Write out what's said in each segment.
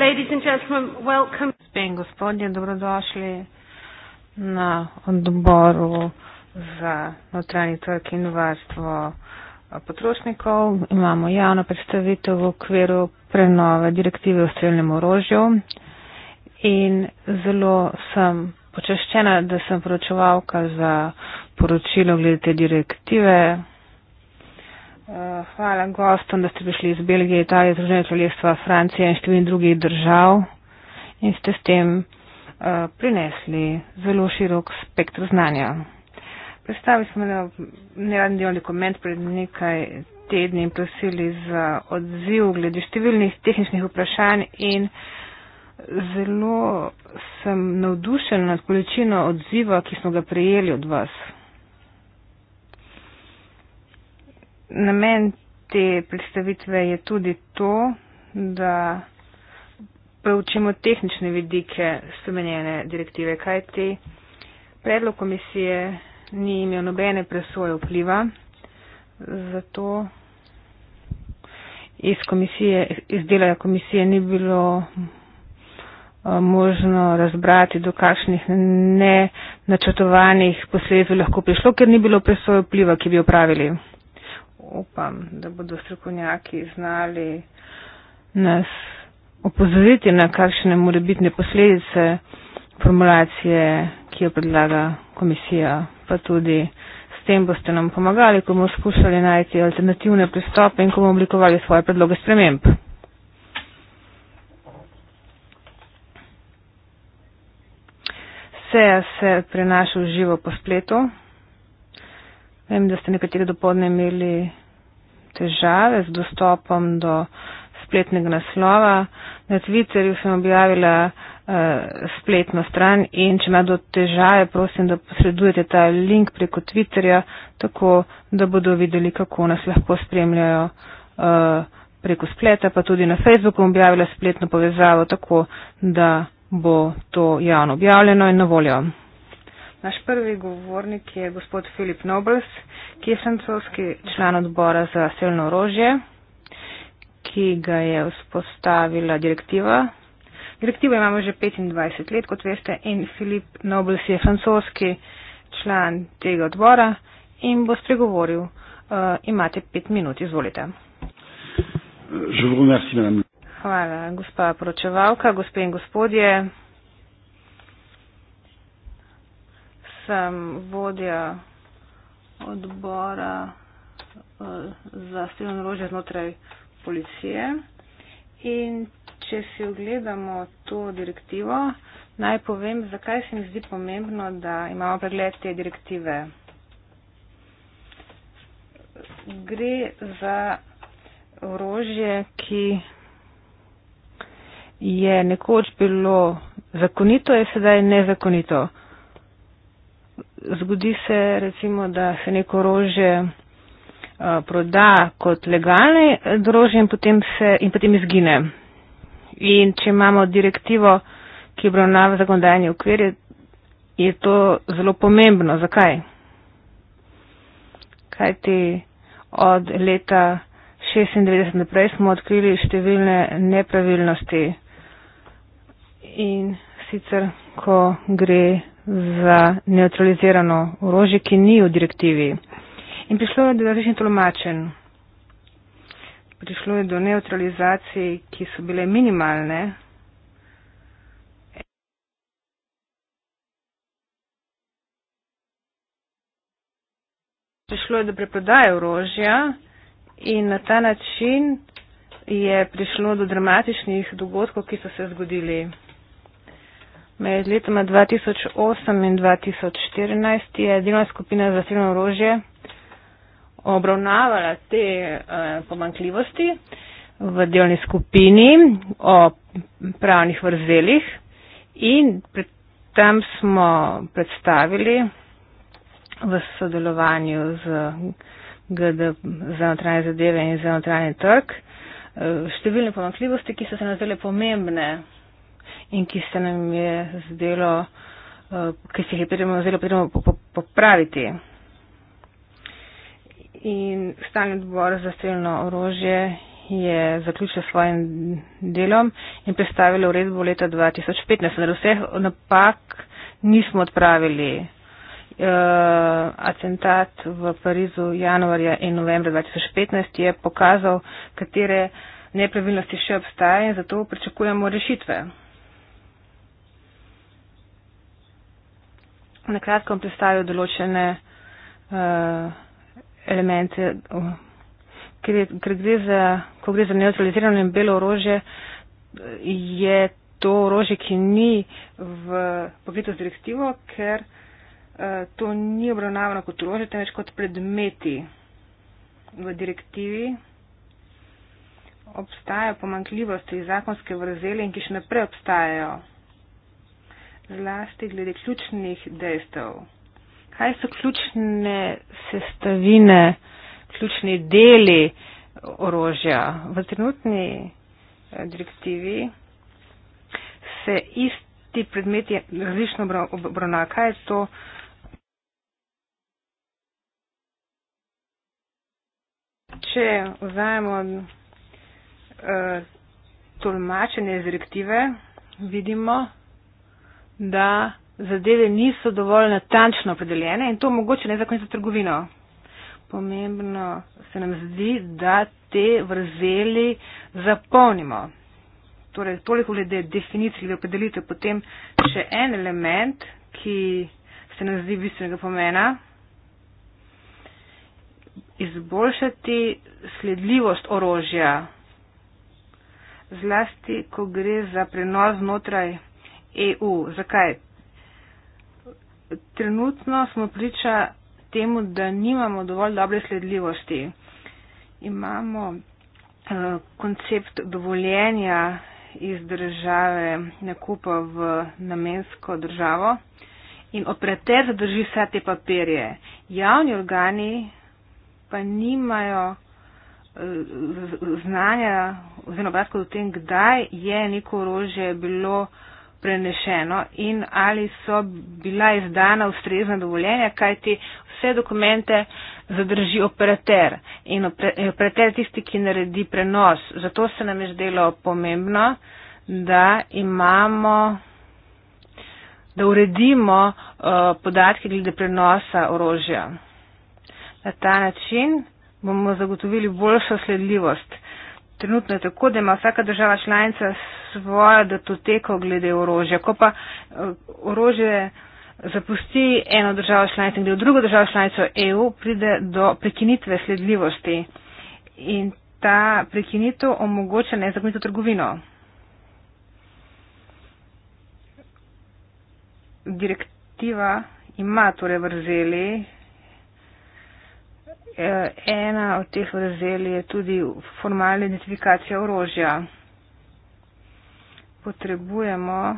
Ladies and gentlemen, welcome. Gospe in gospodje, dobrodošli na odboru za notranji trg in varstvo potrošnikov. Imamo javno predstavitev v okviru prenove direktive o streljnem orožju in zelo sem počaščena, da sem poročevalka za poročilo glede te direktive. Eh, hvala gostom, da ste prišli iz Belgije, Italije, Združenja kraljestva, Francije in številnih drugih držav in ste s tem uh, prinesli zelo širok spektr znanja. Predstavili smo neradni del dokument pred nekaj tedni in prosili za odziv glede številnih tehničnih vprašanj in zelo sem navdušen nad količino odziva, ki smo ga prejeli od vas. namen te predstavitve je tudi to, da preučimo tehnične vidike spremenjene direktive, kaj te predlog komisije ni imel nobene presoje vpliva, zato iz, komisije, iz dela komisije ni bilo eh, možno razbrati, do kakšnih ne načrtovanih posledic bi lahko prišlo, ker ni bilo presoje vpliva, ki bi jo pravili upam, da bodo strokovnjaki znali nas opozoriti na kakšne morebitne posledice formulacije, ki jo predlaga komisija, pa tudi s tem boste nam pomagali, ko bomo skušali najti alternativne pristope in ko bomo oblikovali svoje predloge sprememb. Seja se prenaša v živo po spletu. Vem, da ste nekateri dopodne imeli težave z dostopom do spletnega naslova. Na Twitterju sem objavila uh, spletno stran in če ima do težave, prosim, da posredujete ta link preko Twitterja, tako da bodo videli, kako nas lahko spremljajo uh, preko spleta, pa tudi na Facebooku objavila spletno povezavo, tako da bo to javno objavljeno in na voljo. Naš prvi govornik je gospod Filip Nobles, ki je francoski član odbora za selno orožje, ki ga je vzpostavila direktiva. Direktivo imamo že 25 let, kot veste, in Filip Nobles je francoski član tega odbora in bo spregovoril. Uh, imate pet minut, izvolite. Hvala, gospa poročevalka, gospe in gospodje. sem vodja odbora eh, za silno orožje znotraj policije. In če si ogledamo to direktivo, naj povem, zakaj se mi zdi pomembno, da imamo pregled te direktive. Gre za orožje, ki je nekoč bilo zakonito, je sedaj nezakonito zgodi se recimo, da se neko rože eh, proda kot legalne eh, drožje in potem, se, in potem izgine. In če imamo direktivo, ki obravnava zakonodajni okvir, je to zelo pomembno. Zakaj? Kaj ti od leta 96 naprej smo odkrili številne nepravilnosti in sicer, ko gre za neutralizirano orožje, ki ni v direktivi. In prišlo je do različnih tolmačenj. Prišlo je do neutralizacij, ki so bile minimalne. Prišlo je do preprodaje orožja in na ta način je prišlo do dramatičnih dogodkov, ki so se zgodili. Med letoma 2008 in 2014 je delovna skupina za civilno orožje obravnavala te eh, pomankljivosti v delovni skupini o pravnih vrzelih in pred, tam smo predstavili v sodelovanju z GD za notranje zadeve in za notranje trg eh, številne pomankljivosti, ki so se nazvele pomembne in ki se nam je zdelo, uh, ki se jih je potrebno zelo potrebno popraviti. In stalni odbor za streljno orožje je zaključil svojim delom in predstavil uredbo leta 2015, vendar vseh napak nismo odpravili. Uh, atentat v Parizu januarja in novembra 2015 je pokazal, katere nepravilnosti še obstajajo in zato pričakujemo rešitve. na kratko predstavil določene uh, elemente, ker, ker gre za, ko gre za neutralizirano in belo orožje, je to orožje, ki ni v pogledu z direktivo, ker uh, to ni obravnavano kot orožje, temveč kot predmeti v direktivi. Obstajajo pomankljivosti zakonske vrzeli in ki še naprej obstajajo zlasti glede ključnih dejstev. Kaj so ključne sestavine, ključni deli orožja? V trenutni eh, direktivi se isti predmeti različno obravnava. Kaj je to? Če vzajemo uh, eh, tolmačenje iz direktive, vidimo, da zadeve niso dovolj natančno opredeljene in to mogoče ne zakonito trgovino. Pomembno se nam zdi, da te vrzeli zapolnimo. Torej, toliko glede definicij, glede opredelitev, potem še en element, ki se nam zdi bistvenega pomena. Izboljšati sledljivost orožja, zlasti, ko gre za prenos znotraj EU. Zakaj? Trenutno smo priča temu, da nimamo dovolj dobre sledljivosti. Imamo eh, koncept dovoljenja iz države nakupa v namensko državo in opreter drži vse te papirje. Javni organi pa nimajo eh, znanja oziroma vratko do tem, kdaj je neko orožje bilo eh, prenešeno in ali so bila izdana ustrezna dovoljenja, kajti vse dokumente zadrži operater in operater je tisti, ki naredi prenos. Zato se nam je zdelo pomembno, da imamo, da uredimo uh, podatke glede prenosa orožja. Na ta način bomo zagotovili boljšo sledljivost trenutno je tako, da ima vsaka država članica svojo datoteko glede orožja. Ko pa eh, orožje zapusti eno državo članico in gre v drugo državo članico EU, pride do prekinitve sledljivosti in ta prekinitev omogoča nezakonito trgovino. Direktiva ima torej vrzeli Eh, ena od teh vrzeli je tudi formalna identifikacija orožja. Potrebujemo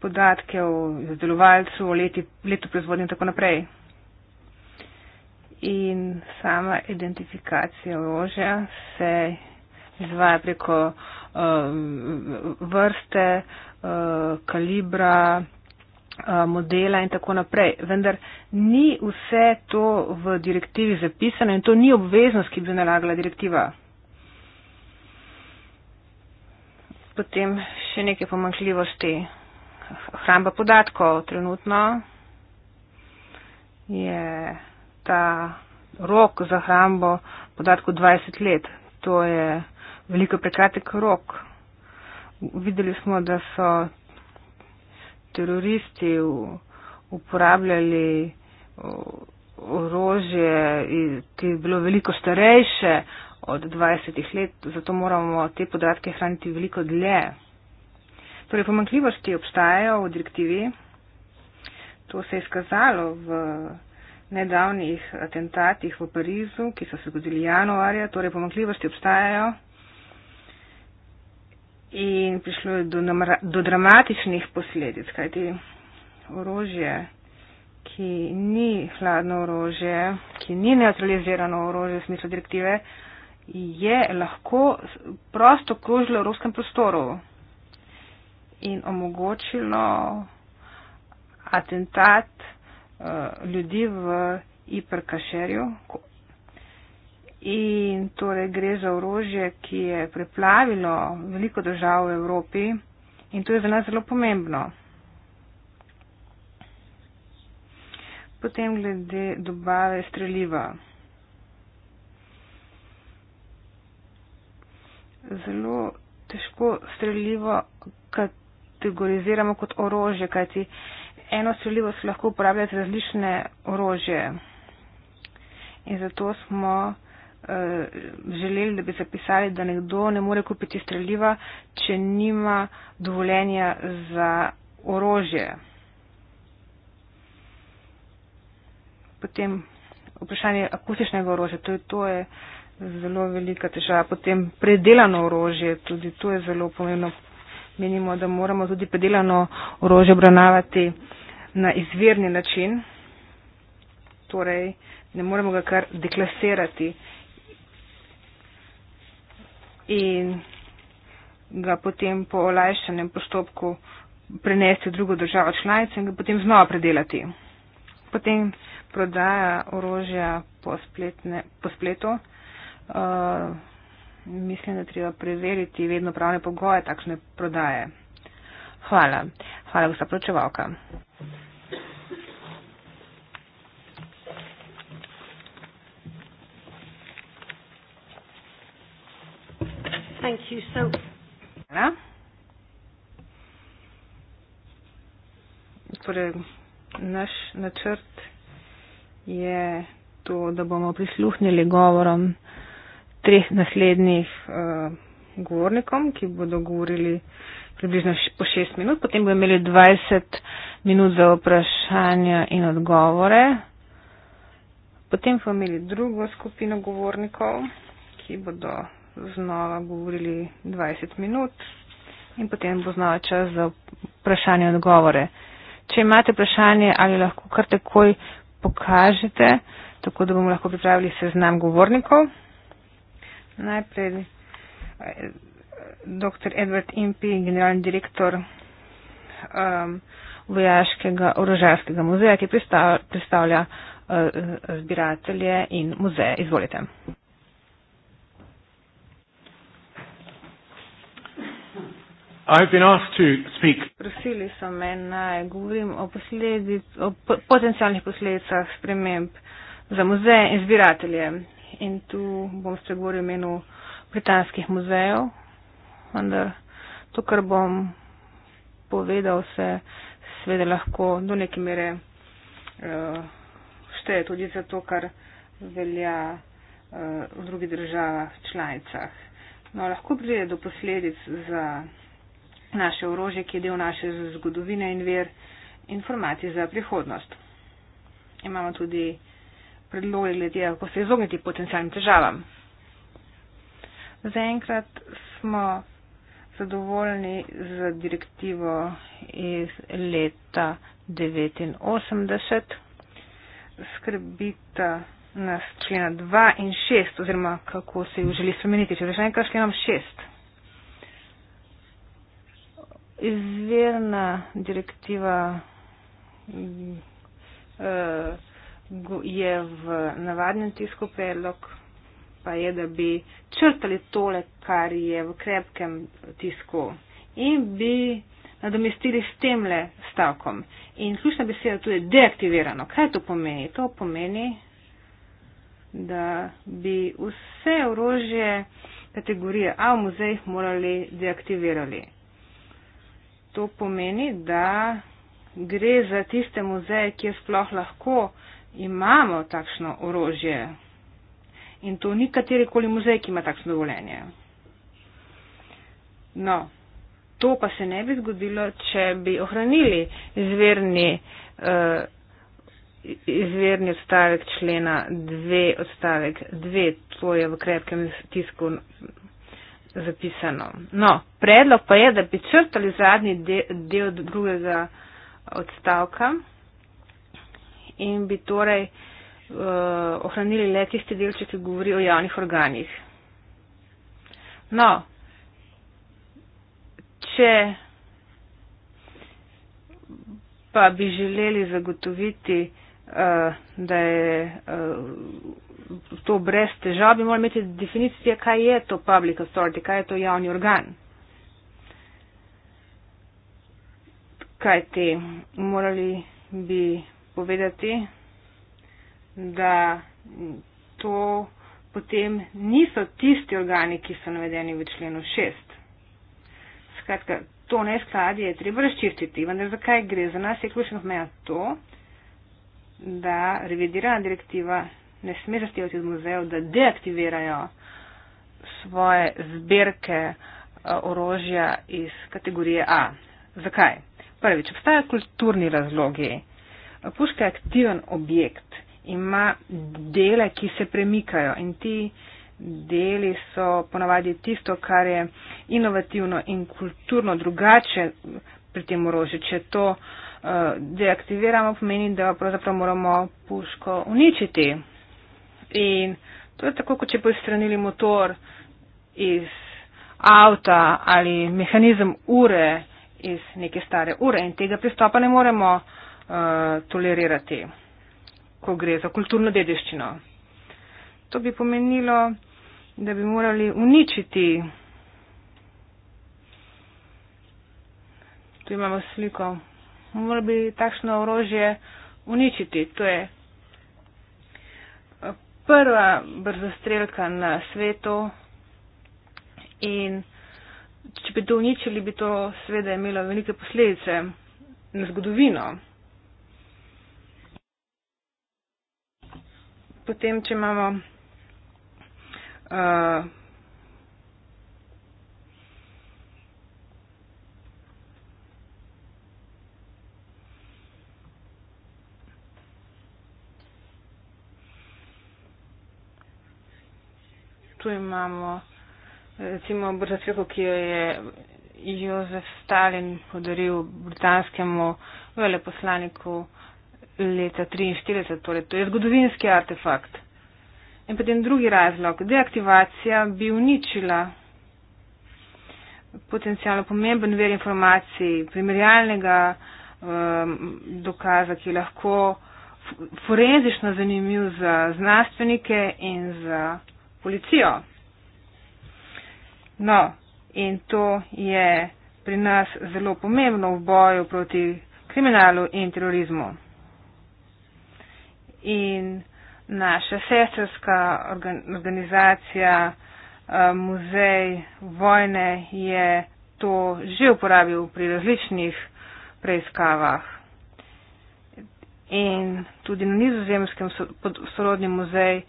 podatke o izdelovalcu, o leti, letu proizvodnje in tako naprej. In sama identifikacija orožja se izvaja preko um, vrste, uh, kalibra, Eh, modela in tako naprej. Vendar ni vse to v direktivi zapisano in to ni obveznost, ki bi jo nalagala direktiva. Potem še neke pomankljivosti. Hramba podatkov trenutno je ta rok za hrambo podatkov 20 let. To je veliko prekratek rok. Videli smo, da so teroristi uporabljali orožje, ki je bilo veliko starejše od 20 let, zato moramo te podatke hraniti veliko dlje. Torej, pomankljivosti obstajajo v direktivi. To se je izkazalo v nedavnih atentatih v Parizu, ki so se zgodili januarja. Torej, pomankljivosti obstajajo in prišlo je do, namra, do dramatičnih posledic, kajti orožje, ki ni hladno orožje, ki ni neutralizirano orožje v smislu direktive, je lahko prosto krožilo v evropskem prostoru in omogočilo atentat uh, ljudi v Iperkašerju, In torej gre za orožje, ki je preplavilo veliko držav v Evropi in to je za nas zelo pomembno. Potem glede dobave streljiva. Zelo težko streljivo kategoriziramo kot orožje, kajti eno streljivo se lahko uporabljati različne orožje. In zato smo Eh, želeli, da bi zapisali, da nekdo ne more kupiti streljiva, če nima dovoljenja za orožje. Potem vprašanje akustičnega orožja, to je, to je zelo velika težava. Potem predelano orožje, tudi to je zelo pomembno. Menimo, da moramo tudi predelano orožje obravnavati na izvirni način, torej ne moremo ga kar deklasirati in ga potem po olajšanem postopku prenesti v drugo državo članico in ga potem znova predelati. Potem prodaja orožja po, spletne, po spletu. Uh, mislim, da treba preveriti vedno pravne pogoje takšne prodaje. Hvala. Hvala, gospa pročevalka. Thank you. So. Hvala. Torej, naš načrt je to, da bomo prisluhnili govorom treh naslednjih eh, govornikom, ki bodo govorili približno po šest minut. Potem bomo imeli 20 minut za vprašanja in odgovore. Potem bomo imeli drugo skupino govornikov, ki bodo znova govorili 20 minut in potem bo znova čas za vprašanje in odgovore. Če imate vprašanje ali lahko kar takoj pokažete, tako da bomo lahko pripravili seznam govornikov. Najprej eh, dr. Edward Impi, generalni direktor um, Vojaškega orožarskega muzeja, ki predstavlja uh, zbiratelje in muzeje. Izvolite. I've been asked to speak Prosili so me naj govorim o, posledic, o potencialnih posledicah sprememb za muzeje in zbiratelje. In tu bom spregovoril imenu britanskih muzejev, vendar to, kar bom povedal, se seveda lahko do neke mere uh, šteje tudi za to, kar velja uh, v drugih državah članicah. No, lahko pride do posledic za naše orožje, ki je del naše zgodovine in ver informacij za prihodnost. Imamo tudi predloge glede, kako se izogniti potencijalnim težavam. Zaenkrat smo zadovoljni z direktivo iz leta 1989. Skrbita nas člena 2 in 6, oziroma kako se ju želi spremeniti. Če rečem enkrat, členom 6 izvirna direktiva eh, je v navadnem tisku predlog, pa je, da bi črtali tole, kar je v krepkem tisku in bi nadomestili s temle stavkom. In ključna beseda tu je deaktivirano. Kaj to pomeni? To pomeni, da bi vse orožje kategorije A v muzejih morali deaktivirati to pomeni, da gre za tiste muzeje, kjer sploh lahko imamo takšno orožje. In to ni katerikoli muzej, ki ima takšno dovoljenje. No, to pa se ne bi zgodilo, če bi ohranili izverni, uh, eh, izverni odstavek člena 2, odstavek 2, to je v krepkem tisku zapisano. No, predlog pa je, da bi črtali zadnji del drugega odstavka in bi torej uh, ohranili le tiste delček, ki govori o javnih organih. No, če pa bi želeli zagotoviti, uh, da je. Uh, to brez težav, bi morali imeti definicijo, kaj je to public authority, kaj je to javni organ. Kaj te morali bi povedati, da to potem niso tisti organi, ki so navedeni v členu 6. Skratka, to neskladje je treba razčistiti, vendar zakaj gre? Za nas je ključno pomena to, da revidirana direktiva ne sme zahtevati od muzejev, da deaktivirajo svoje zbirke eh, orožja iz kategorije A. Zakaj? Prvič, obstajajo kulturni razlogi. Puška je aktiven objekt, ima dele, ki se premikajo in ti deli so ponavadi tisto, kar je inovativno in kulturno drugače pri tem orožju. Če to uh, deaktiviramo, pomeni, da pravzaprav moramo puško uničiti in to je tako, kot če bi odstranili motor iz avta ali mehanizem ure iz neke stare ure in tega pristopa ne moremo uh, tolerirati, ko gre za kulturno dediščino. To bi pomenilo, da bi morali uničiti. Tu imamo sliko. Morali bi takšno orožje uničiti. To je prva brzostrelka na svetu in če bi to uničili, bi to seveda imelo velike posledice na zgodovino. Potem, če imamo uh, tu imamo recimo brzo cvirko, ki jo je Jozef Stalin podaril britanskemu veleposlaniku leta 1943, torej to je zgodovinski artefakt. In potem drugi razlog, deaktivacija bi uničila potencijalno pomemben ver informacij, primerjalnega um, dokaza, ki je lahko forenzično zanimiv za znanstvenike in za policijo. No, in to je pri nas zelo pomembno v boju proti kriminalu in terorizmu. In naša sestrska organizacija eh, Muzej vojne je to že uporabil pri različnih preiskavah. In tudi na nizozemskem sorodni muzej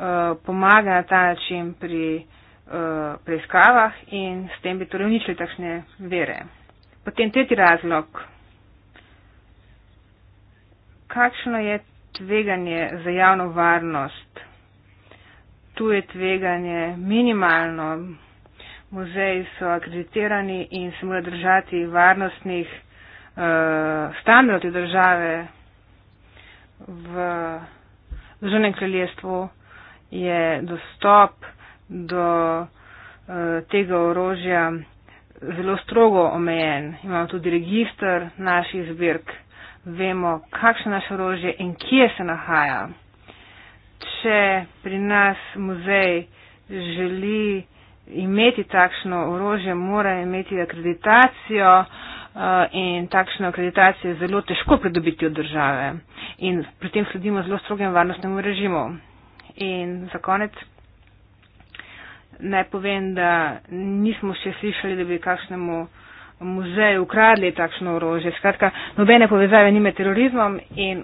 Eh, pomaga na ta način pri uh, preiskavah in s tem bi torej uničili takšne vere. Potem tretji razlog. Kakšno je tveganje za javno varnost? Tu je tveganje minimalno. Muzeji so akreditirani in se morajo držati varnostnih uh, standardov države v Združenem kraljestvu je dostop do eh, tega orožja zelo strogo omejen. Imamo tudi registr naših zbirk, vemo, kakšno je naše orožje in kje se nahaja. Če pri nas muzej želi imeti takšno orožje, mora imeti akreditacijo eh, in takšno akreditacijo je zelo težko pridobiti od države. In pri tem sledimo zelo strogem varnostnemu režimu. In za konec naj povem, da nismo še slišali, da bi kakšnemu muzeju ukradli takšno orožje. Skratka, nobene povezave ni med terorizmom in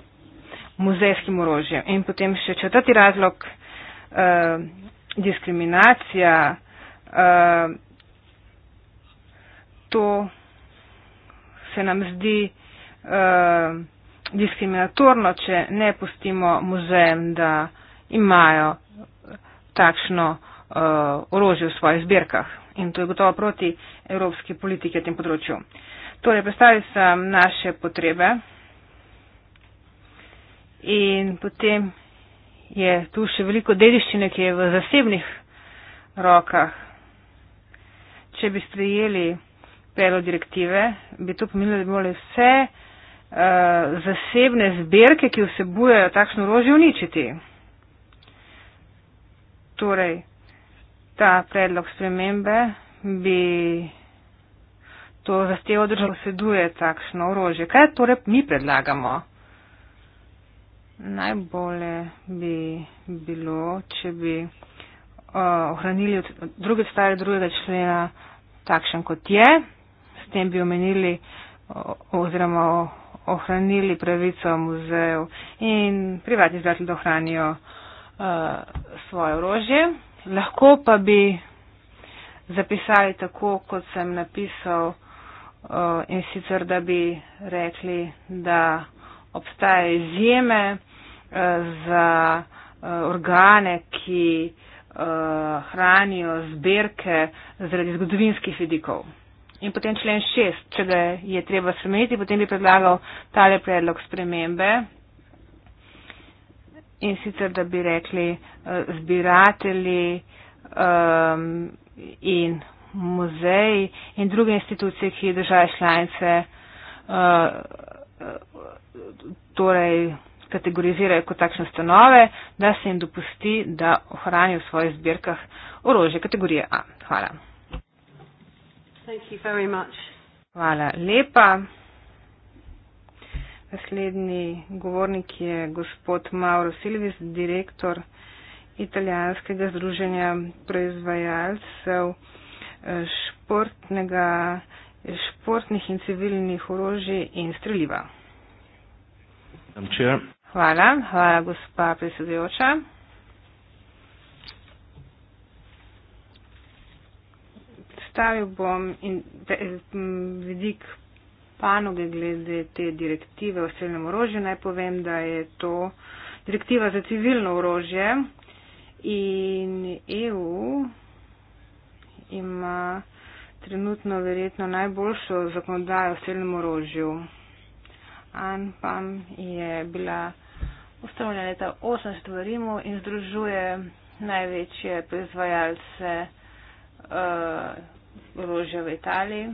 muzejskim orožjem. In potem še četrti razlog, eh, diskriminacija. Eh, to se nam zdi eh, diskriminatorno, če ne pustimo muzejem, da imajo takšno uh, orožje v svojih zbirkah in to je gotovo proti evropski politiki na tem področju. Torej, predstavili sem naše potrebe in potem je tu še veliko dediščine, ki je v zasebnih rokah. Če bi strejeli predlog direktive, bi to pomenilo, da bi morali vse uh, zasebne zbirke, ki vsebujejo takšno orožje, uničiti torej ta predlog spremembe bi to zahtevo držav poseduje takšno orožje. Kaj torej mi predlagamo? Najbolje bi bilo, če bi uh, ohranili drugi stari drugega člena takšen kot je, s tem bi omenili oziroma ohranili pravico muzejev in privatni zdatelji, da ohranijo uh, uh, svoje orožje. Lahko pa bi zapisali tako, kot sem napisal uh, in sicer, da bi rekli, da obstajajo izjeme uh, za uh, organe, ki uh, hranijo zbirke zaradi zgodovinskih vidikov. In potem člen šest, če ga je treba spremeniti, potem bi predlagal tale predlog spremembe, in sicer, da bi rekli, eh, zbirateli um, ehm, in muzeji in druge institucije, ki države članice uh, torej kategorizirajo kot takšne stanove, da se jim dopusti, da ohranijo v svojih zbirkah orožje kategorije A. Hvala. Hvala lepa. Naslednji govornik je gospod Mauro Silvis, direktor italijanskega združenja proizvajalcev eh, športnega, športnih in civilnih orožij in streljiva. Hvala, hvala gospa predsedujoča. Predstavil bom in, eh, vidik panoge glede te direktive o strelnem orožju. Naj povem, da je to direktiva za civilno orožje in EU ima trenutno verjetno najboljšo zakonodajo o strelnem orožju. ANPAM je bila ustanovljena leta 80 v Rimu in združuje največje proizvajalce uh, orožja v Italiji.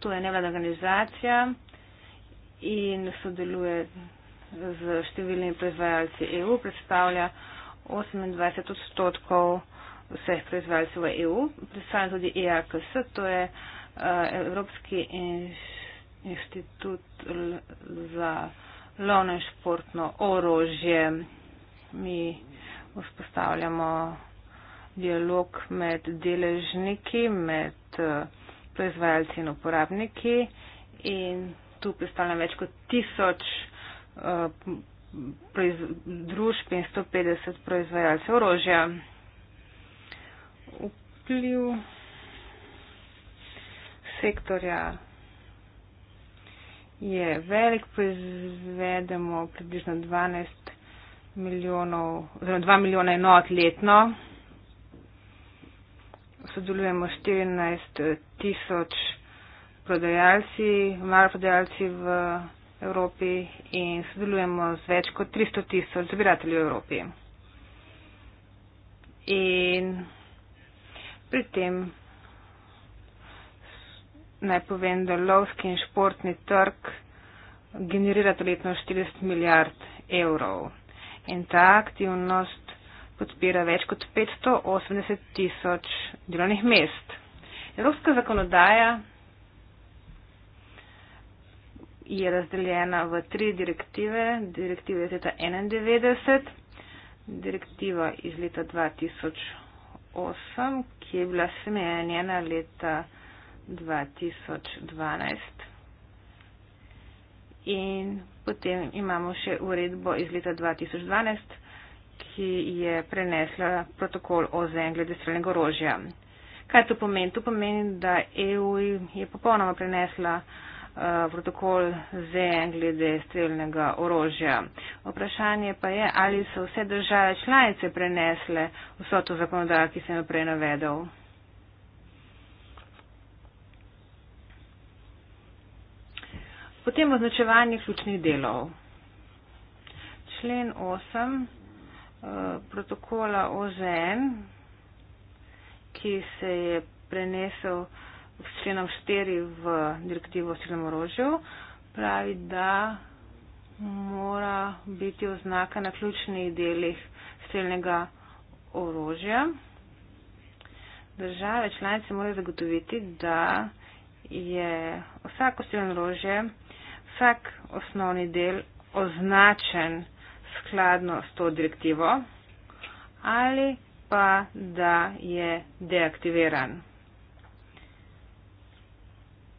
To je nevladna organizacija in sodeluje z številnimi proizvajalci EU, predstavlja 28 odstotkov vseh proizvajalcev v EU. Predstavlja tudi EAKS, to je eh, Evropski inštitut za lovno in športno orožje. Mi vzpostavljamo dialog med deležniki, med. Eh, proizvajalci in uporabniki in tu predstavljam več kot tisoč uh, proiz, družb in 150 proizvajalcev orožja. Vpliv sektorja je velik, proizvedemo približno 12 milijonov, oziroma 2 milijona enot letno sodelujemo 14 eh, tisoč prodajalci, malo prodajalci v Evropi in sodelujemo z več kot 300 tisoč zbirateljev v Evropi. In pri tem naj povem, da lovski in športni trg generira letno 40 milijard evrov. In ta aktivnost podpira več kot 580 tisoč delovnih mest. Evropska zakonodaja je razdeljena v tri direktive. Direktiva iz leta 91, direktiva iz leta 2008, ki je bila smenjena leta 2012. In potem imamo še uredbo iz leta 2012 ki je prenesla protokol o ZN glede streljnega orožja. Kaj to pomeni? To pomeni, da EU je popolnoma prenesla uh, protokol ZN glede streljnega orožja. Vprašanje pa je, ali so vse države članice prenesle vso to zakonodajo, ki sem jo prej navedel. Potem označevanje ključnih delov. Člen 8 Eh, protokola OZN, ki se je prenesel s členom 4 v direktivo o silnem orožju, pravi, da mora biti oznaka na ključnih delih silnega orožja. Države članice morajo zagotoviti, da je vsako silno orožje, vsak osnovni del označen skladno s to direktivo ali pa da je deaktiviran.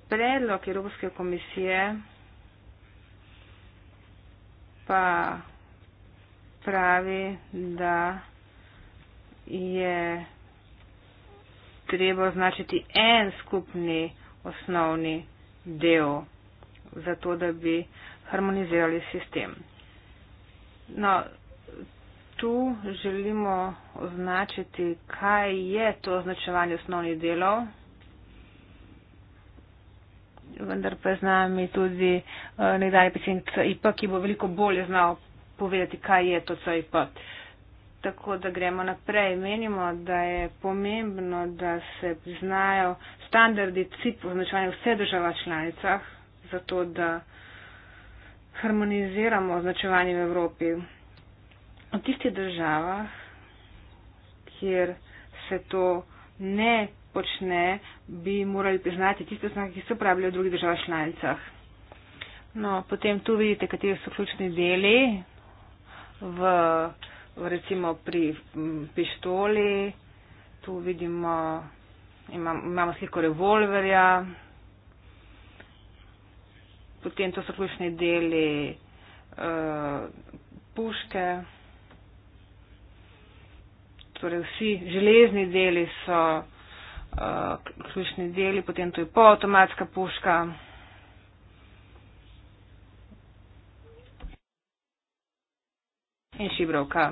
Predlog Evropske komisije pa pravi, da je treba označiti en skupni osnovni del za to, da bi harmonizirali sistem. No, tu želimo označiti, kaj je to označevanje osnovnih delov. Vendar pa z nami tudi uh, eh, nekdaj predsednik CIP, ki bo veliko bolje znal povedati, kaj je to CIP. Tako da gremo naprej. Menimo, da je pomembno, da se znajo standardi CIP označevanja v vse država članicah, zato da uh, harmoniziramo označevanje v Evropi. V tistih državah, kjer se to ne počne, bi morali priznati tiste znake, ki se uporabljajo v drugih državah članicah. No, potem tu vidite, kateri so ključni deli, v, recimo pri pištoli, tu vidimo, imamo, imamo sliko revolverja, potem to so ključni deli eh, puške, torej vsi železni deli so eh, ključni deli, potem to je poautomatska puška. In šibrovka.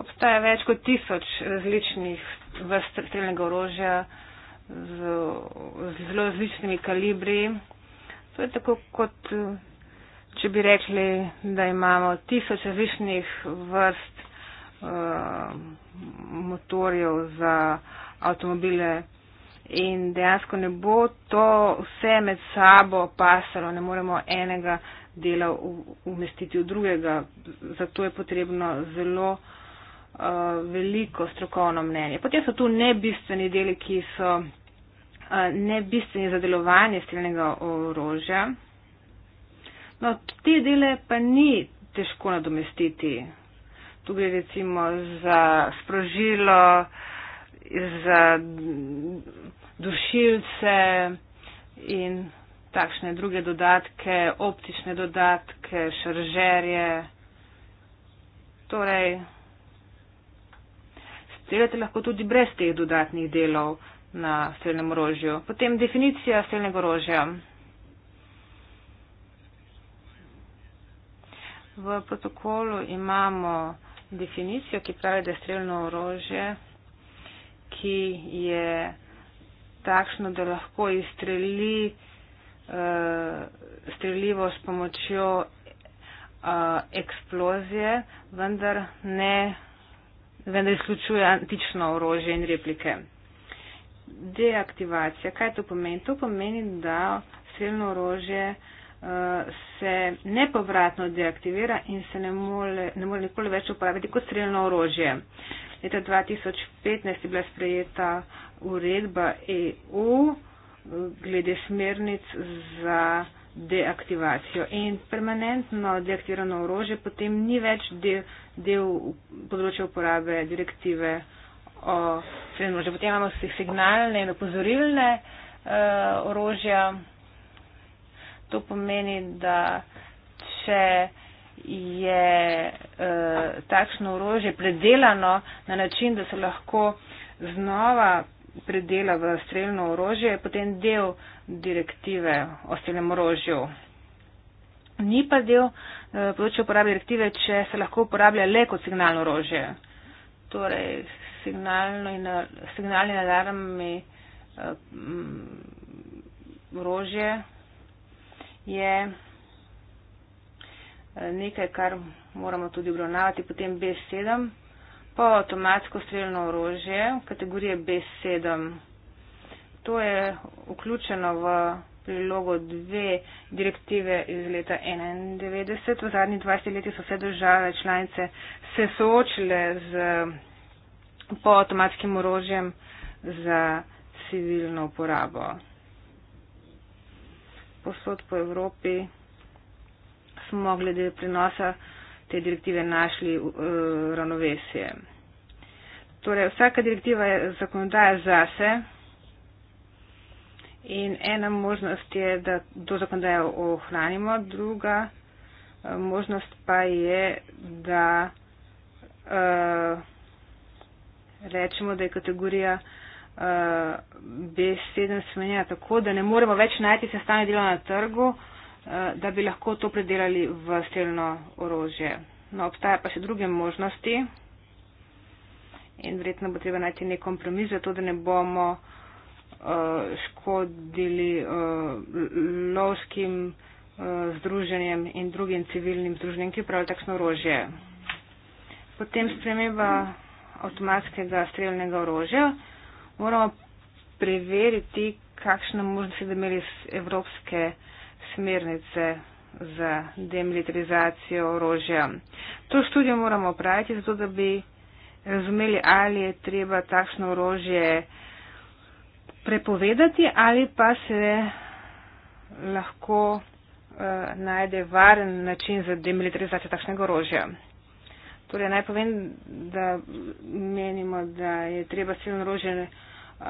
Obstaja več kot tisoč različnih vrst streljnega orožja z zelo različnimi kalibri. To je tako, kot eh, če bi rekli, da imamo tisoč različnih vrst uh, motorjev za avtomobile. In dejansko ne bo to vse med sabo pasalo, ne moremo enega dela umestiti v drugega. Zato je potrebno zelo uh, veliko strokovno mnenje. Potem so tu nebistveni deli, ki so Eh, ne bistveni za delovanje streljnega orožja. No, te dele pa ni težko nadomestiti. Tu gre recimo za sprožilo, za dušilce in takšne druge dodatke, optične dodatke, šaržerje. Torej, streljate lahko tudi brez teh dodatnih delov na strelnem orožju. Potem definicija strelnega orožja. V protokolu imamo definicijo, ki pravi, da je strelno orožje, ki je takšno, da lahko izstreli uh, streljivo s pomočjo uh, eksplozije, vendar ne, vendar izključuje antično orožje in replike deaktivacija. Kaj to pomeni? To pomeni, da strelno orožje eh, se nepovratno deaktivira in se ne more, ne more nikoli več uporabiti kot strelno orožje. Leta 2015 je bila sprejeta uredba EU eh, glede smernic za deaktivacijo in permanentno deaktivirano orožje potem ni več del, del področja uporabe direktive seveda že potem imamo signalne in opozorilne uh, orožja. To pomeni, da če je uh, takšno orožje predelano na način, da se lahko znova predela v streljno orožje, je potem del direktive o streljnem orožju. Ni pa del uh, področja uporabe direktive, če se lahko uporablja le kot signalno orožje. Torej, signalni alarmi eh, mm, orožje je eh, nekaj, kar moramo tudi obravnavati. Potem B7, po avtomatsko streljno orožje, kategorije B7. To je vključeno v prilogo dve direktive iz leta 1991. V zadnjih 20 letih so vse države članice se soočile z po avtomatskim orožjem za civilno uporabo. Posod po Evropi smo glede prenosa te direktive našli uh, ravnovesje. Torej, vsaka direktiva je zakonodaja zase in ena možnost je, da to zakonodajo ohranimo, druga uh, možnost pa je, da uh, rečemo, da je kategorija uh, eh, B7, tako da ne moremo več najti sestavne dela na trgu, uh, da bi lahko to predelali v strelno orožje. No, obstaja pa še druge možnosti in vredno bo treba najti nek kompromis, zato da ne bomo uh, škodili uh, lovskim uh, združenjem in drugim civilnim združenjem, ki pravijo takšno orožje. Potem sprememba. Hmm avtomatskega strelnega orožja. Moramo preveriti, kakšne možnosti da imeli evropske smernice za demilitarizacijo orožja. To študijo moramo opraviti, zato da bi razumeli, ali je treba takšno orožje prepovedati ali pa se lahko uh, najde varen način za demilitarizacijo takšnega orožja. Torej, naj povem, da menimo, da je treba silno rože uh, eh,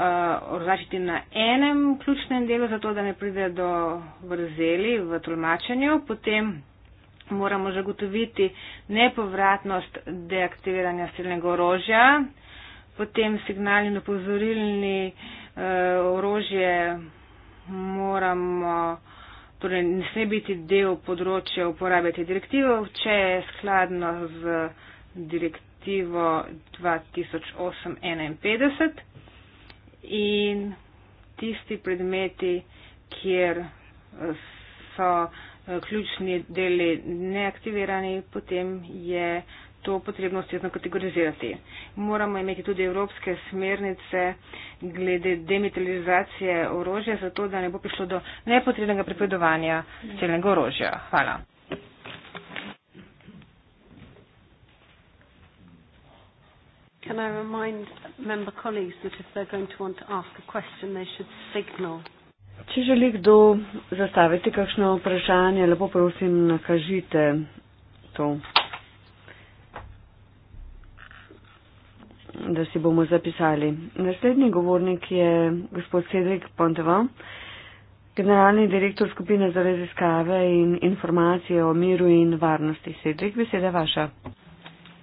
označiti na enem ključnem delu, zato da ne pride do vrzeli v tolmačenju. Potem moramo zagotoviti nepovratnost deaktiviranja silnega orožja, potem signalni in opozorilni uh, orožje moramo. Torej, ne sme biti del področja uporabiti direktivo, če je skladno z. Uh, direktivo 2008-51 in tisti predmeti, kjer eh, so eh, ključni deli neaktivirani, potem je to potrebno ustrezno kategorizirati. Moramo imeti tudi evropske smernice glede demitalizacije orožja, zato da ne bo prišlo do nepotrebnega prepredovanja mm. celnega orožja. Hvala. Can I remind member colleagues that if they're going to want to ask a question, they should signal. Če želi kdo zastaviti kakšno vprašanje, lepo prosim, nakažite to, da si bomo zapisali. Naslednji govornik je gospod Cedric Ponteva, generalni direktor skupine za raziskave in informacije o miru in varnosti. Cedric, beseda vaša.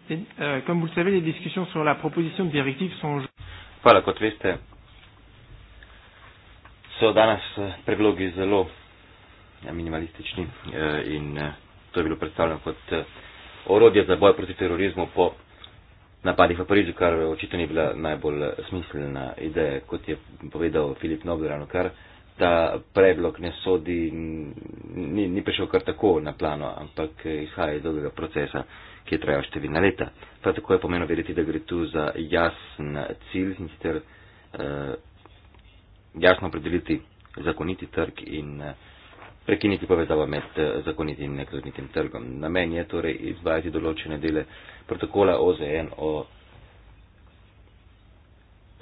Et, euh, comme vous le savez, les discussions sur la proposition de directive sont Hvala, kot veste, so danes eh, predlogi zelo eh, minimalistični eh, in to je bilo predstavljeno kot orodje za boj proti terorizmu po napadih v Parizu, kar očitno ni bila najbolj smiselna ideja, kot je povedal Filip Nobler, ravno kar ta predlog ne sodi, ni, ni prišel kar tako na plano, ampak izhaja iz dolgega procesa, ki je trajal številna leta. Prav tako je pomeno verjeti, da gre tu za jasen cilj in sicer eh, jasno opredeliti zakoniti trg in eh, prekiniti povezavo med eh, zakonitim in nekaznitim trgom. Namen je torej izvajati določene dele protokola OZN o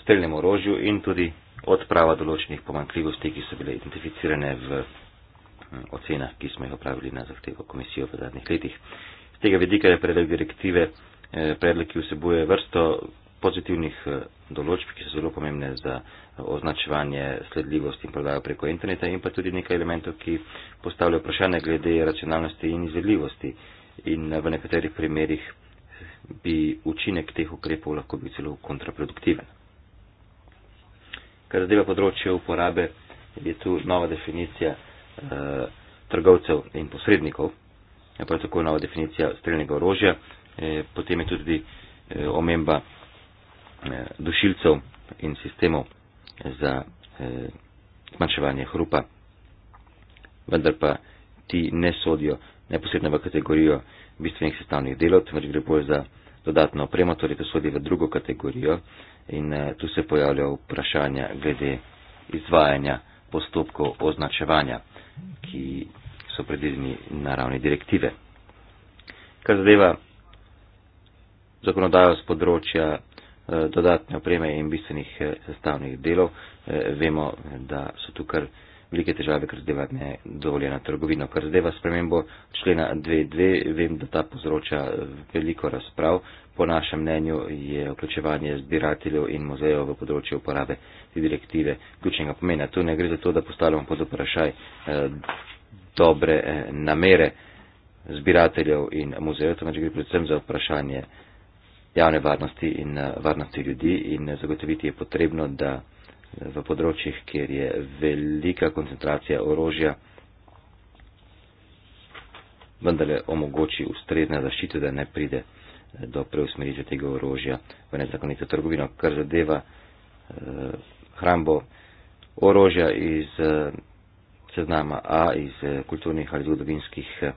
streljnem orožju in tudi odprava določenih pomankljivosti, ki so bile identificirane v hm, ocenah, ki smo jih opravili na zahtevo komisijo v zadnjih letih. Z tega vidika je predlog direktive, eh, predlog, ki vsebuje vrsto pozitivnih eh, določb, ki so zelo pomembne za eh, označevanje sledljivosti in prodajo preko interneta in pa tudi nekaj elementov, ki postavljajo vprašanje glede racionalnosti in izvedljivosti. In v nekaterih primerjih bi učinek teh ukrepov lahko bil celo kontraproduktiven. Kar zadeva področje uporabe, je tu nova definicija eh, trgovcev in posrednikov. Ja, prav tako nova definicija streljnega orožja, eh, potem je tudi eh, omemba eh, dušilcev in sistemov za zmanjševanje hrupa, vendar pa ti ne sodijo neposredno v kategorijo bistvenih sestavnih delov, temveč gre bolj za dodatno opremo, torej to sodi v drugo kategorijo in tu se pojavljajo vprašanja glede izvajanja postopkov označevanja, ki so predvideni na ravni direktive. Kar zadeva zakonodajo z področja eh, dodatne opreme in bistvenih eh, sestavnih delov, eh, vemo, da so tukaj velike težave, kar zadeva nedovoljena trgovina. Kar zadeva spremembo člena 2.2, vem, da ta povzroča veliko razprav. Po našem mnenju je vključevanje zbirateljev in muzejev v področju uporabe te direktive ključnega pomena. Tu ne gre za to, da postavljamo pod vprašaj dobre eh, namere zbirateljev in muzejev, temveč gre predvsem za vprašanje javne varnosti in eh, varnosti ljudi in eh, zagotoviti je potrebno, da v področjih, kjer je velika koncentracija orožja, vendarle omogoči ustrezna zaščita, da ne pride do preusmeritve tega orožja v nezakonito trgovino, kar zadeva eh, hrambo orožja iz. Eh, seznama A iz eh, kulturnih ali zgodovinskih eh,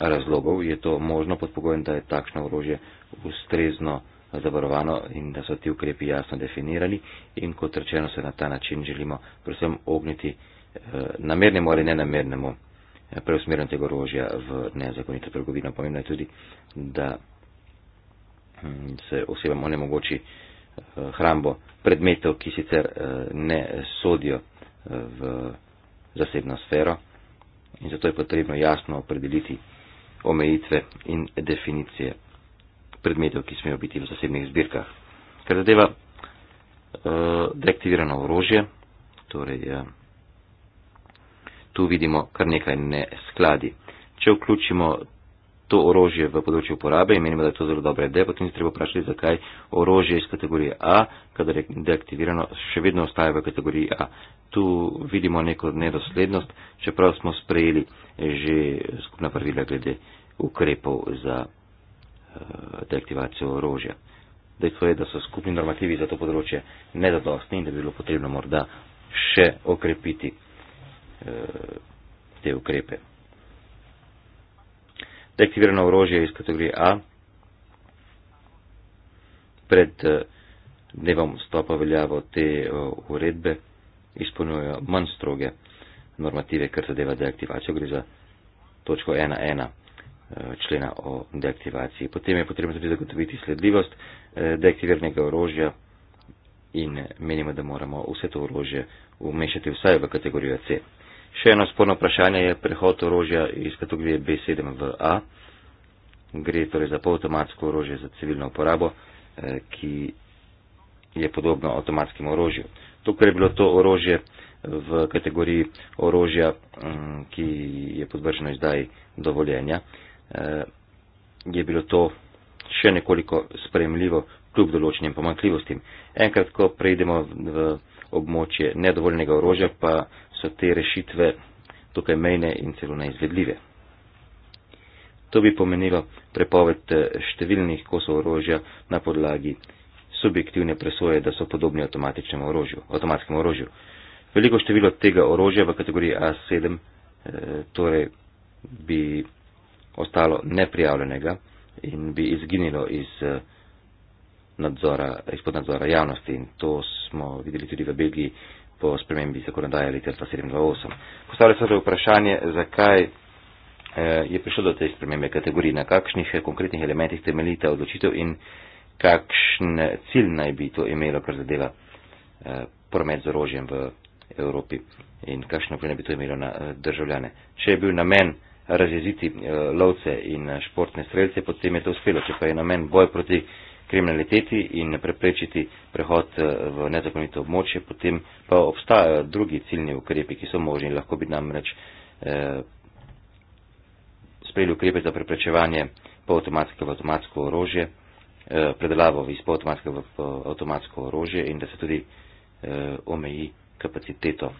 razlogov, je to možno pod pogojem, da je takšno orožje ustrezno zavarovano in da so ti ukrepi jasno definirani in kot rečeno se na ta način želimo predvsem ogniti eh, namernemu ali nenamernemu preusmerjanju tega orožja v nezakonito trgovino. Pomembno je tudi, da hm, se osebam onemogoči hrambo predmetov, ki sicer ne sodijo v zasebno sfero in zato je potrebno jasno opredeliti omejitve in definicije predmetov, ki smejo biti v zasebnih zbirkah. Kar zadeva uh, deaktivirano orožje, torej uh, tu vidimo kar nekaj neskladi. Če vključimo to orožje v področju uporabe in menimo, da je to zelo dobra ideja, potem se treba vprašati, zakaj orožje iz kategorije A, kadar je deaktivirano, še vedno ostaje v kategoriji A. Tu vidimo neko nedoslednost, čeprav smo sprejeli že skupna pravila glede ukrepov za eh, deaktivacijo orožja. Dejstvo je, da so skupni normativi za to področje nedostni in da bi bilo potrebno morda še okrepiti eh, te ukrepe deaktivirano orožje iz kategorije A pred eh, dnevom stopa veljavo te eh, uredbe izpolnjujejo manj stroge normative, kar zadeva deaktivacijo. Gre za točko 1.1 eh, člena o deaktivaciji. Potem je potrebno tudi zagotoviti sledljivost deaktiviranega orožja in menimo, da moramo vse to orožje umešati vsaj v kategorijo C. Še eno sporno vprašanje je prehod orožja iz kategorije B7 v A. Gre torej za polautomatsko orožje za civilno uporabo, eh, ki je podobno avtomatskim orožju. Tukaj je bilo to orožje v kategoriji orožja, mm, ki je podvrženo izdaji dovoljenja, eh, je bilo to še nekoliko sprejemljivo kljub določenim pomankljivostim. Enkrat, ko preidemo v območje nedovoljnega orožja, pa so te rešitve tukaj mejne in celo neizvedljive. To bi pomenilo prepoved eh, številnih kosov orožja na podlagi subjektivne presoje, da so podobni avtomatičnemu orožju, avtomatskemu orožju. Veliko število tega orožja v kategoriji A7 eh, torej bi ostalo neprijavljenega in bi izginilo iz eh, nadzora, izpod nadzora javnosti in to smo videli tudi v Belgiji po spremembi zakonodaje leta 1728. Postavlja se torej vprašanje, zakaj eh, je prišlo do te spremembe kategorij, na kakšnih eh, konkretnih elementih temeljita odločitev in kakšen eh, cilj naj bi to imelo, kar zadeva promet z orožjem v Evropi in kakšno vpliv naj bi to imelo na državljane. Če je bil namen razjeziti lovce in športne strelce, potem je to uspelo, če pa je namen boj proti kriminaliteti in preprečiti prehod eh, v nezakonito območje, potem pa obstajajo drugi ciljni ukrepi, ki so možni. Lahko bi namreč eh, sprejeli ukrepe za preprečevanje polautomatskega v avtomatsko orožje, eh, predelavo iz polautomatskega v avtomatsko orožje in da se tudi eh, omeji kapaciteto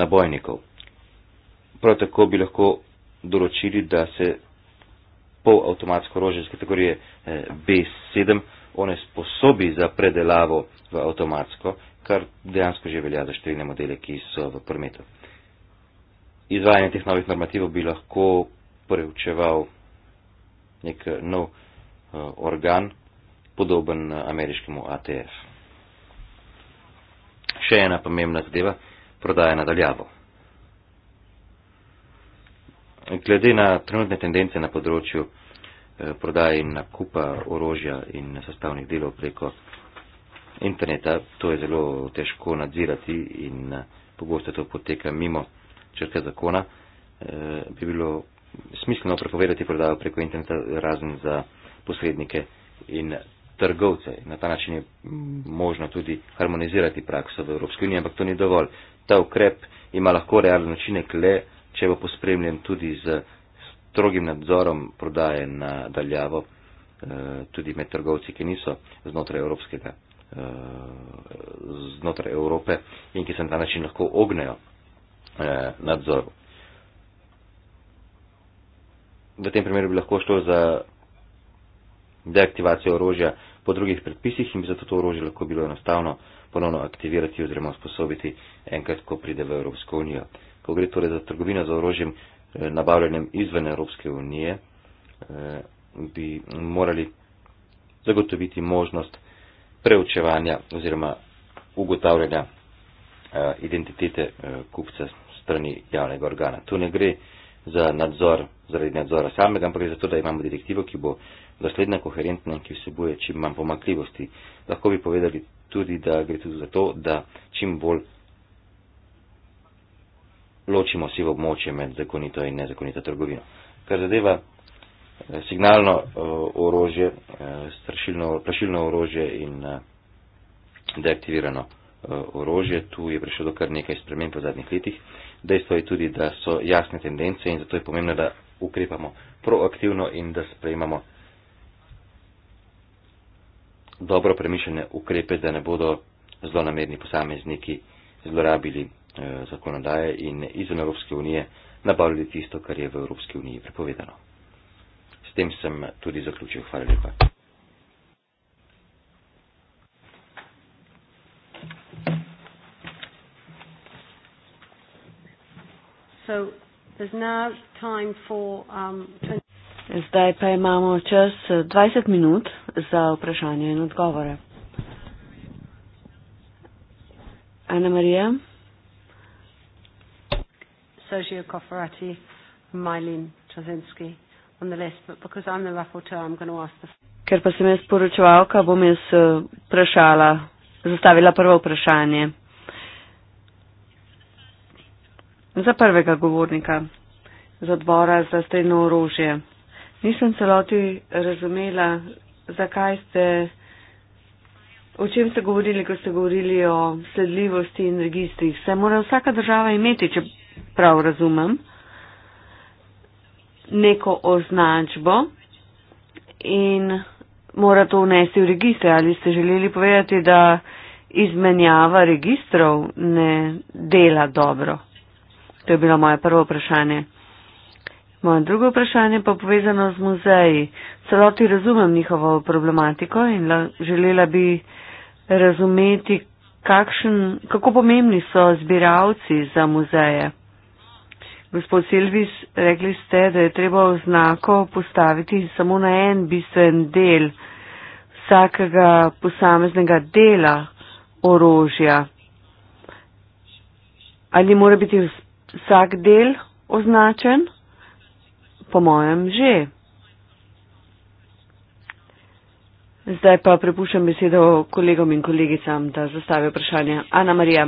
nabojnikov. Prav tako bi lahko določili, da se polavtomatsko orožje iz kategorije eh, B7, one sposobi za predelavo v avtomatsko, kar dejansko že velja za številne modele, ki so v prometu. Izvajanje teh novih normativov bi lahko preučeval nek eh, nov eh, organ, podoben ameriškemu ATF. Še ena pomembna zadeva, prodaja nadaljavo glede na trenutne tendence na področju eh, prodaje in nakupa orožja in sestavnih delov preko interneta, to je zelo težko nadzirati in eh, pogosto to poteka mimo črke zakona, eh, bi bilo smiselno prepovedati prodajo preko interneta razen za posrednike in trgovce. Na ta način je možno tudi harmonizirati prakso v Evropski uniji, ampak to ni dovolj. Ta ukrep ima lahko realen učinek le če bo pospremljen tudi z strogim nadzorom prodaje na daljavo, eh, tudi med trgovci, ki niso znotraj evropskega eh, znotraj Evrope in ki se na ta način lahko ognejo eh, nadzoru. V tem primeru bi lahko šlo za deaktivacijo orožja po drugih predpisih in bi zato to orožje lahko bilo enostavno ponovno aktivirati oziroma usposobiti enkrat, ko pride v Evropsko unijo. Eh, ko gre torej za trgovino z orožjem eh, nabavljenem izven Evropske unije, eh, bi morali zagotoviti možnost preučevanja oziroma ugotavljanja eh, identitete kupca strani javnega organa. Tu ne gre za nadzor zaradi nadzora samega, ampak gre za to, da imamo direktivo, ki bo zasledna, koherentna in ki vsebuje čim manj pomakljivosti. Lahko bi povedali tudi, da gre tudi za to, da čim bolj ločimo sivo območje med zakonito in nezakonito trgovino. Kar zadeva eh, signalno eh, orožje, eh, plašilno orožje in deaktivirano orožje, tu je prišlo do kar nekaj sprememb v zadnjih letih. Dejstvo je tudi, da so jasne tendence in zato je pomembno, da ukrepamo proaktivno in da sprejemamo dobro premišljene ukrepe, da ne bodo zlonamerni posamezniki zlorabili Eh, zakonodaje in izven Evropske unije nabavljali tisto, kar je v Evropski uniji prepovedano. S tem sem tudi zaključil. Hvala lepa. Um, Zdaj pa imamo čas 20 minut za vprašanje in odgovore. Ana Marija. Sergio Cofferati, Mylene Trzynski on the list, but because I'm the rapporteur, I'm going to ask the. Ker pa sem jaz poročevalka, bom jaz eh, vprašala, zastavila prvo vprašanje. Za prvega govornika, za odbora za strelno orožje. Nisem celoti razumela, zakaj ste, o čem ste govorili, ko ste govorili o sledljivosti in registrih. Se mora vsaka država imeti, če prav razumem, neko označbo in mora to vnesti v registre. Ali ste želeli povedati, da izmenjava registrov ne dela dobro? To je bilo moje prvo vprašanje. Moje drugo vprašanje pa povezano z muzeji. Celoti razumem njihovo problematiko in želela bi razumeti, kakšen, kako pomembni so zbiravci za muzeje. Gospod Silvis, rekli ste, da je treba oznako postaviti samo na en bistven del vsakega posameznega dela orožja. Ali mora biti vsak del označen? Po mojem že. Zdaj pa prepuščam besedo kolegom in kolegicam, da zastavijo vprašanje. Ana Marija,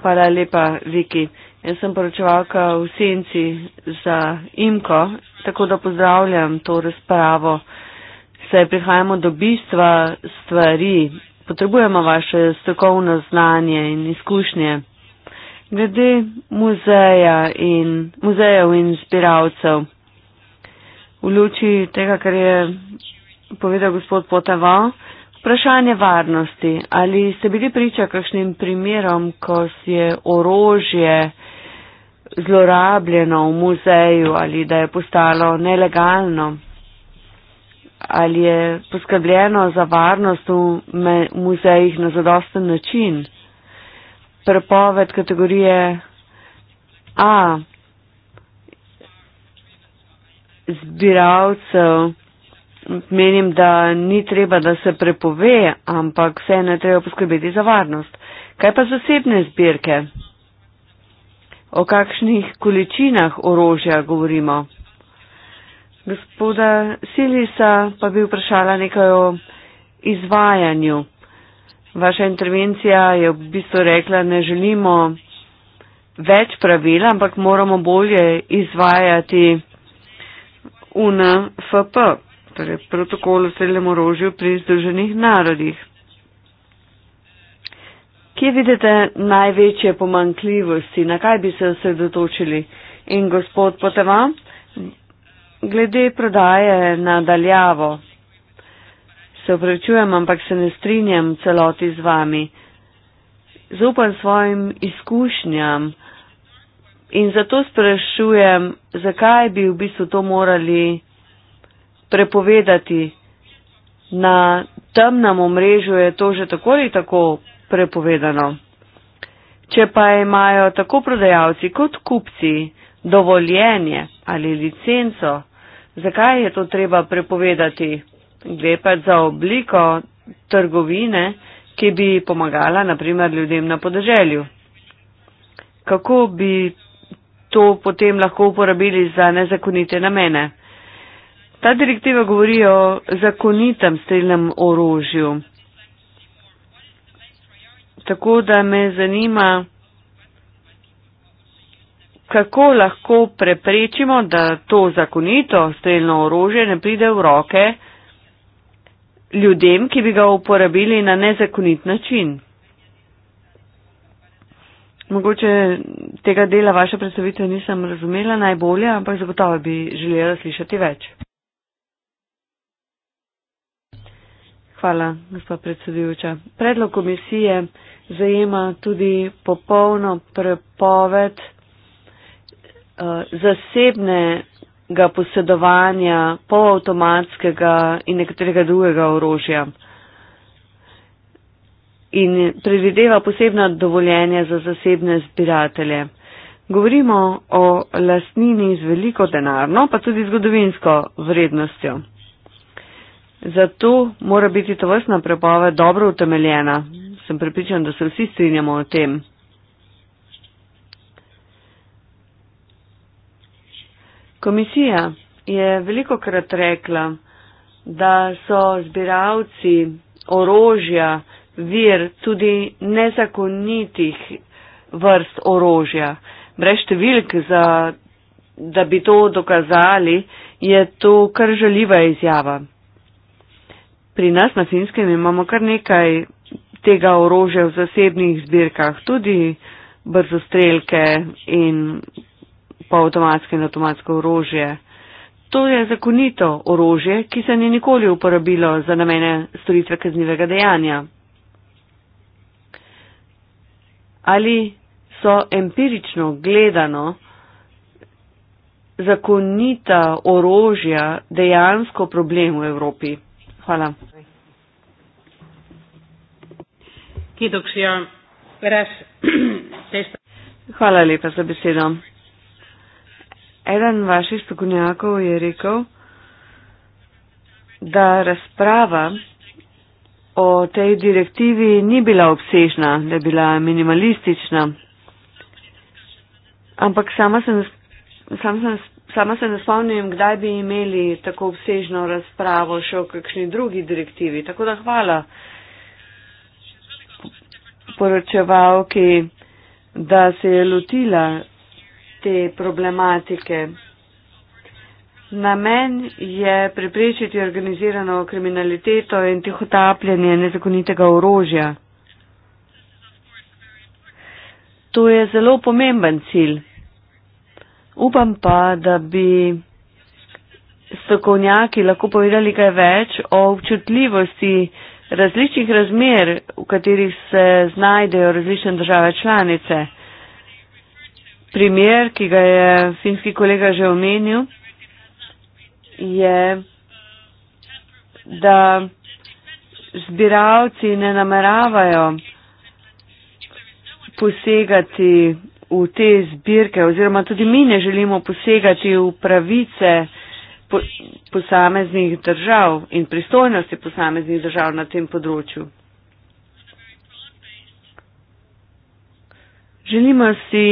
hvala lepa, Viki. Jaz sem poročevalka v Senci za Imko, tako da pozdravljam to razpravo. Saj prihajamo do bistva stvari. Potrebujemo vaše strokovno znanje in izkušnje. Glede muzeja in, muzejev in zbiralcev, v luči tega, kar je povedal gospod Potaval, vprašanje varnosti. Ali ste bili priča kakšnim primerom, ko si je orožje, zlorabljeno v muzeju ali da je postalo nelegalno ali je poskrbljeno za varnost v muzejih na zadosten način. Prepoved kategorije A zbiralcev menim, da ni treba, da se prepove, ampak vse ne treba poskrbeti za varnost. Kaj pa zasebne zbirke? o kakšnih količinah orožja govorimo. Gospoda Silisa pa bi vprašala nekaj o izvajanju. Vaša intervencija je v bistvu rekla, ne želimo več pravil, ampak moramo bolje izvajati UNFP, torej protokol o celem orožju pri Združenih narodih. Kje vidite največje pomankljivosti, na kaj bi se osredotočili? In gospod Poteva, glede prodaje nadaljavo, se opravičujem, ampak se ne strinjam celoti z vami. Zupam svojim izkušnjam in zato sprašujem, zakaj bi v bistvu to morali prepovedati. Na temnem omrežju je to že tako ali tako prepovedano. Če pa imajo tako prodajalci kot kupci dovoljenje ali licenco, zakaj je to treba prepovedati? Gre pa za obliko trgovine, ki bi pomagala naprimer ljudem na podeželju. Kako bi to potem lahko uporabili za nezakonite namene? Ta direktiva govori o zakonitem strelnem orožju. Tako da me zanima, kako lahko preprečimo, da to zakonito streljno orožje ne pride v roke ljudem, ki bi ga uporabili na nezakonit način. Mogoče tega dela vaše predstavitve nisem razumela najbolje, ampak zagotovo bi želela slišati več. Hvala, gospod predsedujoča. Predlog komisije zajema tudi popolno prepoved eh, zasebnega posedovanja polavtomatskega in nekaterega drugega orožja in predvideva posebna dovoljenja za zasebne zbiratelje. Govorimo o lastnini z veliko denarno, pa tudi zgodovinsko vrednostjo. Zato mora biti to vrstna prepoved dobro utemeljena, sem prepričan, da se vsi strinjamo o tem. Komisija je veliko krat rekla, da so zbiravci orožja vir tudi nezakonitih vrst orožja. Brez številk, za, da bi to dokazali, je to kar žaljiva izjava. Pri nas na finskem imamo kar nekaj tega orožja v zasebnih zbirkah, tudi brzostrelke in pa avtomatske in avtomatsko orožje. To je zakonito orožje, ki se ni nikoli uporabilo za namene storitve kaznivega dejanja. Ali so empirično gledano zakonita orožja dejansko problem v Evropi? Hvala. Kiitoksia. Eräs teistä. Hvala lepa za besedo. Eden vaših strokovnjakov je rekel, da razprava o tej direktivi ni bila obsežna, da je bila minimalistična, ampak sama se, sam sem, sama se ne spomnim, kdaj bi imeli tako obsežno razpravo še o kakšni drugi direktivi. Tako da hvala poročevalki, da se je lotila te problematike. Namen je preprečiti organizirano kriminaliteto in tihotapljanje nezakonitega orožja. To je zelo pomemben cilj. Upam pa, da bi strokovnjaki lahko povedali kaj več o občutljivosti različnih razmer, v katerih se znajdejo različne države članice. Primer, ki ga je finski kolega že omenil, je, da zbiravci ne nameravajo posegati v te zbirke oziroma tudi mi ne želimo posegati v pravice posameznih držav in pristojnosti posameznih držav na tem področju. Želimo si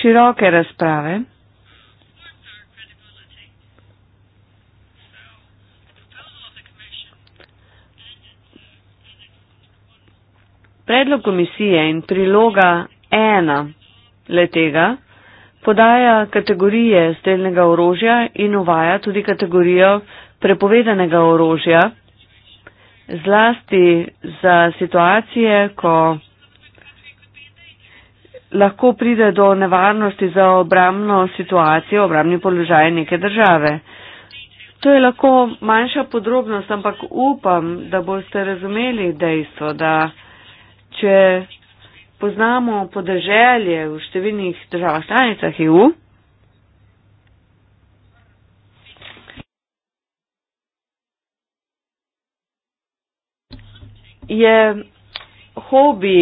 široke razprave. Predlog komisije in priloga ena letega podaja kategorije steljnega orožja in uvaja tudi kategorijo prepovedanega orožja, zlasti za situacije, ko lahko pride do nevarnosti za obramno situacijo, obramni položaj neke države. To je lahko manjša podrobnost, ampak upam, da boste razumeli dejstvo, da če poznamo podeželje v številnih državah članicah EU. Je hobi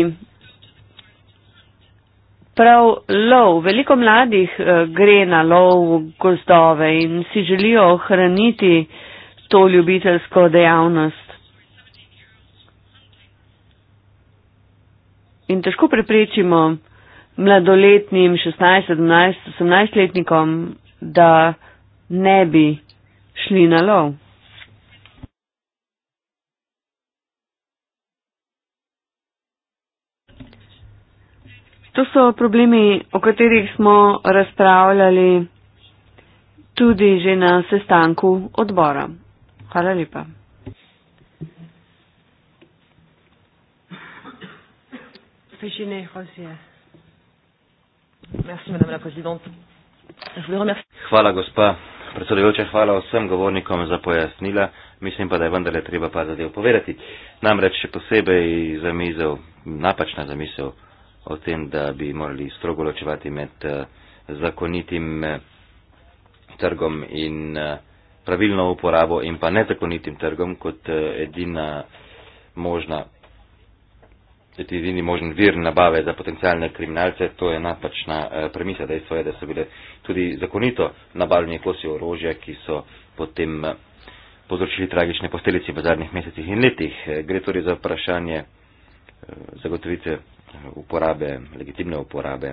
prav lov. Veliko mladih eh, gre na lov gozdove in si želijo ohraniti to ljubiteljsko dejavnost. in težko preprečimo mladoletnim, 16, 17, 18 letnikom, da ne bi šli na lov. To so problemi, o katerih smo razpravljali tudi že na sestanku odbora. Hvala lepa. Virginie Rozier. Merci, madame la présidente. Je voulais remercier. Hvala, gospa. Predsedujoča, hvala vsem govornikom za pojasnila. Mislim pa, da je vendarle treba pa zadev povedati. Namreč še posebej za mizel, napačna zamisel o tem, da bi morali strogo ločevati med eh, zakonitim eh, trgom in eh, pravilno uporabo in pa nezakonitim trgom kot edina možna je ti edini možen vir nabave za potencijalne kriminalce, to je napačna eh, premisa. Dejstvo je, da so bile tudi zakonito nabavljeni kosi orožja, ki so potem eh, povzročili tragične posteljice v zadnjih mesecih in letih. Eh, gre torej za vprašanje zagotovitve uporabe, legitimne uporabe,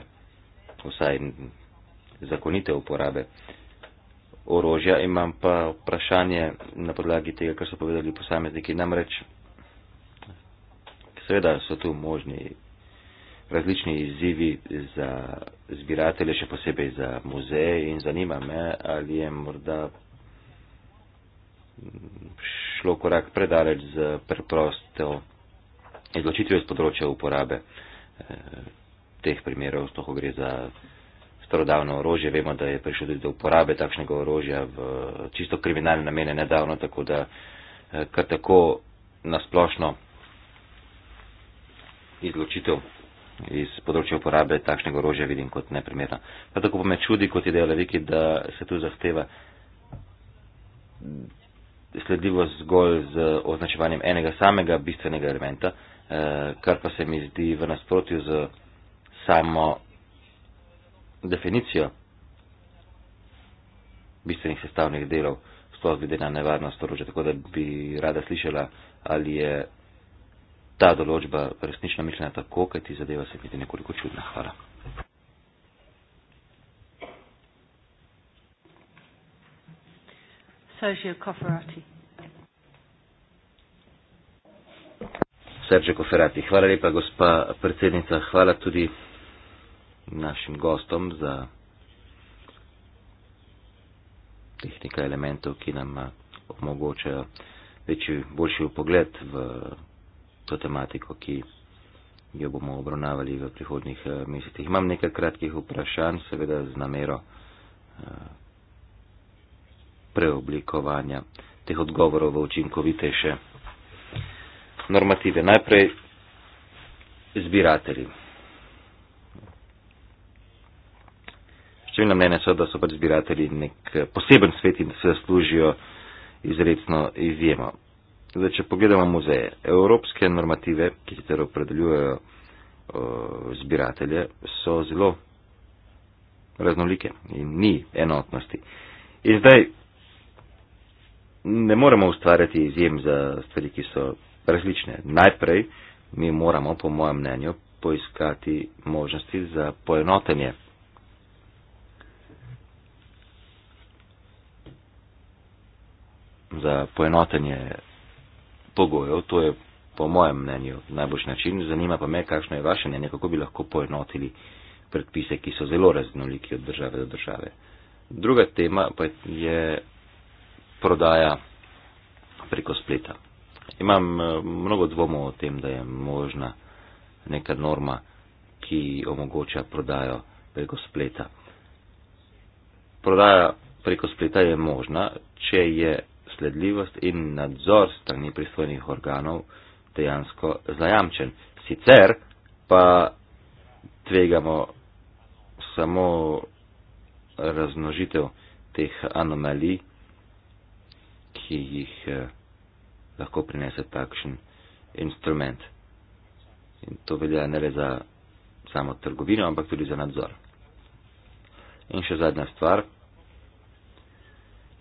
vsaj zakonite uporabe orožja. Imam pa vprašanje na podlagi tega, kar so povedali posamezniki. Namreč Seveda so tu možni različni izzivi za zbiratelje, še posebej za muzeje in zanima me, ali je morda šlo korak predaleč z preprosto izločitvijo iz področja uporabe eh, teh primerov, to, ko gre za starodavno orožje. Vemo, da je prišlo tudi do uporabe takšnega orožja v čisto kriminalne namene nedavno, tako da eh, kar tako nasplošno izločitev iz področja uporabe takšnega orožja vidim kot neprimerno. Prav tako pa me čudi, kot je dejala Viki, da se tu zahteva sledljivo zgolj z označevanjem enega samega bistvenega elementa, eh, kar pa se mi zdi v nasprotju z samo definicijo bistvenih sestavnih delov, sploh glede na nevarnost orožja. Tako da bi rada slišala, ali je ta določba resnično mišljena tako, kaj ti zadeva se vidi nekoliko čudna. Hvala. Sergio Coferati. Sergio Coferati. Hvala lepa, gospa predsednica. Hvala tudi našim gostom za tehnika elementov, ki nam eh, omogočajo večji, boljši pogled v to tematiko, ki jo bomo obravnavali v prihodnih eh, mesecih. Imam nekaj kratkih vprašanj, seveda z namero eh, preoblikovanja teh odgovorov v učinkovitejše normative. Najprej zbiratelji. Številna mnenja so, da so pač zbiratelji nek eh, poseben svet in da se zaslužijo izredno izjemo. Zdaj, če pogledamo muzeje, evropske normative, ki sicer opredeljujejo uh, zbiratelje, so zelo raznolike in ni enotnosti. In zdaj ne moremo ustvarjati izjem za stvari, ki so različne. Najprej mi moramo, po mojem mnenju, poiskati možnosti za poenotenje. Za poenotenje pogojev, to je po mojem mnenju najboljši način, zanima pa me, kakšno je vaše mnenje, kako bi lahko poenotili predpise, ki so zelo raznoliki od države do države. Druga tema pa je prodaja preko spleta. Imam eh, mnogo dvomov o tem, da je možna neka norma, ki omogoča prodajo preko spleta. Prodaja preko spleta je možna, če je sledljivost in nadzor strani pristojnih organov dejansko zajamčen. Sicer pa tvegamo samo raznožitev teh anomalij, ki jih eh, lahko prinese takšen instrument. In to velja ne le za samo trgovino, ampak tudi za nadzor. In še zadnja stvar.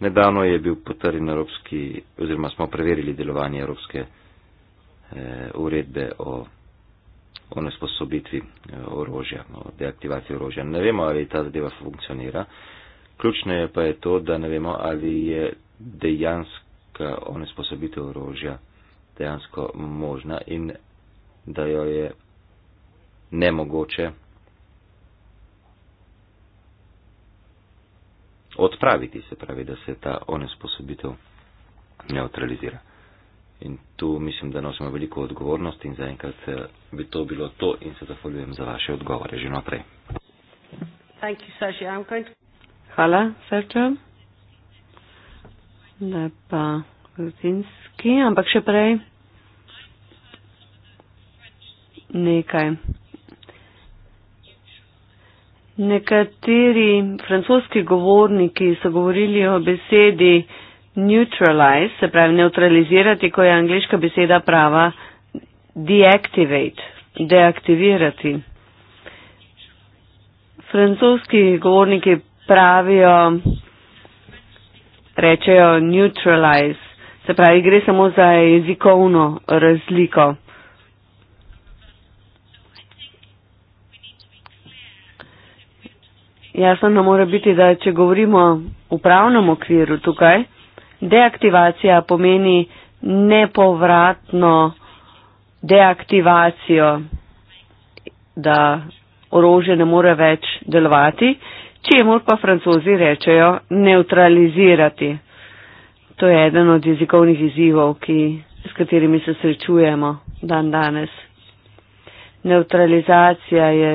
Nedavno je bil potrjen evropski, oziroma smo preverili delovanje evropske eh, uredbe o, o nesposobitvi eh, orožja, o deaktivaciji orožja. Ne vemo, ali ta zadeva funkcionira. Ključno je pa je to, da ne vemo, ali je dejansko o nesposobitvi orožja dejansko možna in da jo je nemogoče odpraviti, se pravi, da se ta onesposobitev neutralizira. In tu mislim, da nosimo veliko odgovornosti in zaenkrat eh, bi to bilo to in se zahvaljujem za vaše odgovore že naprej. Hvala, Sergio. Lepa, Rutinski, ampak še prej nekaj. Nekateri francoski govorniki so govorili o besedi neutralize, se pravi neutralizirati, ko je angliška beseda prava deactivate, deaktivirati. Francoski govorniki pravijo, rečejo neutralize, se pravi gre samo za jezikovno razliko. Jasno nam mora biti, da če govorimo v pravnem okviru tukaj, deaktivacija pomeni nepovratno deaktivacijo, da orožje ne more več delovati, čemu pa francozi rečejo neutralizirati. To je eden od jezikovnih izzivov, ki, s katerimi se srečujemo dan danes. Neutralizacija je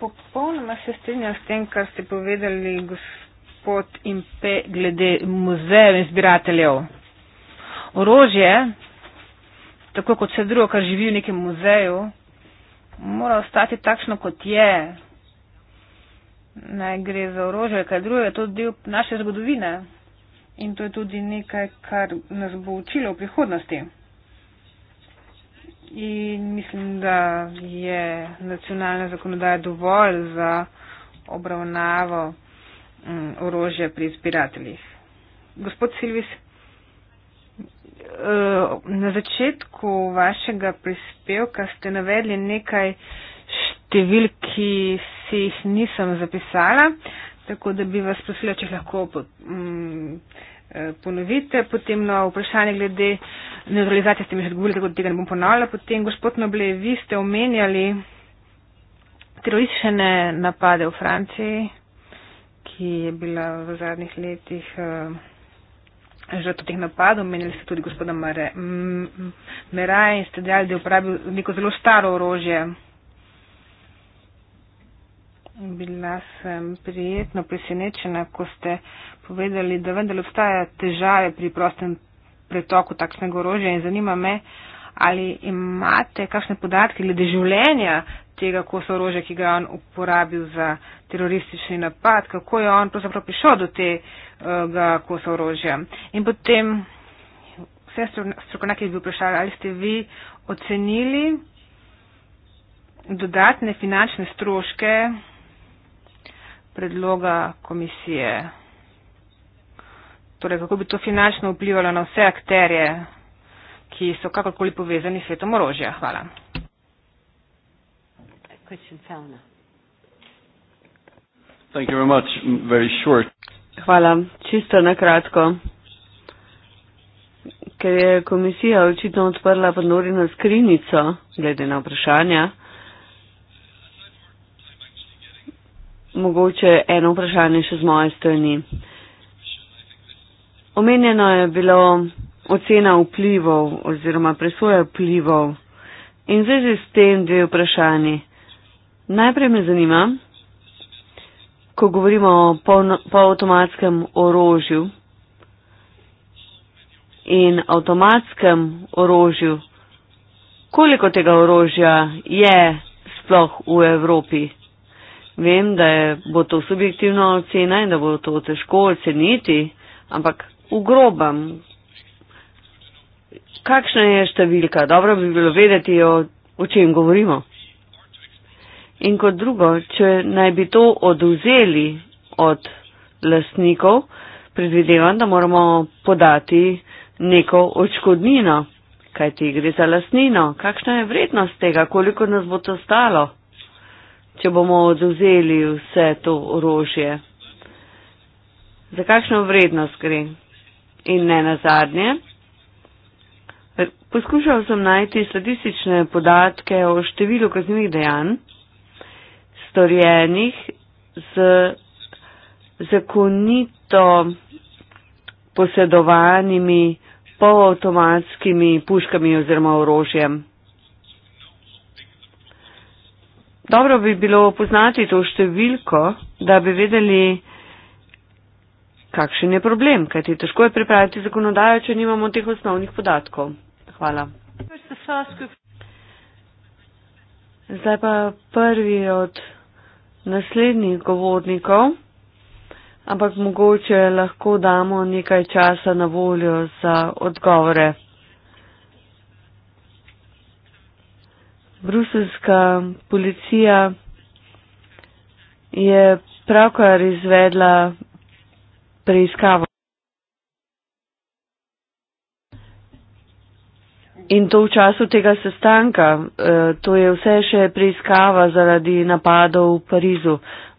Popolnoma se strinjam s tem, kar ste povedali, gospod Impe, glede muzejev in zbirateljev. Orožje, tako kot vse drugo, kar živi v nekem muzeju, mora ostati takšno, kot je. Naj gre za orožje, kaj drugo, je to del naše zgodovine in to je tudi nekaj, kar nas bo učilo v prihodnosti in mislim, da je nacionalna zakonodaja dovolj za obravnavo mm, orožja pri izbirateljih. Gospod Silvis, eh, na začetku vašega prispevka ste navedli nekaj številk, ki si jih nisem zapisala, tako da bi vas prosila, če lahko. Po, um, mm, Eh, ponovite. Potem na no, vprašanje glede neutralizacije ste mi že odgovorili, tako da tega ne bom ponavljala. Potem, gospod Noble, vi ste omenjali teroristične napade v Franciji, ki je bila v zadnjih letih eh, žrtev teh napadov. Omenjali ste tudi gospoda Meraj in ste dejali, da je uporabil neko zelo staro orožje. Bila sem prijetno presenečena, ko ste povedali, da vendar obstaja težave pri prostem pretoku takšnega orožja in zanima me, ali imate kakšne podatke glede življenja tega kosa orožja, ki ga je on uporabil za teroristični napad, kako je on pravzaprav prišel do tega uh, kosa orožja. In potem vse strokovnjaki bi vprašali, ali ste vi ocenili dodatne finančne stroške predloga komisije torej kako bi to finančno vplivalo na vse akterje, ki so kakorkoli povezani s svetom orožja. Hvala. Thank you very much. Very short. Hvala. Čisto na kratko. Ker je komisija očitno odprla podnorino skrinico glede na vprašanja, mogoče eno vprašanje še z moje strani. Omenjeno je bilo ocena vplivov oziroma presoja vplivov. In zdaj z tem dve vprašanji. Najprej me zanima, ko govorimo o polavtomatskem orožju in avtomatskem orožju, koliko tega orožja je sploh v Evropi? Vem, da je, bo to subjektivna ocena in da bo to težko oceniti, ampak ugrobam. Kakšna je številka? Dobro bi bilo vedeti, o, o čem govorimo. In kot drugo, če naj bi to oduzeli od lasnikov, predvidevam, da moramo podati neko očkodnino, kaj ti gre za lasnino. Kakšna je vrednost tega, koliko nas bo to stalo, če bomo oduzeli vse to orožje? Za kakšno vrednost gre? in ne nazadnje. Poskušal sem najti statistične podatke o številu kaznjivih dejanj, storjenih z zakonito posedovanimi polavtomatskimi puškami oziroma orožjem. Dobro bi bilo poznati to številko, da bi vedeli, kakšen je problem, kajti težko je pripraviti zakonodajo, če nimamo teh osnovnih podatkov. Hvala. Zdaj pa prvi od naslednjih govornikov, ampak mogoče lahko damo nekaj časa na voljo za odgovore. Bruselska policija je pravkar izvedla preiskavo. In to v času tega sestanka, eh, to je vse še preiskava zaradi napadov v Parizu.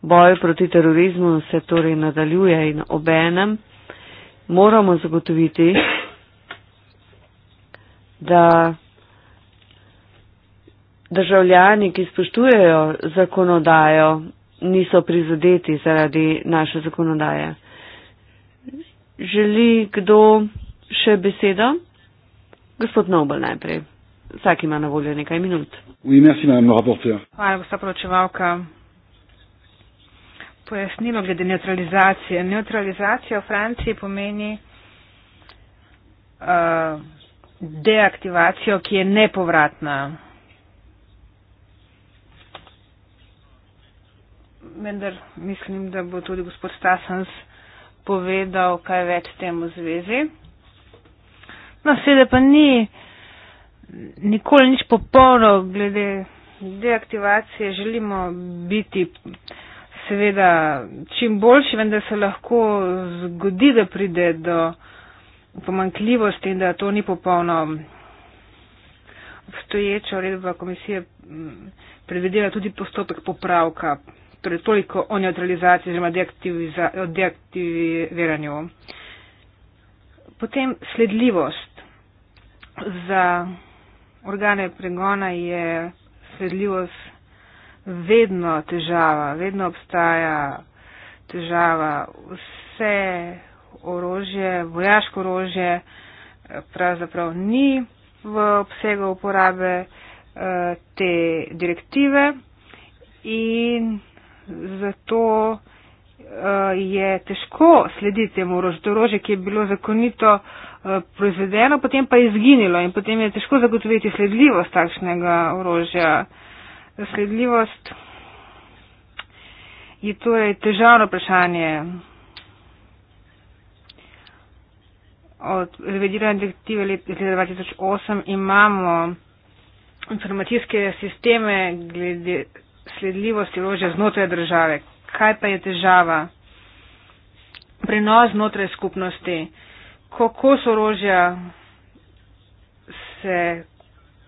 Boj proti terorizmu se torej nadaljuje in obenem moramo zagotoviti, da državljani, ki spoštujejo zakonodajo, niso prizadeti zaradi naše zakonodaje. Želi kdo še besedo? Gospod Nobel najprej. Vsak ima na voljo nekaj minut. Hvala, gospa poročevalka. Pojasnilo glede neutralizacije. Neutralizacija v Franciji pomeni uh, deaktivacijo, ki je nepovratna. Vendar mislim, da bo tudi gospod Stasens uh, povedal kaj več temu zvezi. No, seveda pa ni nikoli nič popolno glede deaktivacije. Želimo biti seveda čim boljši, vendar se lahko zgodi, da pride do pomankljivosti in da to ni popolno obstoječa uredba komisije predvideva tudi postopek popravka Torej, toliko o neutralizaciji oziroma o deaktiviranju. Potem sledljivost. Za organe pregona je sledljivost vedno težava, vedno obstaja težava. Vse orožje, vojaško orožje eh, pravzaprav ni v obsegu uporabe eh, te direktive in zato eh, je težko slediti temu orožju, ki je bilo zakonito eh, proizvedeno, potem pa je izginilo in potem je težko zagotoviti sledljivost takšnega orožja. Sledljivost je torej težavno vprašanje od revidirane direktive leta 2008 imamo informacijske sisteme glede sledljivosti orožja znotraj države. Kaj pa je težava? Prenos znotraj skupnosti. Kako so orožja se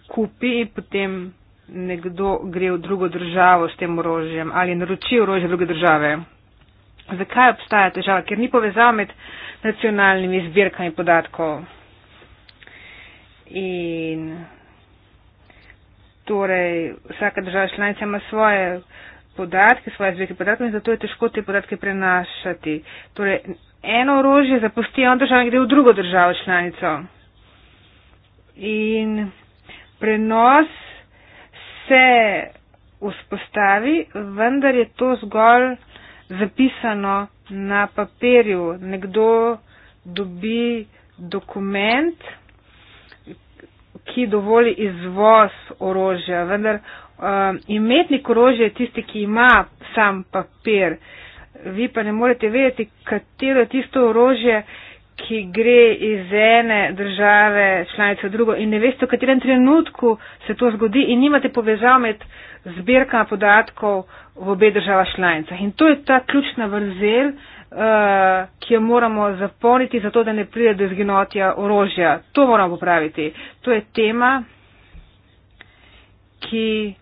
kupi in potem nekdo gre v drugo državo s tem orožjem ali naroči orožje druge države. Zakaj obstaja težava? Ker ni povezava med nacionalnimi zbirkami podatkov. In torej vsaka država članica ima svoje podatke, svoje zbirke podatkov in zato je težko te podatke prenašati. Torej, eno orožje zapusti eno državo in gre v drugo državo članico. In prenos se vzpostavi, vendar je to zgolj zapisano na papirju. Nekdo dobi dokument, ki dovoli izvoz orožja, vendar um, imetnik orožja je tisti, ki ima sam papir. Vi pa ne morete vedeti, katero je tisto orožje, ki gre iz ene države članice v drugo in ne veste, v katerem trenutku se to zgodi in nimate povezav med zbirkama podatkov v obe država članicah. In to je ta ključna vrzel, Eh, ki jo moramo zapolniti, zato da ne pride do izginotja orožja. To moramo popraviti. To je tema, ki,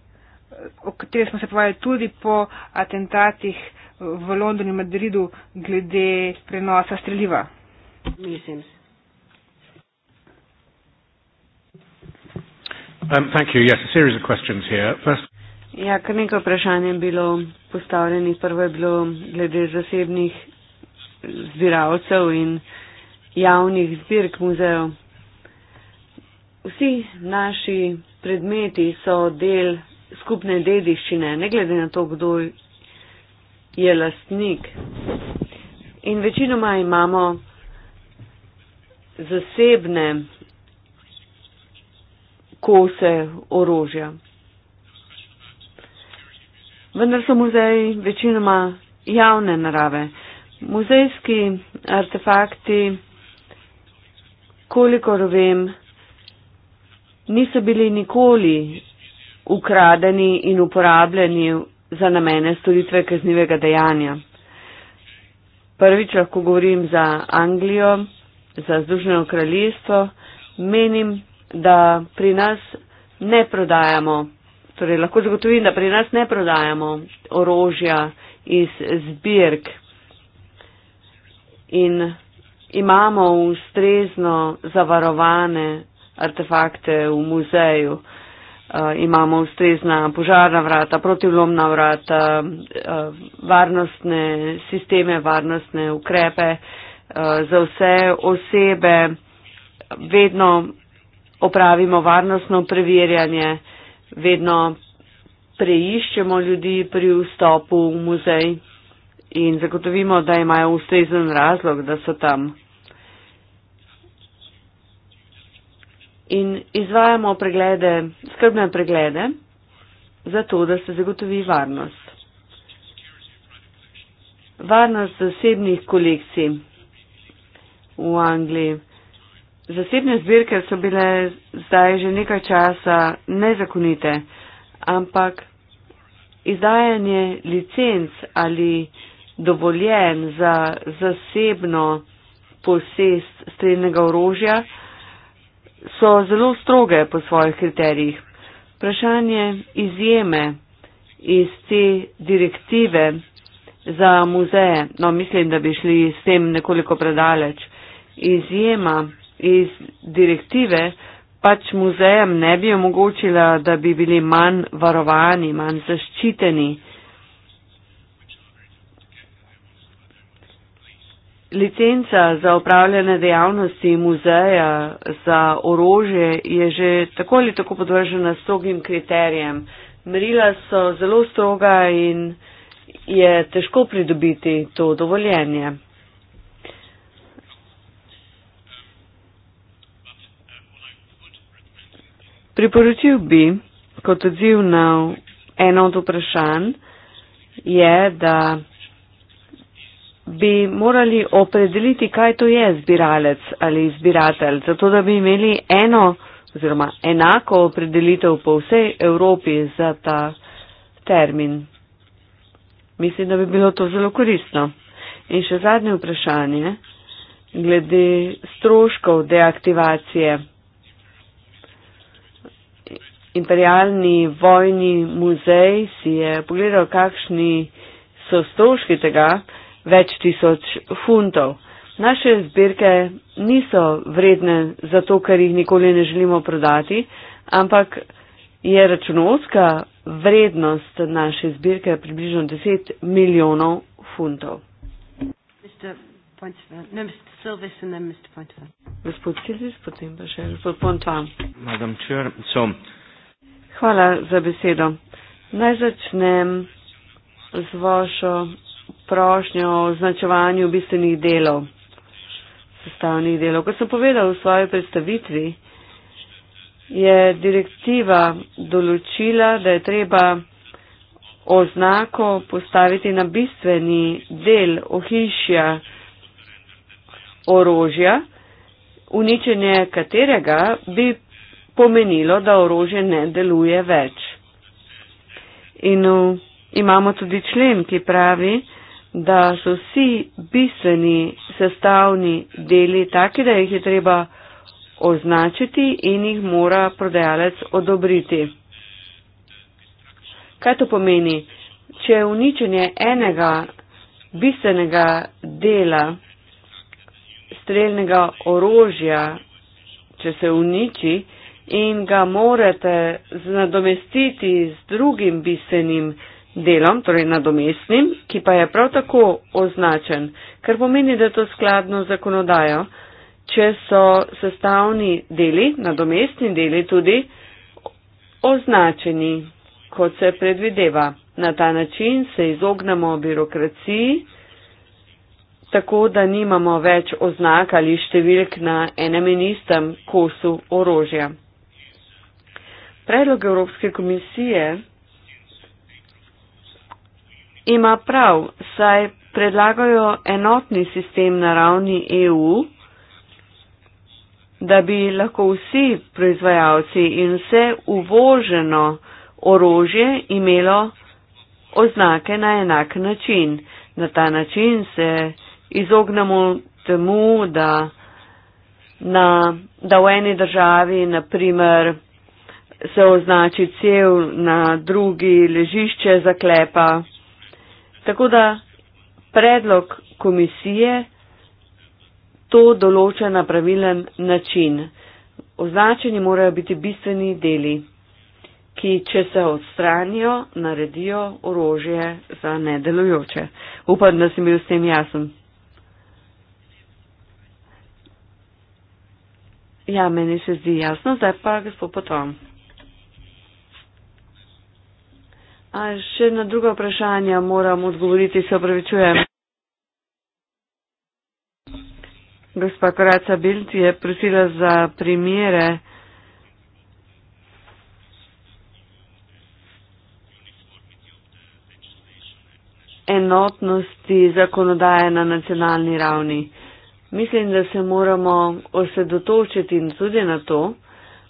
o kateri smo se povedali tudi po atentatih v Londonu in Madridu glede prenosa streljiva. Mislim. Um, thank you. Yes, a series of questions here. First. Ja, kar nekaj vprašanj je bilo postavljeno. Prvo je bilo glede zasebnih zbiralcev in javnih zbirk muzejev. Vsi naši predmeti so del skupne dediščine, ne glede na to, kdo je lastnik. In večinoma imamo zasebne kose orožja. Vendar so muzeji večinoma javne narave muzejski artefakti, kolikor vem, niso bili nikoli ukradeni in uporabljeni za namene storitve kaznivega dejanja. Prvič lahko govorim za Anglijo, za Združeno kraljestvo. Menim, da pri nas ne prodajamo, torej lahko zagotovim, da pri nas ne prodajamo orožja iz zbirk, in imamo ustrezno zavarovane artefakte v muzeju. Uh, imamo ustrezna požarna vrata, protivlomna vrata, uh, varnostne sisteme, varnostne ukrepe uh, za vse osebe. Vedno opravimo varnostno preverjanje, vedno preiščemo ljudi pri vstopu v muzej in zagotovimo, da imajo ustrezen razlog, da so tam. In izvajamo preglede, skrbne preglede, zato da se zagotovi varnost. Varnost zasebnih kolekcij v Angliji. Zasebne zbirke so bile zdaj že nekaj časa nezakonite, ampak izdajanje licenc ali dovoljen za zasebno posest strednega orožja, so zelo stroge po svojih kriterijih. Vprašanje izjeme iz te direktive za muzeje, no mislim, da bi šli s tem nekoliko predaleč, izjema iz direktive pač muzejem ne bi omogočila, da bi bili manj varovani, manj zaščiteni. Licenca za upravljanje dejavnosti muzeja za orožje je že tako ali tako podvržena strogim kriterijem. Merila so zelo stroga in je težko pridobiti to dovoljenje. Priporočil bi, kot odziv na eno od vprašanj, je, da bi morali opredeliti, kaj to je zbiralec ali zbiratelj, zato da bi imeli eno oziroma enako opredelitev po vsej Evropi za ta termin. Mislim, da bi bilo to zelo koristno. In še zadnje vprašanje, glede stroškov deaktivacije. Imperialni vojni muzej si je pogledal, kakšni so stroški tega več tisoč funtov. Naše zbirke niso vredne zato, ker jih nikoli ne želimo prodati, ampak je računovska vrednost naše zbirke približno 10 milijonov funtov. No, gospod Kiljiš, potem pa še gospod Pontam. Hvala za besedo. Naj začnem z vašo prošnjo o označevanju bistvenih delov, sestavnih delov. Kot sem povedal v svoji predstavitvi, je direktiva določila, da je treba oznako postaviti na bistveni del ohišja orožja, uničenje katerega bi pomenilo, da orožje ne deluje več. In v, imamo tudi člen, ki pravi, da so vsi bistveni sestavni deli taki, da jih je treba označiti in jih mora prodajalec odobriti. Kaj to pomeni? Če je uničenje enega bistvenega dela streljnega orožja, če se uniči in ga morate nadomestiti z drugim bistvenim delom, delom, torej nadomestnim, ki pa je prav tako označen, kar pomeni, da je to skladno zakonodajo, če so sestavni deli, nadomestni deli tudi označeni, kot se predvideva. Na ta način se izognemo birokraciji, tako da nimamo več oznak ali številk na enem in istem kosu orožja. Predlog Evropske komisije ima prav, saj predlagajo enotni sistem na ravni EU, da bi lahko vsi proizvajalci in vse uvoženo orožje imelo oznake na enak način. Na ta način se izognemo temu, da, na, da v eni državi, naprimer, se označi cel na drugi ležišče zaklepa. Tako da predlog komisije to določa na pravilen način. Označeni morajo biti bistveni deli, ki, če se odstranijo, naredijo orožje za nedelujoče. Upam, da sem bil s tem jasen. Ja, meni se zdi jasno, zdaj pa gospod Potom. A še na druga vprašanja moram odgovoriti, se opravičujem. Gospa Koraca Bilt je prosila za primere. enotnosti zakonodaje na nacionalni ravni. Mislim, da se moramo osredotočiti tudi na to,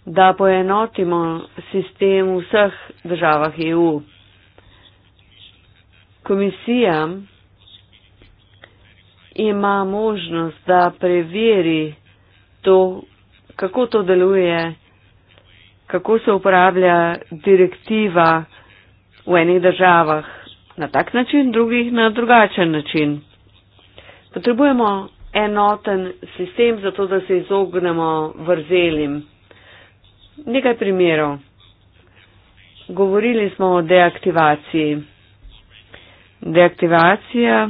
da poenotimo sistem v vseh državah EU komisija ima možnost, da preveri to, kako to deluje, kako se uporablja direktiva v enih državah na tak način, drugih na drugačen način. Potrebujemo enoten sistem, zato da se izognemo vrzelim. Nekaj primerov. Govorili smo o deaktivaciji deaktivacija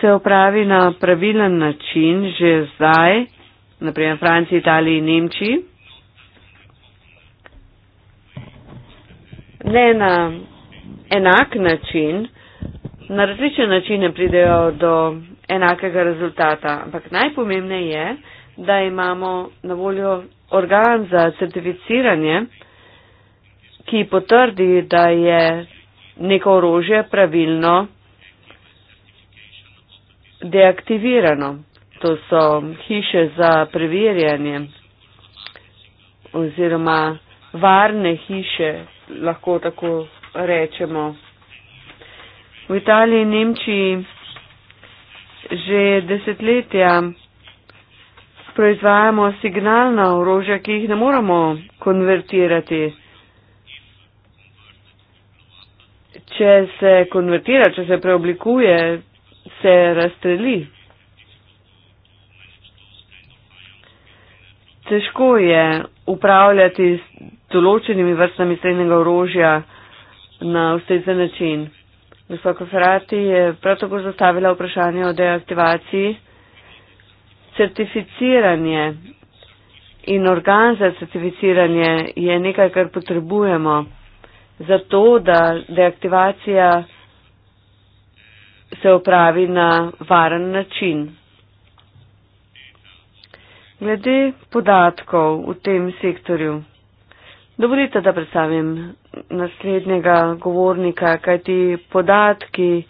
se opravi na pravilen način že zdaj, naprimer v Franciji, Italiji, Nemčiji. Ne na enak način, na različne načine pridejo do enakega rezultata, ampak najpomembneje je, da imamo na voljo organ za certificiranje, ki potrdi, da je neko orožje pravilno deaktivirano. To so hiše za preverjanje oziroma varne hiše, lahko tako rečemo. V Italiji in Nemčiji že desetletja proizvajamo signalna orožja, ki jih ne moramo konvertirati. če se konvertira, če se preoblikuje, se razstreli. Težko je upravljati z določenimi vrstami srednjega orožja na ustezen način. Gospod Koferati je prav tako zastavila vprašanje o deaktivaciji. Certificiranje in organ za certificiranje je nekaj, kar potrebujemo zato, da deaktivacija se opravi na varen način. Glede podatkov v tem sektorju, dovolite, da predstavim naslednjega govornika, kajti podatki,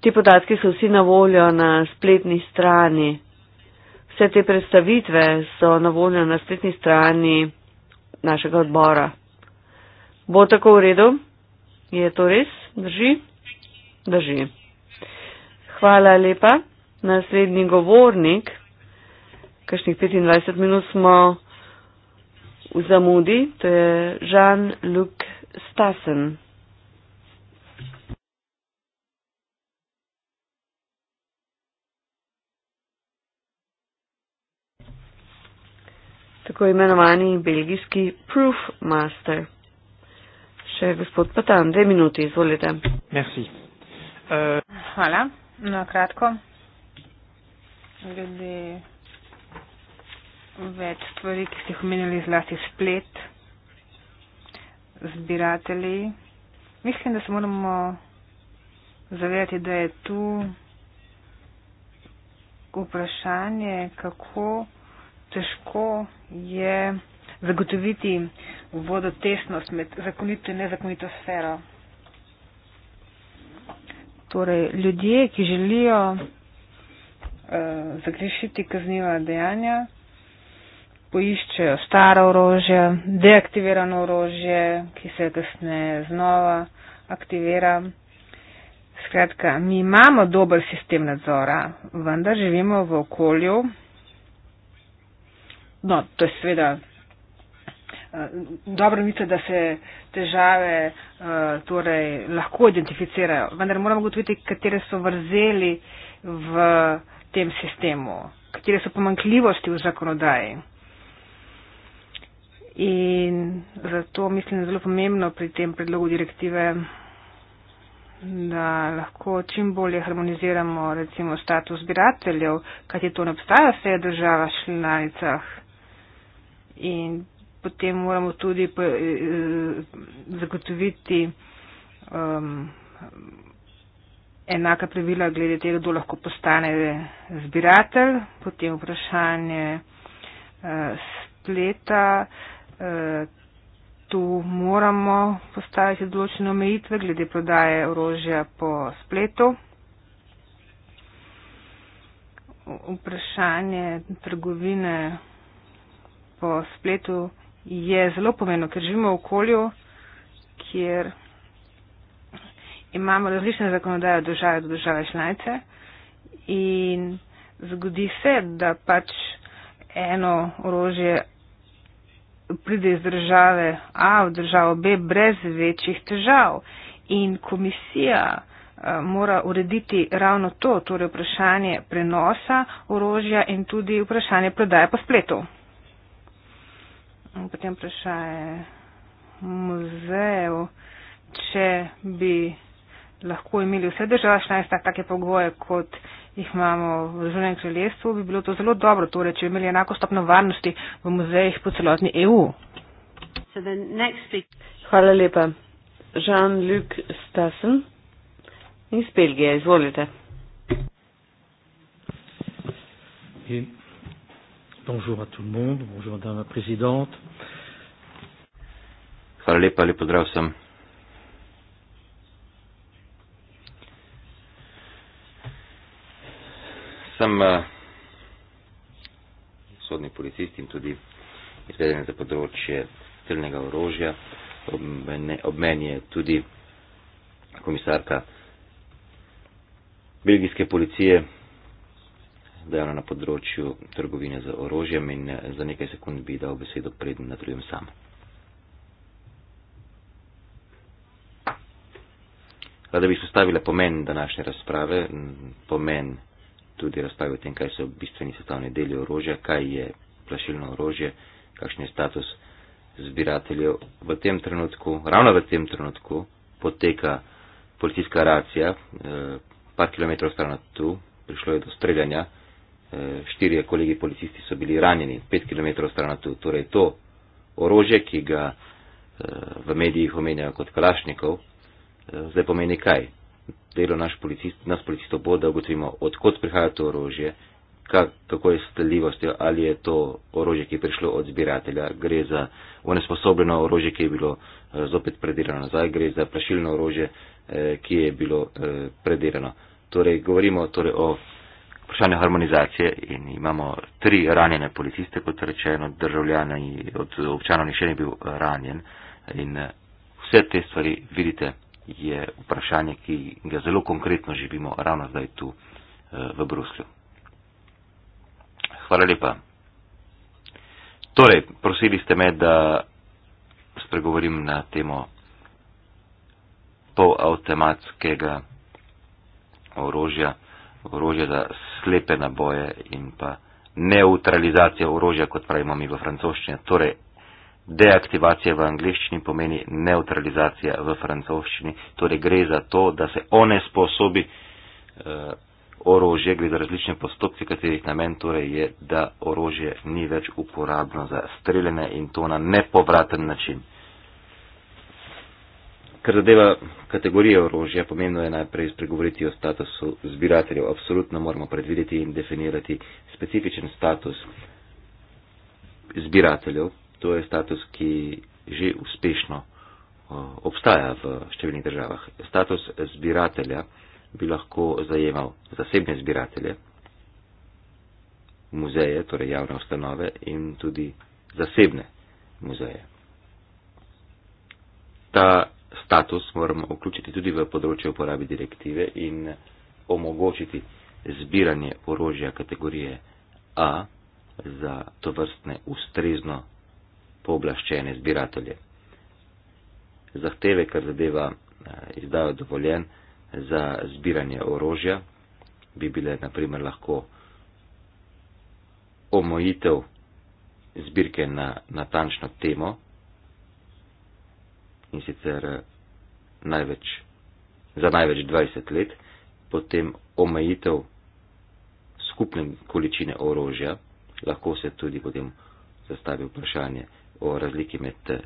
ti podatki so vsi na voljo na spletni strani. Vse te predstavitve so na voljo na spletni strani našega odbora. Bo tako v redu? Je to res? Drži? Drži. Hvala lepa. Naslednji govornik. Kašnih 25 minut smo v zamudi. To je Jean-Luc Stassen. Tako imenovani belgijski proof master. Še gospod Patan, dve minuti, izvolite. Merci. Uh, Hvala. Na kratko. Glede več stvari, ki ste jih omenili, zlasti splet, zbiratelji. Mislim, da se moramo zavedati, da je tu vprašanje, kako težko je zagotoviti uh, vodo tesnost med zakonito in nezakonito sfero. Torej, ljudje, ki želijo uh, zagrešiti kazniva dejanja, poiščejo staro orožje, deaktivirano orožje, ki se kasneje znova aktivira. Skratka, mi imamo dober sistem nadzora, vendar živimo v okolju, no, to je seveda Eh, dobro misli, da se težave eh, torej, lahko identificirajo, vendar moramo gotoviti, katere so vrzeli v tem sistemu, katere so pomankljivosti v zakonodaji. In zato mislim, da je zelo pomembno pri tem predlogu direktive, da lahko čim bolje harmoniziramo recimo status zbirateljev, kajti to ne obstaja v vseh državah članicah. In potem moramo tudi eh, eh, zagotoviti um, enaka pravila glede tega, kdo lahko postane zbiratelj, potem vprašanje uh, spleta. Uh, Tu moramo postaviti določene omejitve glede prodaje orožja po spletu. Vprašanje trgovine po spletu je zelo pomembno, ker živimo v okolju, kjer imamo različne zakonodaje od države do države članice in zgodi se, da pač eno orožje pride iz države A v državo B brez večjih težav in komisija eh, mora urediti ravno to, torej vprašanje prenosa orožja in tudi vprašanje prodaje po spletu. Potem vprašanje muzejev, če bi lahko imeli vse države članice take pogoje, kot jih imamo v zunanjem kraljestvu, bi bilo to zelo dobro, torej, če bi imeli enako stopno varnosti v muzejih po celotni EU. Hvala lepa. Jean-Luc Stassen iz Belgije, izvolite. In Bonjour à tout le monde, bonjour Madame la Présidente. Hvala lepa, lepo zdrav vsem. Sem uh, sodni policist in tudi izveden za področje strelnega orožja. Ob meni, ob meni je tudi komisarka belgijske policije, dejavna na področju trgovine z orožjem in eh, za nekaj sekund bi dal besedo prednjem na drugem sam. Rada bi sostavila pomen današnje razprave, pomen tudi razprave o tem, kaj so bistveni sestavni deli orožja, kaj je plašilno orožje, kakšen je status zbirateljev. V tem trenutku, ravno v tem trenutku, poteka policijska racija, eh, par kilometrov stran od tu, prišlo je do streljanja štirje kolegi policisti so bili ranjeni, pet kilometrov stran od tu. Torej to orožje, ki ga eh, v medijih omenjajo kot kalašnikov, eh, zdaj pomeni kaj? Delo naš policist, nas policistov bo, da ugotovimo, odkot prihaja to orožje, kak, kako je s stredljivostjo, ali je to orožje, ki je prišlo od zbiratelja, gre za onesposobljeno orožje, ki je bilo eh, zopet predirano nazaj, gre za plašilno orožje, ki je bilo predirano. Torej, govorimo torej o vprašanje harmonizacije in imamo tri ranjene policiste, kot rečeno, državljana in od občanov ni še ni bil ranjen. In eh, vse te stvari, vidite, je vprašanje, ki ga zelo konkretno živimo ravno zdaj tu eh, v Bruslju. Hvala lepa. Torej, prosili ste me, da spregovorim na temo polavtomatskega orožja orožje za slepe naboje in pa neutralizacijo orožja, kot pravimo mi v francoščini. Torej, deaktivacija v angliščini pomeni neutralizacija v francoščini. Torej, gre za to, da se one sposobi eh, orožje, gre za različne postopke, katerih namen torej je, da orožje ni več uporabno za streljene in to na nepovraten način kar zadeva kategorije orožja, pomembno je najprej spregovoriti o statusu zbirateljev. Absolutno moramo predvideti in definirati specifičen status zbirateljev. To je status, ki že uspešno obstaja v številnih državah. Status zbiratelja bi lahko zajemal zasebne zbiratelje, muzeje, torej javne ustanove in tudi zasebne muzeje. Ta status moramo vključiti tudi v področje uporabe direktive in omogočiti zbiranje orožja kategorije A za to vrstne ustrezno pooblaščene zbiratelje. Zahteve, kar zadeva eh, izdajo dovoljen za zbiranje orožja, bi bile naprimer lahko omojitev zbirke na natančno temo, in sicer eh, največ, za največ 20 let, potem omejitev skupne količine orožja, lahko se tudi potem zastavi vprašanje o razliki med eh,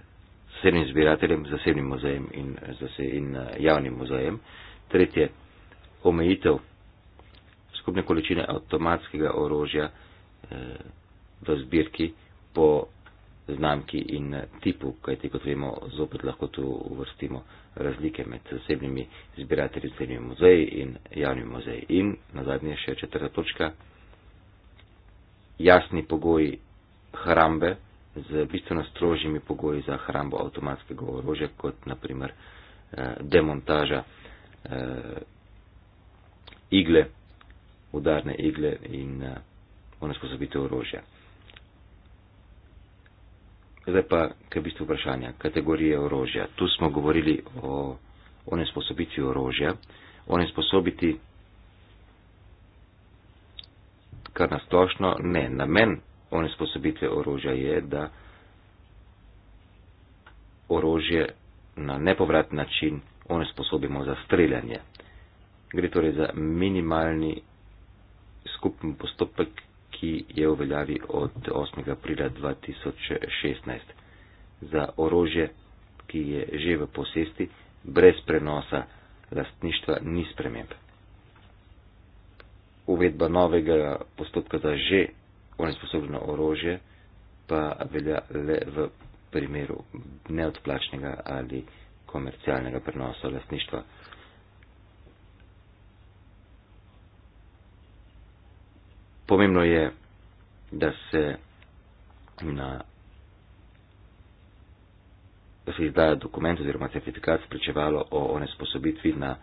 zasebnim zbirateljem, zasebnim muzejem in, eh, zase, in javnim muzejem. Tretje, omejitev skupne količine avtomatskega orožja eh, v zbirki po znamki in tipu, kajti kot vemo, zopet lahko tu uvrstimo razlike med zasebnimi zbirateli, zasebnimi muzeji in javnimi muzeji. In na zadnje še četrta točka, jasni pogoji hrambe z bistveno strožjimi pogoji za hrambo avtomatskega orožja, kot naprimer eh, demontaža eh, igle, udarne igle in eh, onesposobitev orožja. Zdaj pa, kaj bistvo vprašanja, kategorije orožja. Tu smo govorili o onesposobitvi orožja, onesposobiti kar nastošno, ne, namen onesposobitve orožja je, da orožje na nepovrat način onesposobimo za streljanje. Gre torej za minimalni skupni postopek, ki je v veljavi od 8. aprila 2016. Za orožje, ki je že v posesti, brez prenosa lastništva ni sprememb. Uvedba novega postopka za že onesposobljeno orožje pa velja le v primeru neodplačnega ali komercialnega prenosa lastništva. pomembno je, da se na da se izdaja dokument oziroma certifikat spričevalo o onesposobitvi na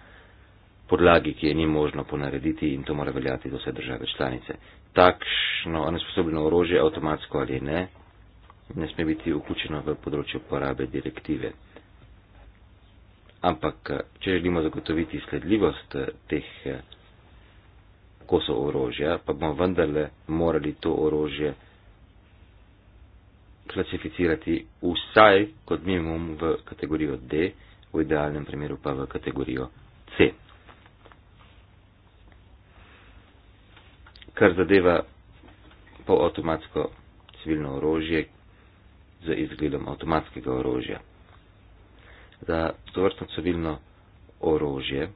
podlagi, ki je ni možno ponarediti in to mora veljati za vse države članice. Takšno onesposobljeno orožje, avtomatsko ali ne, ne sme biti vključeno v področje uporabe direktive. Ampak, če želimo zagotoviti sledljivost eh, teh eh, kosov orožja, pa bomo vendarle morali to orožje klasificirati vsaj kot minimum v kategorijo D, v idealnem primeru pa v kategorijo C. Kar zadeva poavtomatsko civilno orožje z izgledom avtomatskega orožja. Za tovrstno civilno orožje,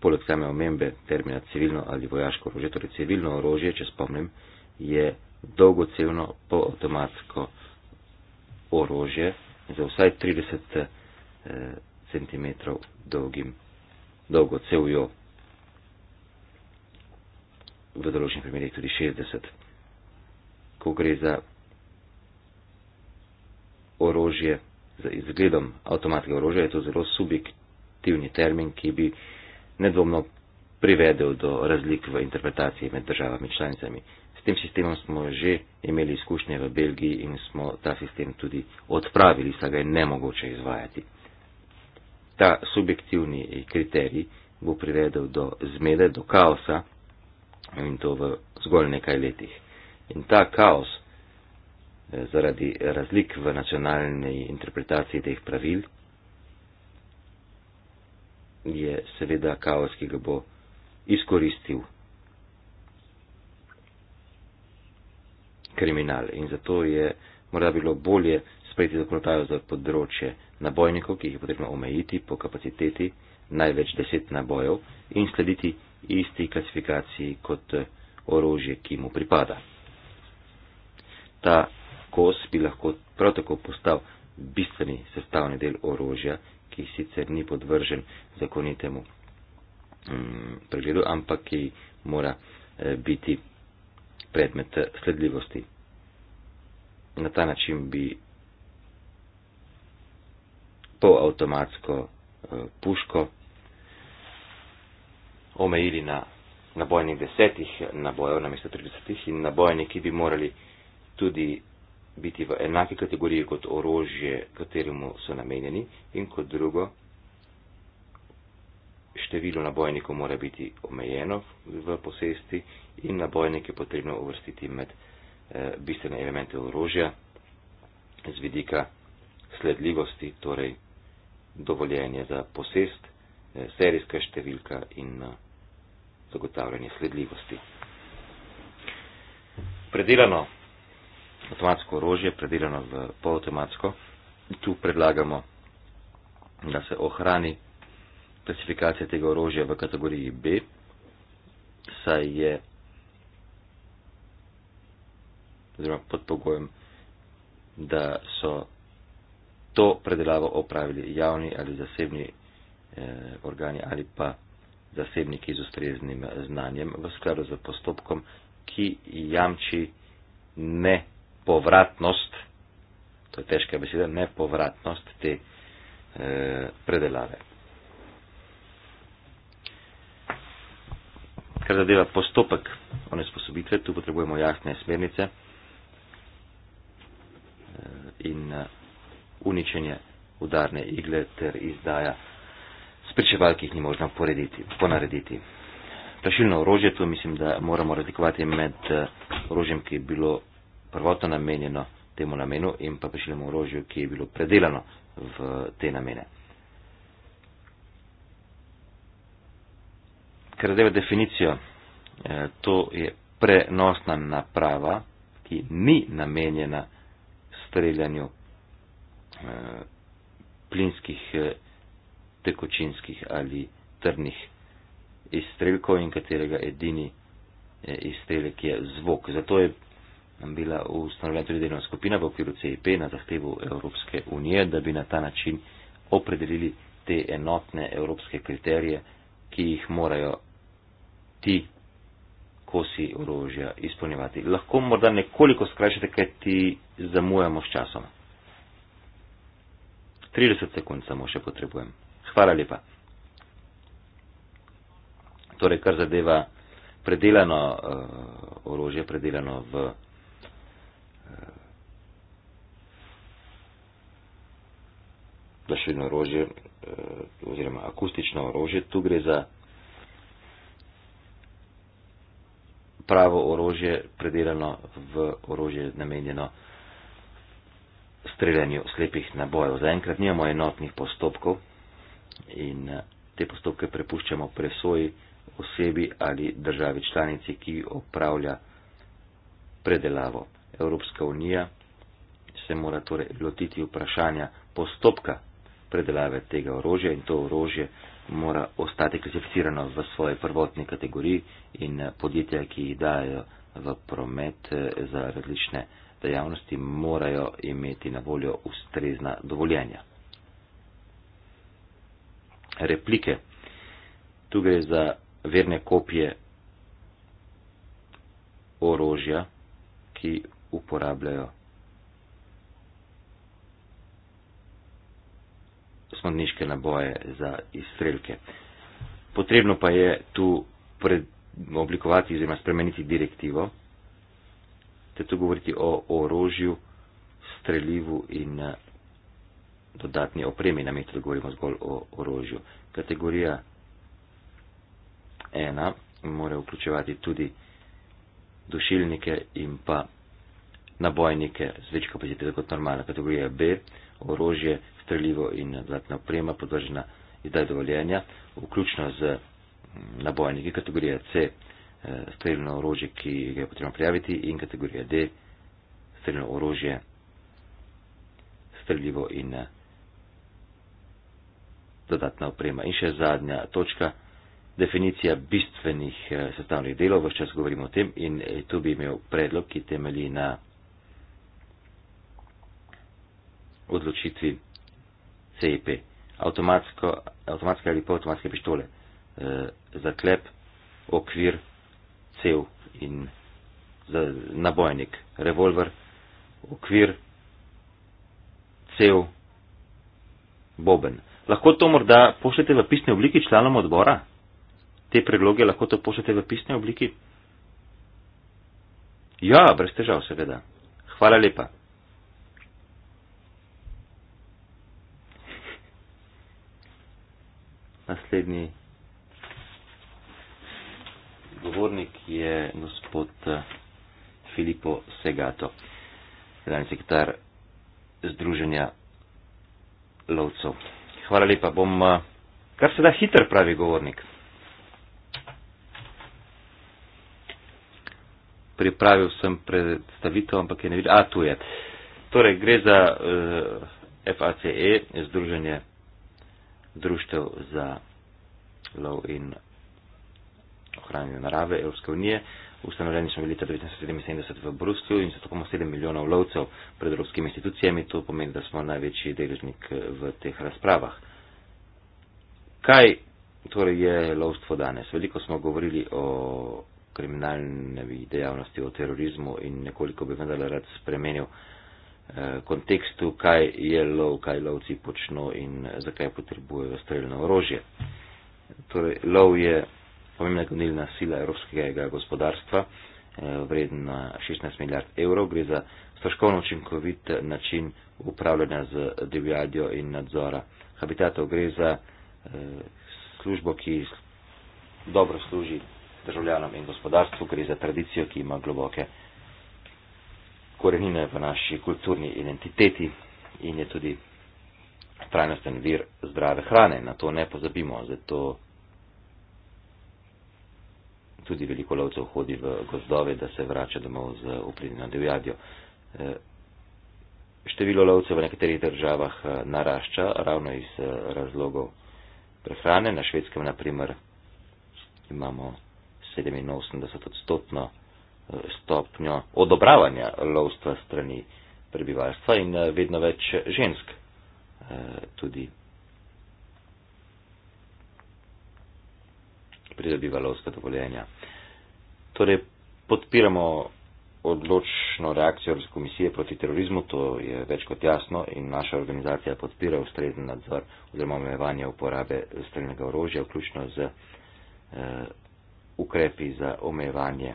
poleg same omembe termina civilno ali vojaško orožje, torej civilno orožje, če spomnim, je dolgocevno polautomatsko orožje za vsaj 30 eh, cm dolgim dolgocevjo, v določenih primerih tudi 60. Ko gre za orožje, za izgledom avtomatskega orožja, je to zelo subjektivni termin, ki bi nedvomno privedel do razlik v interpretaciji med državami članicami. S tem sistemom smo že imeli izkušnje v Belgiji in smo ta sistem tudi odpravili, saj ga je nemogoče izvajati. Ta subjektivni kriterij bo privedel do zmede, do kaosa in to v zgolj nekaj letih. In ta kaos eh, zaradi razlik v nacionalni interpretaciji teh pravil je seveda kaos, ki ga bo izkoristil kriminal. In zato je morda bilo bolje sprejeti zakonodajo za področje nabojnikov, ki jih je potrebno omejiti po kapaciteti največ deset nabojev in slediti isti klasifikaciji kot eh, orožje, ki mu pripada. Ta kos bi lahko prav tako postal bistveni sestavni del orožja, ki sicer ni podvržen zakonitemu mm, pregledu, ampak ki mora eh, biti predmet eh, sledljivosti. Na ta način bi polavtomatsko eh, puško omejili na nabojnih desetih nabojev namesto 30 in nabojniki bi morali tudi biti v enaki kategoriji kot orožje, kateremu so namenjeni, in kot drugo, število nabojnikov mora biti omejeno v posesti in nabojnik je potrebno uvrstiti med eh, bistvene elemente orožja z vidika sledljivosti, torej dovoljenje za posest, eh, serijska številka in eh, zagotavljanje sledljivosti. Predelano avtomatsko orožje, predelano v polautomatsko. Tu predlagamo, da se ohrani klasifikacija tega orožja v kategoriji B, saj je oziroma pod pogojem, da so to predelavo opravili javni ali zasebni eh, organi ali pa zasebniki z ustreznim znanjem v skladu z postopkom, ki jamči ne nepovratnost, to je težka beseda, nepovratnost te e, predelave. Kar zadeva postopek onesposobitve, tu potrebujemo jasne smernice eh, in eh, uničenje udarne igle ter izdaja spričeval, ki jih ni možno porediti, ponarediti. Plašilno orožje, tu mislim, da moramo razlikovati med orožjem, ki je bilo prvotno namenjeno temu namenu in pa prišljemo orožju, ki je bilo predelano v te namene. Ker zadeva definicijo, eh, to je prenosna naprava, ki ni namenjena streljanju eh, plinskih, eh, tekočinskih ali trdnih izstrelkov in katerega edini izstrelek je zvok. Zato je bila ustanovljena tudi delovna skupina v okviru CEP na zahtevo Evropske unije, da bi na ta način opredelili te enotne evropske kriterije, ki jih morajo ti kosi orožja izpolnjevati. Lahko morda nekoliko skrajšate, kaj ti zamujamo s časom. 30 sekund samo še potrebujem. Hvala lepa. Torej, kar zadeva predelano uh, orožje, predelano v plašilno orožje eh, oziroma akustično orožje. Tu gre za pravo orožje, predelano v orožje namenjeno streljanju slepih nabojev. Zaenkrat nimamo enotnih postopkov in eh, te postopke prepuščamo presoji osebi ali državi članici, ki opravlja predelavo. Evropska unija se mora torej lotiti vprašanja postopka predelave tega orožja in to orožje mora ostati klasificirano v svoji prvotni kategoriji in eh, podjetja, ki jih dajo v promet eh, za različne dejavnosti, morajo imeti na voljo ustrezna dovoljenja. Replike. Tu gre za verne kopije orožja, ki uporabljajo. Smodniške naboje za izstrelke. Potrebno pa je tu pred, oblikovati oziroma spremeniti direktivo, te tu govoriti o, o orožju, strelivu in eh, dodatni opremi, namesto da govorimo zgolj o orožju. Kategorija 1 mora vključevati tudi dušilnike in pa nabojnike z več kapacitete kot normalna kategorija B, orožje, streljivo in dodatna oprema podvržena izdaj dovoljenja, vključno z mm, nabojniki kategorija C, eh, streljno orožje, ki ga je potrebno prijaviti in kategorija D, streljno orožje, streljivo in eh, dodatna oprema. In še zadnja točka, definicija bistvenih eh, sestavnih delov, vse čas govorimo o tem in tu bi imel predlog, ki temelji na odločitvi CEP. Avtomatsko, avtomatske ali pa avtomatske pištole. E, eh, zaklep, okvir, cev in za, nabojnik, revolver, okvir, cev, boben. Lahko to morda pošljete v pisni obliki članom odbora? Te predloge lahko to pošljete v pisni obliki? Ja, brez težav, seveda. Hvala lepa. Naslednji govornik je gospod eh, Filipo Segato, generalni sekretar Združenja lovcev. Hvala lepa, bom eh, kar se da hiter pravi govornik. Pripravil sem predstavitev, ampak je ne vidim. A, tu je. Torej, gre za uh, eh, FACE, Združenje društev za lov in ohranjanje narave Evropske unije. Ustanovljeni smo bili leta 1977 v Bruslju in zato imamo 7 milijonov lovcev pred evropskimi institucijami. To pomeni, da smo največji deležnik eh, v teh razpravah. Kaj torej je lovstvo danes? Veliko smo govorili o kriminalnevi dejavnosti, o terorizmu in nekoliko bi vendar rad spremenil Eh, kontekstu, kaj je lov, kaj lovci počno in zakaj potrebujejo streljno orožje. Torej, lov je pomembna gonilna sila evropskega gospodarstva, eh, vredna 16 milijard evrov, gre za stroškovno učinkovit način upravljanja z divjadjo in nadzora habitatov, gre za eh, službo, ki dobro služi državljanom in gospodarstvu, gre za tradicijo, ki ima globoke korenine v naši kulturni identiteti in je tudi trajnosten vir zdrave hrane. Na to ne pozabimo, zato tudi veliko lovcev hodi v gozdove, da se vrača domov z upredino divjadjo. E, število lovcev v nekaterih državah e, narašča ravno iz e, razlogov prehrane. Na švedskem, na primer, imamo 87 odstotno stopnjo odobravanja lovstva strani prebivalstva in eh, vedno več žensk eh, tudi pridobiva lovska dovoljenja. Torej, podpiramo odločno reakcijo Evropske komisije proti terorizmu, to je več kot jasno in naša organizacija podpira ustrezen nadzor oziroma omejevanje uporabe strelnega orožja, vključno z eh, ukrepi za omejevanje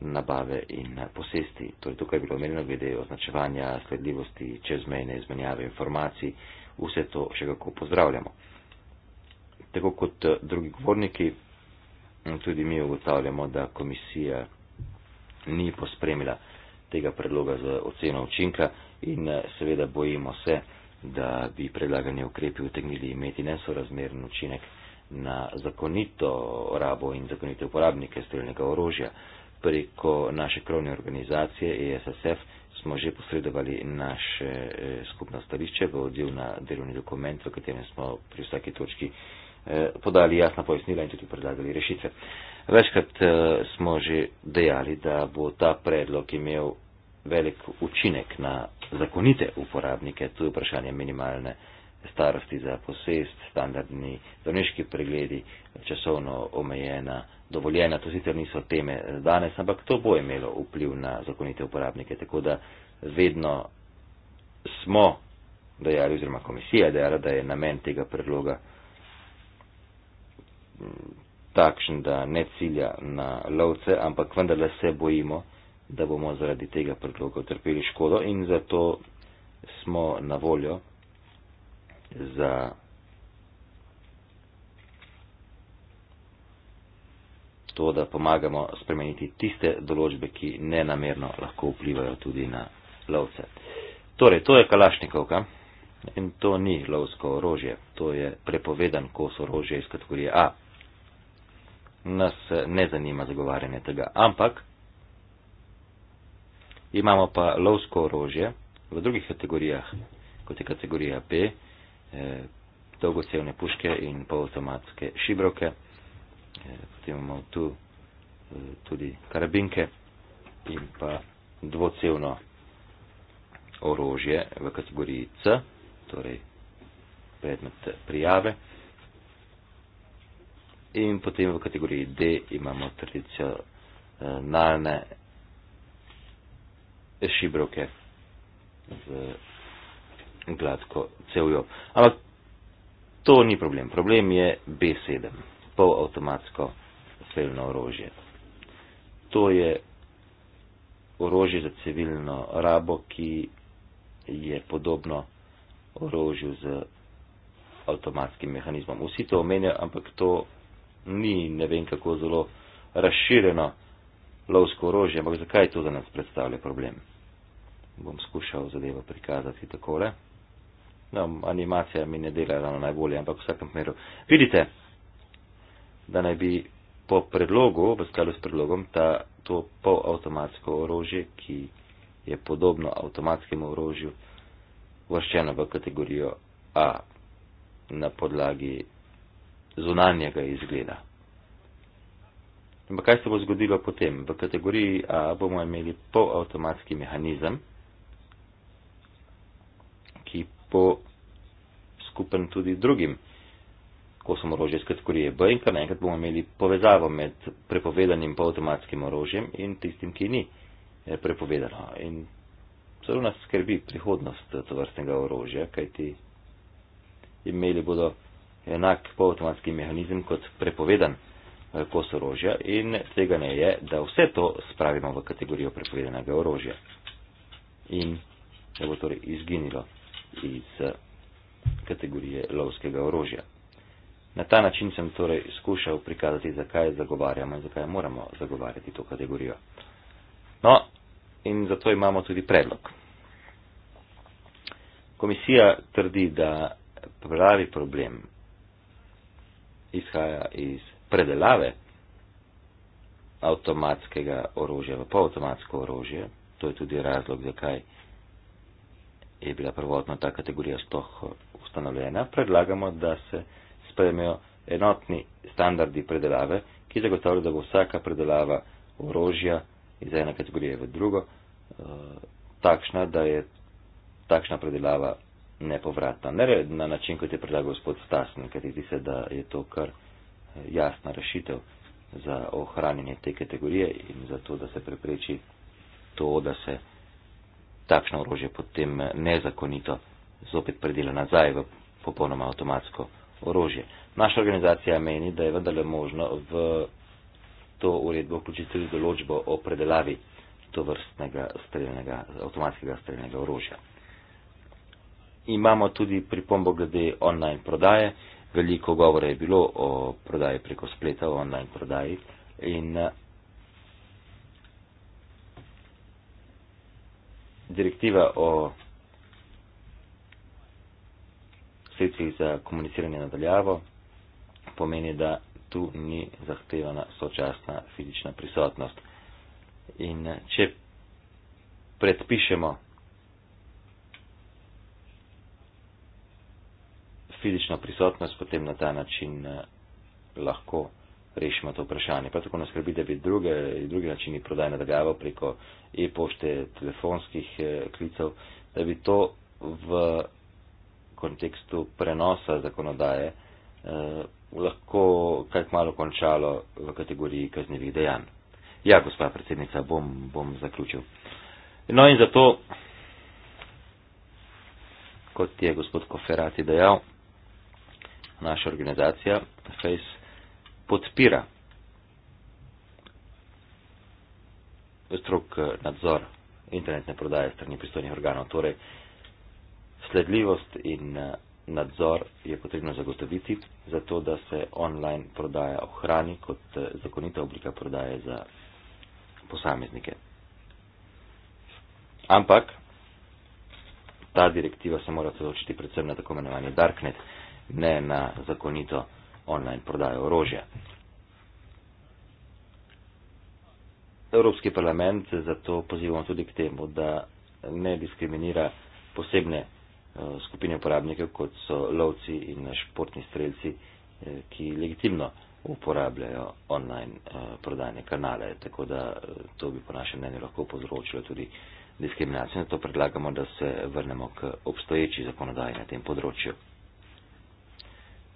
nabave in posesti. Torej, tukaj je bilo omenjeno glede označevanja sledljivosti čezmejne izmenjave informacij, vse to še kako pozdravljamo. Tako kot eh, drugi govorniki, tudi mi ugotavljamo, da komisija ni pospremila tega predloga za oceno učinka in eh, seveda bojimo se, da bi predlagani ukrepi utegnili imeti nesorazmeren učinek na zakonito rabo in zakonite uporabnike streljnega orožja preko naše krovne organizacije ESSF smo že posredovali naše eh, skupno stališče v odziv na delovni dokument, v katerem smo pri vsaki točki eh, podali jasna pojasnila in tudi predlagali rešitve. Večkrat eh, smo že dejali, da bo ta predlog imel velik učinek na zakonite uporabnike, tu je vprašanje minimalne starosti za posest, standardni zdravniški pregledi, časovno omejena, dovoljena, to sicer niso teme danes, ampak to bo imelo vpliv na zakonite uporabnike, tako da vedno smo dejali oziroma komisija dejala, da je namen tega predloga mm, takšen, da ne cilja na lovce, ampak vendarle se bojimo, da bomo zaradi tega predloga utrpeli škodo in zato smo na voljo za to, da pomagamo spremeniti tiste določbe, ki nenamerno lahko vplivajo tudi na lovce. Torej, to je kalašnikovka in to ni lovsko orožje, to je prepovedan kos orožja iz kategorije A. Nas ne zanima zagovarjanje tega, ampak imamo pa lovsko orožje v drugih kategorijah, kot je kategorija B, eh, dolgocevne puške in polautomatske šibroke. Eh, potem imamo tu eh, tudi karabinke in pa dvocevno orožje v kategoriji C, torej predmet prijave. In potem v kategoriji D imamo tradicionalne šibroke z gladko cevjo. Ampak to ni problem. Problem je B7, polavtomatsko streljno orožje. To je orožje za civilno rabo, ki je podobno orožju z avtomatskim mehanizmom. Vsi to omenjajo, ampak to ni ne vem kako zelo razšireno lovsko orožje, ampak zakaj to za nas predstavlja problem? Bom skušal zadevo prikazati takole no, animacija mi ne dela ravno najbolje, ampak v vsakem primeru. Vidite, da naj bi po predlogu, v skladu s predlogom, ta, to polavtomatsko orožje, ki je podobno avtomatskemu orožju, vrščeno v kategorijo A na podlagi zunanjega izgleda. Ampak kaj se bo zgodilo potem? V kategoriji A bomo imeli polavtomatski mehanizem, ki bo skupen tudi drugim kosom orožja iz kategorije B in kar naenkrat bomo imeli povezavo med prepovedanim polavtomatskim orožjem in tistim, ki ni eh, prepovedano. In celo nas skrbi prihodnost to vrstnega orožja, kajti imeli bodo enak polavtomatski mehanizem kot prepovedan eh, kos orožja in tveganje je, da vse to spravimo v kategorijo prepovedanega orožja in da bo torej izginilo iz eh, kategorije lovskega orožja. Na ta način sem torej skušal prikazati, zakaj zagovarjamo in zakaj moramo zagovarjati to kategorijo. No, in zato imamo tudi predlog. Komisija trdi, da pravi problem izhaja iz predelave avtomatskega orožja v polavtomatsko orožje. To je tudi razlog, zakaj je bila prvotno ta kategorija sploh ustanovljena, predlagamo, da se sprejmejo enotni standardi predelave, ki zagotavljajo, da bo vsaka predelava orožja iz ene kategorije v drugo eh, takšna, da je takšna predelava nepovratna. Ne na način, kot je predlagal gospod Stasen, ker zdi se, da je to kar eh, jasna rešitev za ohranjanje te kategorije in za to, da se prepreči to, da se takšno orožje potem eh, nezakonito zopet predela nazaj v popolnoma avtomatsko orožje. Naša organizacija meni, da je vendarle možno v to uredbo vključiti tudi določbo o predelavi to vrstnega streljnega, avtomatskega streljnega orožja. Imamo tudi pripombo glede online prodaje. Veliko govora je bilo o prodaji preko spleta, o online prodaji in eh, direktiva o sredstvih za komuniciranje nadaljavo, pomeni, da tu ni zahtevana sočasna fizična prisotnost. In če predpišemo fizično prisotnost, potem na ta način eh, lahko rešimo to vprašanje. Prav tako nas skrbi, da bi druge, drugi načini prodaje nadaljavo preko e-pošte, telefonskih eh, klicev, da bi to v kontekstu prenosa zakonodaje eh, lahko kaj malo končalo v kategoriji kaznevih dejanj. Ja, gospa predsednica, bom, bom zaključil. No in zato, kot je gospod Koferati dejal, naša organizacija FACE podpira strok nadzor internetne prodaje strani pristojnih organov. Torej, Sledljivost in eh, nadzor je potrebno zagotoviti, zato da se online prodaja ohrani kot eh, zakonita oblika prodaje za posameznike. Ampak ta direktiva se mora odločiti predvsem na tako imenovanje Darknet, ne na zakonito online prodajo orožja. Evropski parlament zato pozivamo tudi k temu, da ne diskriminira posebne Eh, skupine uporabnikov, kot so lovci in športni strelci, eh, ki legitimno uporabljajo online eh, prodajne kanale. Tako da to bi po našem mnenju lahko povzročilo tudi diskriminacijo. Zato predlagamo, da se vrnemo k obstoječi zakonodaji na tem področju.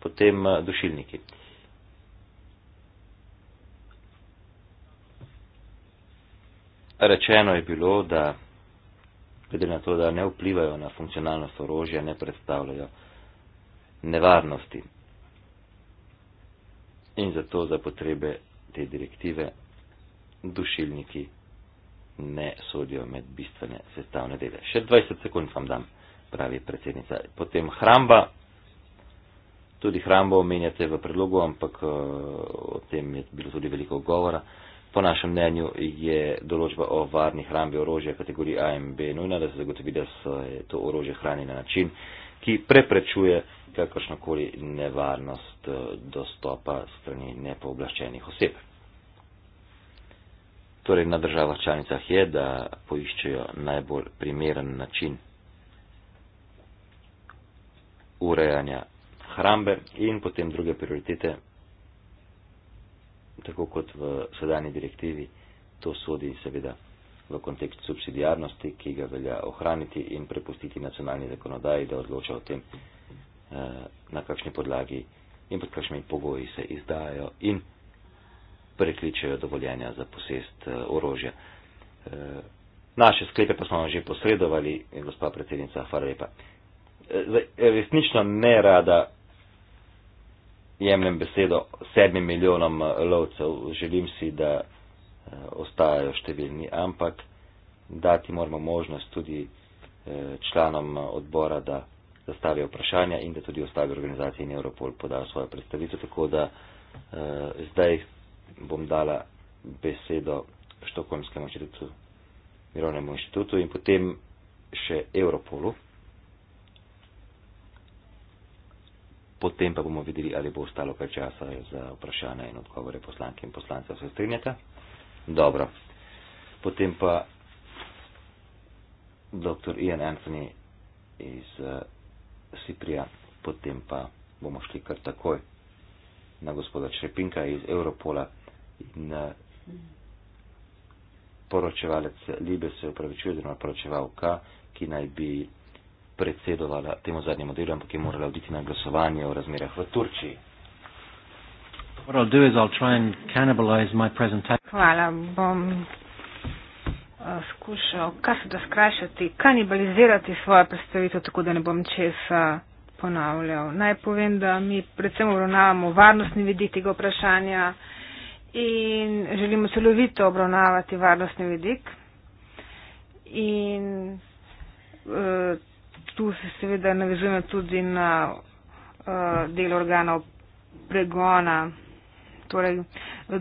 Potem dušilniki. Rečeno je bilo, da glede na to, da ne vplivajo na funkcionalnost orožja, ne predstavljajo nevarnosti. In zato za potrebe te direktive dušilniki ne sodijo med bistvene sestavne dele. Še 20 sekund vam dam, pravi predsednica. Potem hramba. Tudi hrambo omenjate v predlogu, ampak eh, o tem je bilo tudi veliko govora. Po našem mnenju je določba o varni hrambi orožja kategorije A in B nujna, da se zagotovi, da se to orožje hrani na način, ki preprečuje kakršnokoli nevarnost eh, dostopa strani nepooblaščenih oseb. Torej, na državah članicah je, da poiščejo najbolj primeren način urejanja hrambe in potem druge prioritete tako kot v sedanji direktivi, to sodi seveda v kontekst subsidijarnosti, ki ga velja ohraniti in prepustiti nacionalni zakonodaji, da odloča o tem, eh, na kakšni podlagi in pod kakšnimi pogoji se izdajo in prekličajo dovoljenja za posest eh, orožja. Eh, naše sklepe pa smo vam že posredovali, gospa predsednica, hvala lepa. Resnično ne rada jemljem besedo sedmim milijonom eh, lovcev, želim si, da eh, ostajajo številni, ampak dati moramo možnost tudi eh, članom odbora, da zastavijo vprašanja in da tudi ostali organizaciji in Europol podajo svojo predstavitev. Tako da eh, zdaj bom dala besedo Štokholmskemu inštitutu, Mirovnemu inštitutu in potem še Europolu. potem pa bomo videli, ali bo ostalo kaj časa za vprašanje in odgovore poslank in poslancev. Se strinjate? Dobro. Potem pa dr. Ian Anthony iz uh, eh, Siprija, potem pa bomo šli kar takoj na gospoda Črepinka iz Europola in uh, poročevalec Libe se upravičuje, da ima poročevalka, ki naj bi predsedovala temu zadnjemu delu, ampak je morala oditi na glasovanje o razmerah v Turčiji. Hvala, bom uh, skušal, kaj se da skrajšati, kanibalizirati svojo predstavitev, tako da ne bom česa eh, ponavljal. Naj povem, da mi predvsem obravnavamo varnostni vidik tega vprašanja in želimo celovito obravnavati varnostni vidik. In, uh, tu se seveda navezujemo tudi na uh, del organov pregona. Torej,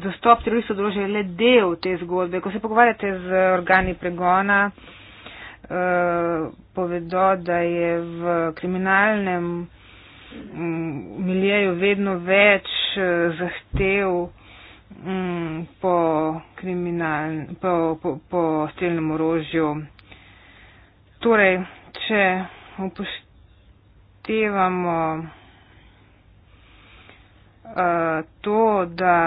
dostop teroristov do orožja je le del te zgodbe. Ko se pogovarjate z organi pregona, uh, povedo, da je v kriminalnem mm, miljeju vedno več eh, zahtev um, po, kriminal, po, po, po strelnem orožju. Torej, če upoštevamo uh, to, da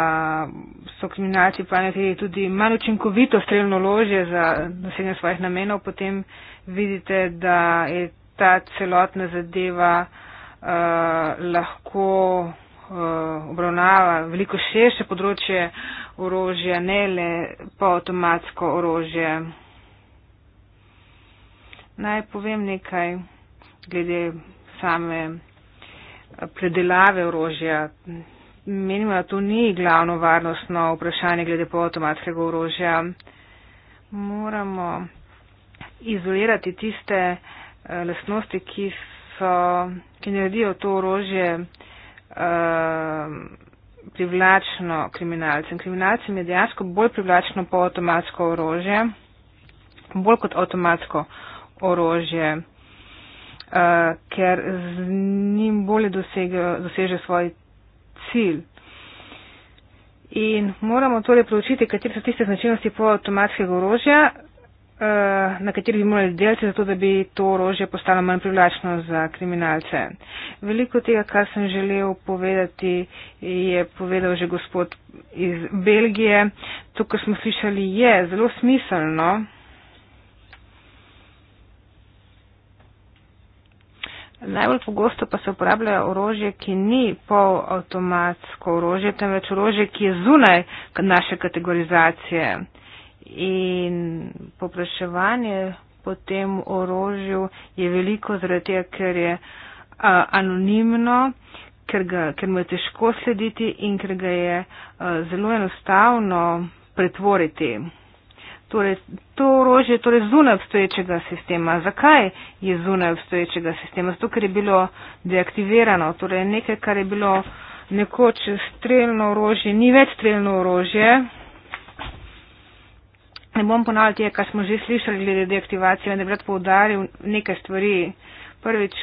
so kriminalci planetari tudi manj učinkovito streljno ložje za naslednje svojih namenov, potem vidite, da je ta celotna zadeva uh, lahko uh, obravnava veliko širše področje orožja, ne le pa avtomatsko orožje. Naj povem nekaj glede same eh, predelave orožja. Menimo, da to ni glavno varnostno vprašanje glede polautomatskega orožja. Moramo izolirati tiste eh, lasnosti, ki, so, ki naredijo to orožje eh, privlačno kriminalcem. Kriminalcem je dejansko bolj privlačno polautomatsko orožje, bolj kot avtomatsko orožje uh, ker z njim bolje doseže svoj cilj. In moramo torej preučiti, katere so tiste značilnosti polautomatskega orožja, uh, na katerih bi morali delati, zato da bi to orožje postalo manj privlačno za kriminalce. Veliko tega, kar sem želel povedati, je povedal že gospod iz Belgije. To, kar smo slišali, je zelo smiselno. Najbolj pogosto pa se uporablja orožje, ki ni polavtomatsko orožje, temveč orožje, ki je zunaj naše kategorizacije. In popraševanje po tem orožju je veliko zaradi tega, ker je a, anonimno, ker, ga, ker mu je težko slediti in ker ga je a, zelo enostavno pretvoriti. Torej, to orožje je torej zunaj obstoječega sistema. Zakaj je zunaj obstoječega sistema? Zato, ker je bilo deaktivirano. Torej, nekaj, kar je bilo nekoč streljno orožje, ni več streljno orožje. Ne bom ponavljal tega, kar smo že slišali glede deaktivacije, vendar bi rad poudaril nekaj stvari. Prvič,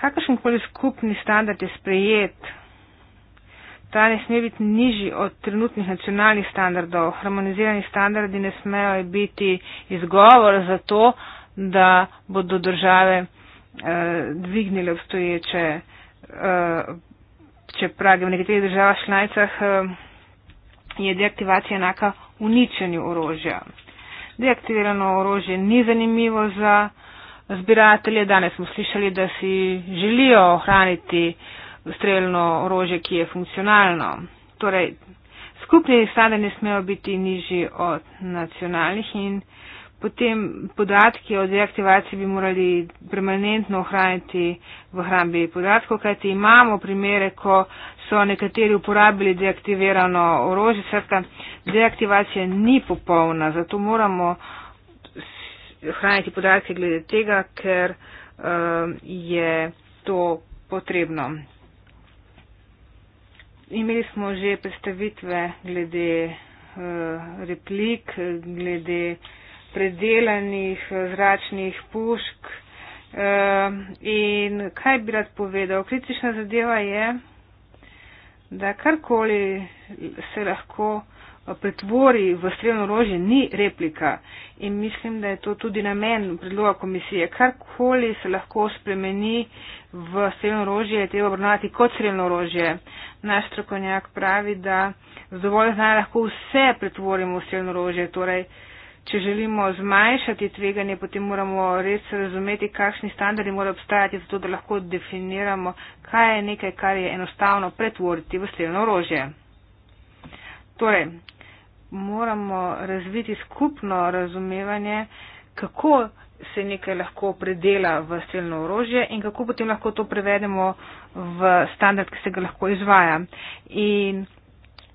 kakršenkoli skupni standard je sprejet Ta ne sme biti nižji od trenutnih nacionalnih standardov. Harmonizirani standardi ne smejo biti izgovor za to, da bodo države eh, dvignile obstoječe, eh, če pragem, v nekaterih državah šlajcah eh, je deaktivacija enaka uničenju orožja. Deaktivirano orožje ni zanimivo za zbiratelje. Danes smo slišali, da si želijo ohraniti eh, strelno orožje, ki je funkcionalno. Torej, skupne izsade ne smejo biti nižji od nacionalnih in potem podatki o deaktivaciji bi morali permanentno ohraniti v hrambi podatkov, kajti imamo primere, ko so nekateri uporabili deaktivirano orožje. Srka, deaktivacija ni popolna, zato moramo ohraniti podatke glede tega, ker uh, je to potrebno imeli smo že predstavitve glede eh, replik, glede predelanih eh, zračnih pušk. Eh, in kaj bi rad povedal? Kritična zadeva je, da karkoli se lahko pretvori v strelno orožje, ni replika. In mislim, da je to tudi namen predloga komisije. Karkoli se lahko spremeni, v streljno orožje je treba obravnavati kot streljno orožje. Naš strokovnjak pravi, da dovolj znanja lahko vse pretvorimo v streljno orožje. Torej, če želimo zmanjšati tveganje, potem moramo res razumeti, kakšni standardi morajo obstajati, zato da lahko definiramo, kaj je nekaj, kar je enostavno pretvoriti v streljno orožje. Torej, moramo razviti skupno razumevanje, kako se nekaj lahko predela v strelno orožje in kako potem lahko to prevedemo v standard, ki se ga lahko izvaja. In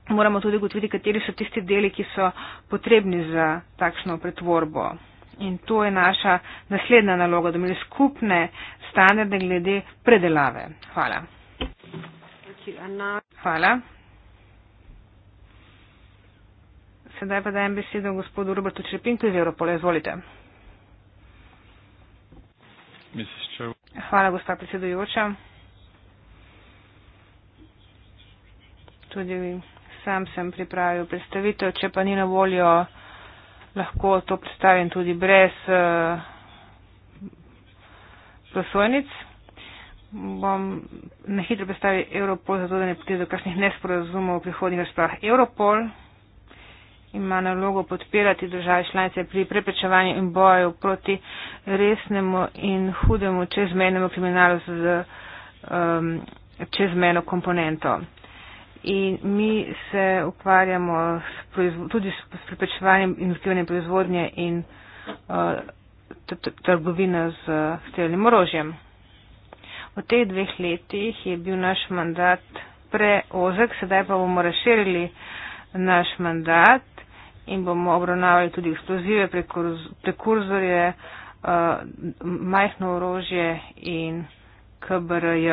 moramo tudi gotoviti, kateri so tisti deli, ki so potrebni za takšno pretvorbo. In to je naša naslednja naloga, da imeli skupne standarde glede predelave. Hvala. Hvala. Sedaj pa dajem besedo gospodu Robertu Črpinku iz Evropola. Izvolite. Hvala, gospa predsedujoča. Tudi sam sem pripravil predstavitev, če pa ni na voljo, lahko to predstavim tudi brez uh, prosojnic. Bom na hitro predstavil Europol, zato da ne pride do kakšnih nesporazumov v prihodnjih razpravah. Europol ima nalogo podpirati države članice pri preprečevanju in boju proti resnemu in hudemu čezmenemu kriminalu z um, čezmeno komponento. In mi se ukvarjamo s tudi s preprečevanjem in odkrivanjem proizvodnje in uh, trgovine z strelnim orožjem. V teh dveh letih je bil naš mandat preozek, sedaj pa bomo razširili naš mandat in bomo obravnavali tudi eksplozive, prekurzorje, uh, majhno orožje in KBRJ.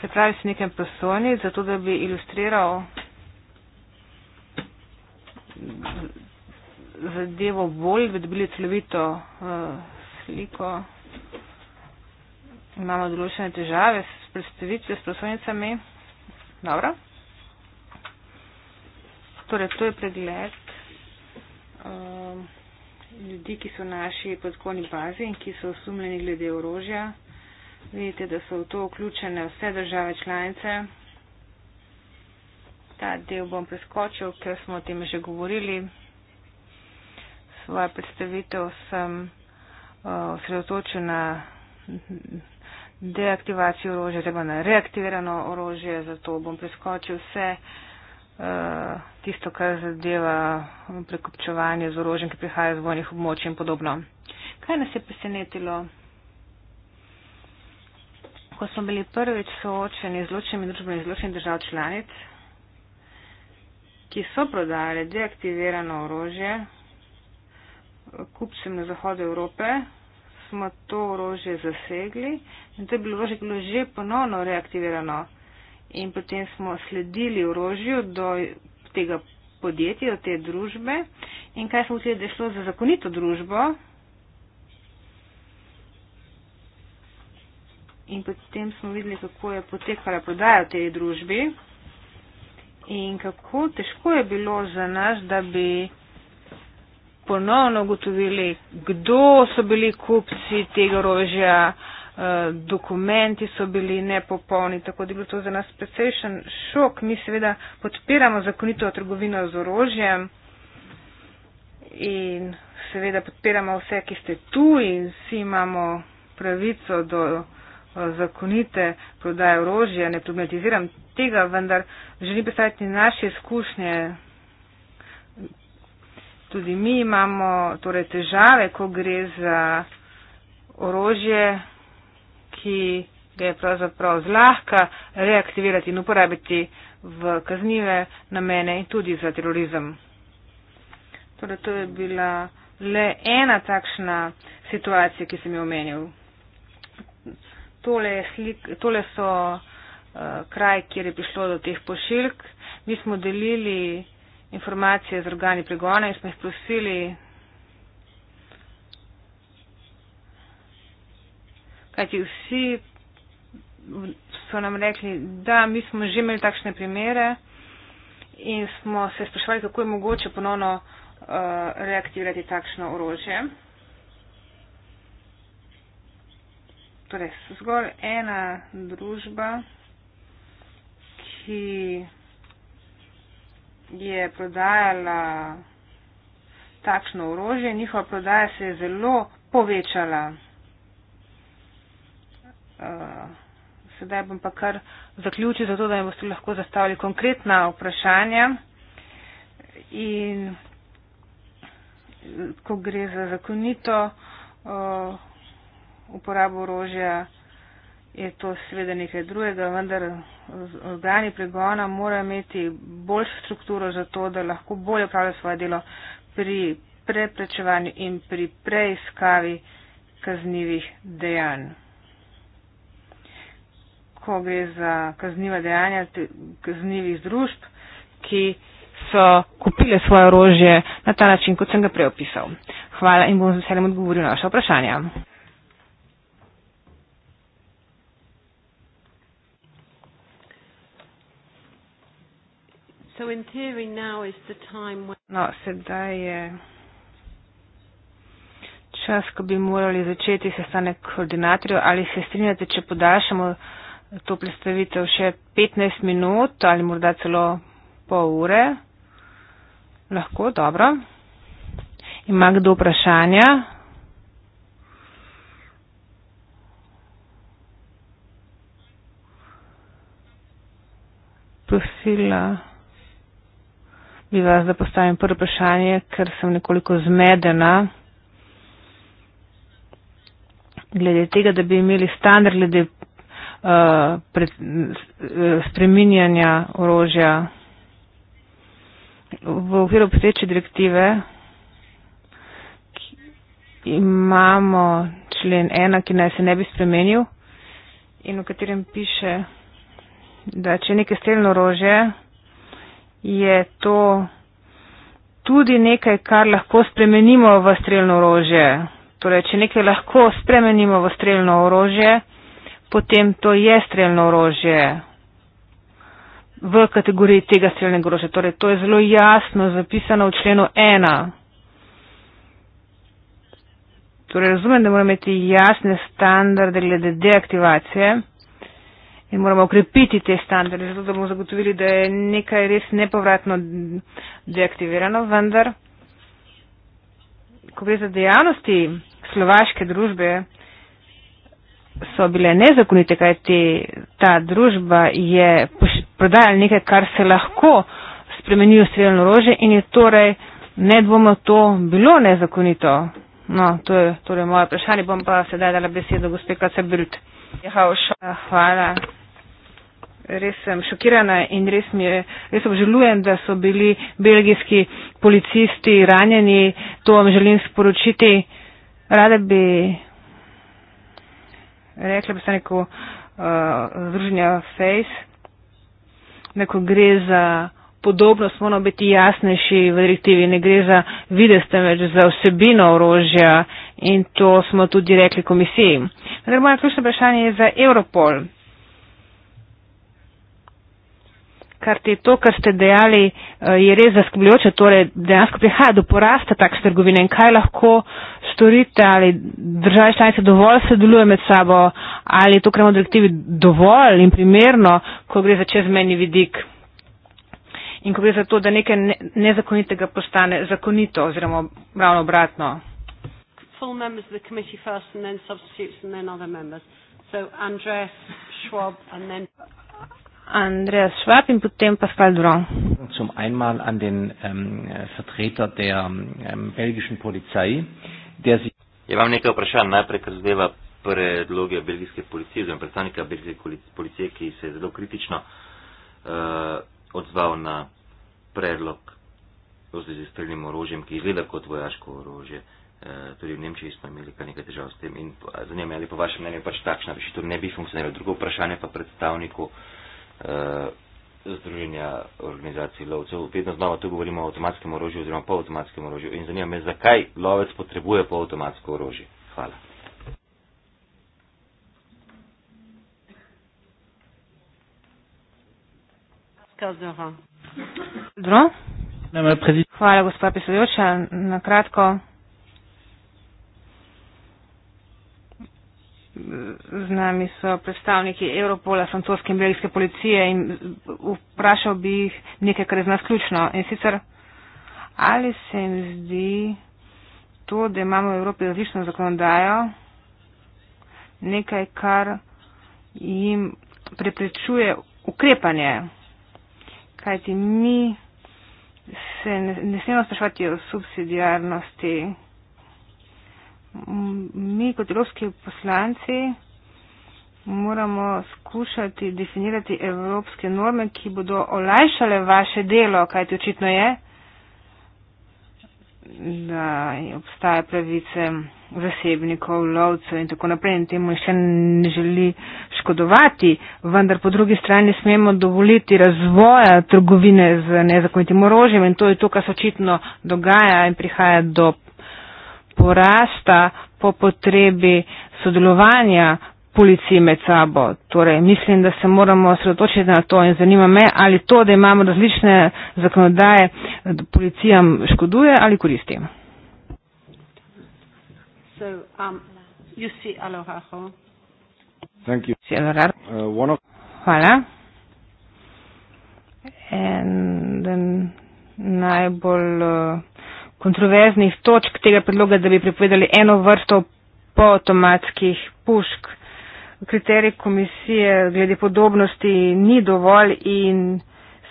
Se pravi, s nekem prosonji, zato da bi ilustriral zadevo bolj, da bi dobili celovito uh, sliko. Imamo določene težave s predstavitvijo s prosonicami. Dobro. Torej, to je pregled um, ljudi, ki so v naši podkovni bazi in ki so osumljeni glede orožja. Vidite, da so v to vključene vse države članice. Ta del bom preskočil, ker smo o tem že govorili. Svojo predstavitev sem uh, osredotočil uh, na deaktivacijo orožja, oziroma na reaktivirano orožje, zato bom preskočil vse. Eh, tisto, kar zadeva prekopčevanje z orožjem, ki prihaja iz vojnih območij in podobno. Kaj nas je presenetilo? Ko smo bili prvič soočeni z ločenimi družbami iz ločenih držav članic, ki so prodajali deaktivirano orožje kupcem na zahodu Evrope, smo to orožje zasegli in to je bilo orožje, ki je bilo že ponovno reaktivirano in potem smo sledili orožju do tega podjetja, do te družbe in kaj smo vtedi, da je šlo za zakonito družbo. In potem smo videli, kako je potekala prodaja v tej družbi in kako težko je bilo za nas, da bi ponovno ugotovili, kdo so bili kupci tega orožja, Eh, dokumenti so bili nepopolni, tako da je bilo to za nas precejšen šok. Mi seveda podpiramo zakonito trgovino z orožjem in seveda podpiramo vse, ki ste tu in vsi imamo pravico do eh, zakonite prodaje orožja. Ne problematiziram tega, vendar želim predstaviti naše izkušnje. Tudi mi imamo torej, težave, ko gre za orožje, ki ga je pravzaprav zlahka reaktivirati in uporabiti v kaznive namene in tudi za terorizem. Torej, to je bila le ena takšna situacija, ki sem jo omenil. Tole, slik, tole so uh, kraj, kjer je prišlo do teh pošiljk. Mi smo delili informacije z organi pregona in smo jih prosili, Kajti vsi so nam rekli, da mi smo že imeli takšne primere in smo se spraševali, kako je mogoče ponovno uh, reaktivirati takšno orožje. Torej, zgolj ena družba, ki je prodajala takšno orožje, njihova prodaja se je zelo povečala. Uh, sedaj bom pa kar zaključil, zato da mi boste lahko zastavili konkretna vprašanja. In eh, ko gre za zakonito uh, uporabo orožja, je to seveda nekaj drugega, vendar organi pregona morajo imeti boljšo strukturo za to, da lahko bolje upravljajo svoje delo pri preprečevanju in pri preiskavi kaznivih dejanj ko gre za kaznjiva dejanja kaznjivih družb, ki so kupile svoje orožje na ta način, kot sem ga prej opisal. Hvala in bom z veseljem odgovoril na vaše vprašanje. No, sedaj je čas, ko bi morali začeti sestanek koordinatorjev. Ali se strinjate, če podaljšamo? to predstavitev še 15 minut ali morda celo pol ure. Lahko, dobro. Ima kdo vprašanja? Prosila bi vas, da postavim prvo vprašanje, ker sem nekoliko zmedena glede tega, da bi imeli standard glede uh, pred, eh, spreminjanja orožja. V okviru obstoječe direktive imamo člen 1, ki naj se ne bi spremenil in v katerem piše, da če je nekaj streljno orožje, je to tudi nekaj, kar lahko spremenimo v streljno orožje. Torej, če nekaj lahko spremenimo v streljno orožje, potem to je streljno orožje v kategoriji tega streljnega orožja. Torej, to je zelo jasno zapisano v členu 1. Torej, razumem, da moramo imeti jasne standarde glede deaktivacije in moramo ukrepiti te standarde, zato da bomo zagotovili, da je nekaj res nepovratno deaktivirano, vendar, ko gre za dejavnosti slovaške družbe, so bile nezakonite, kajti ta družba je prodajala nekaj, kar se lahko spremeni v streljno orožje in je torej nedvomno to bilo nezakonito. No, to je torej moje vprašanje, bom pa sedaj dala besedo gospe Kacebrut. Ja, hvala. Res sem šokirana in res mi je, res obžalujem, da so bili belgijski policisti ranjeni. To vam želim sporočiti. Rada bi rekla bi se neko uh, združenja face, da ko gre za podobnost, moramo biti jasnejši v direktivi, ne gre za videz, temveč za vsebino orožja in to smo tudi rekli komisiji. Moje ključno vprašanje je za Europol. kar te to, kar ste dejali, eh, je res zaskrbljujoče, torej dejansko prihaja do porasta takšne trgovine in kaj lahko storite, ali države članice dovolj sodeluje med sabo, ali je to kremo direktivi dovolj in primerno, ko gre za čezmeni vidik in ko gre za to, da nekaj nezakonitega postane zakonito oziroma ravno obratno. First, so, Andres, Schwab, Andreas Schwab und dann Pascal Durand. Zum einmal an den ähm, Vertreter der ähm, belgischen Polizei, der sich... Ich habe ein paar Fragen. Zuerst zu den belgischen Polizei, zu den der belgischen Polizei, der sich sehr kritisch äh, auf den Vorschlag v zvezi s streljnim orožjem, ki izgleda kot vojaško orožje. E, tudi v Nemčiji smo imeli kar nekaj težav s tem in zanima me, ali po vašem mnenju pač takšna rešitev ne bi funkcionirala. Drugo vprašanje pa predstavniku uh, Združenja organizacij lovcev. Vedno znova tu govorimo o avtomatskem orožju oziroma polavtomatskem orožju in zanima me, zakaj lovec potrebuje polavtomatsko orožje. Hvala. Hvala, gospa predsedujoča. Na kratko, z nami so predstavniki Europola, francoske in belgijske policije in vprašal bi jih nekaj, kar je za nas ključno. In sicer, ali se jim zdi to, da imamo v Evropi različno zakonodajo, nekaj, kar jim preprečuje ukrepanje. Kajti mi se ne, ne smemo sprašovati o subsidijarnosti mi kot evropski poslanci moramo skušati definirati evropske norme, ki bodo olajšale vaše delo, kajti očitno je, da obstaja pravice zasebnikov, lovcev in tako naprej in temu še ne želi škodovati, vendar po drugi strani smemo dovoliti razvoja trgovine z nezakonitim orožjem in to je to, kar se očitno dogaja in prihaja do porasta po potrebi sodelovanja policiji med sabo. Torej, mislim, da se moramo sredotočiti na to in zanima me, ali to, da imamo različne zakonodaje, policijam škoduje ali koristi. So, um, uh, Hvala. And then najbolj uh, kontroverznih točk tega predloga, da bi prepovedali eno vrsto poautomatskih pušk. Kriterij komisije glede podobnosti ni dovolj in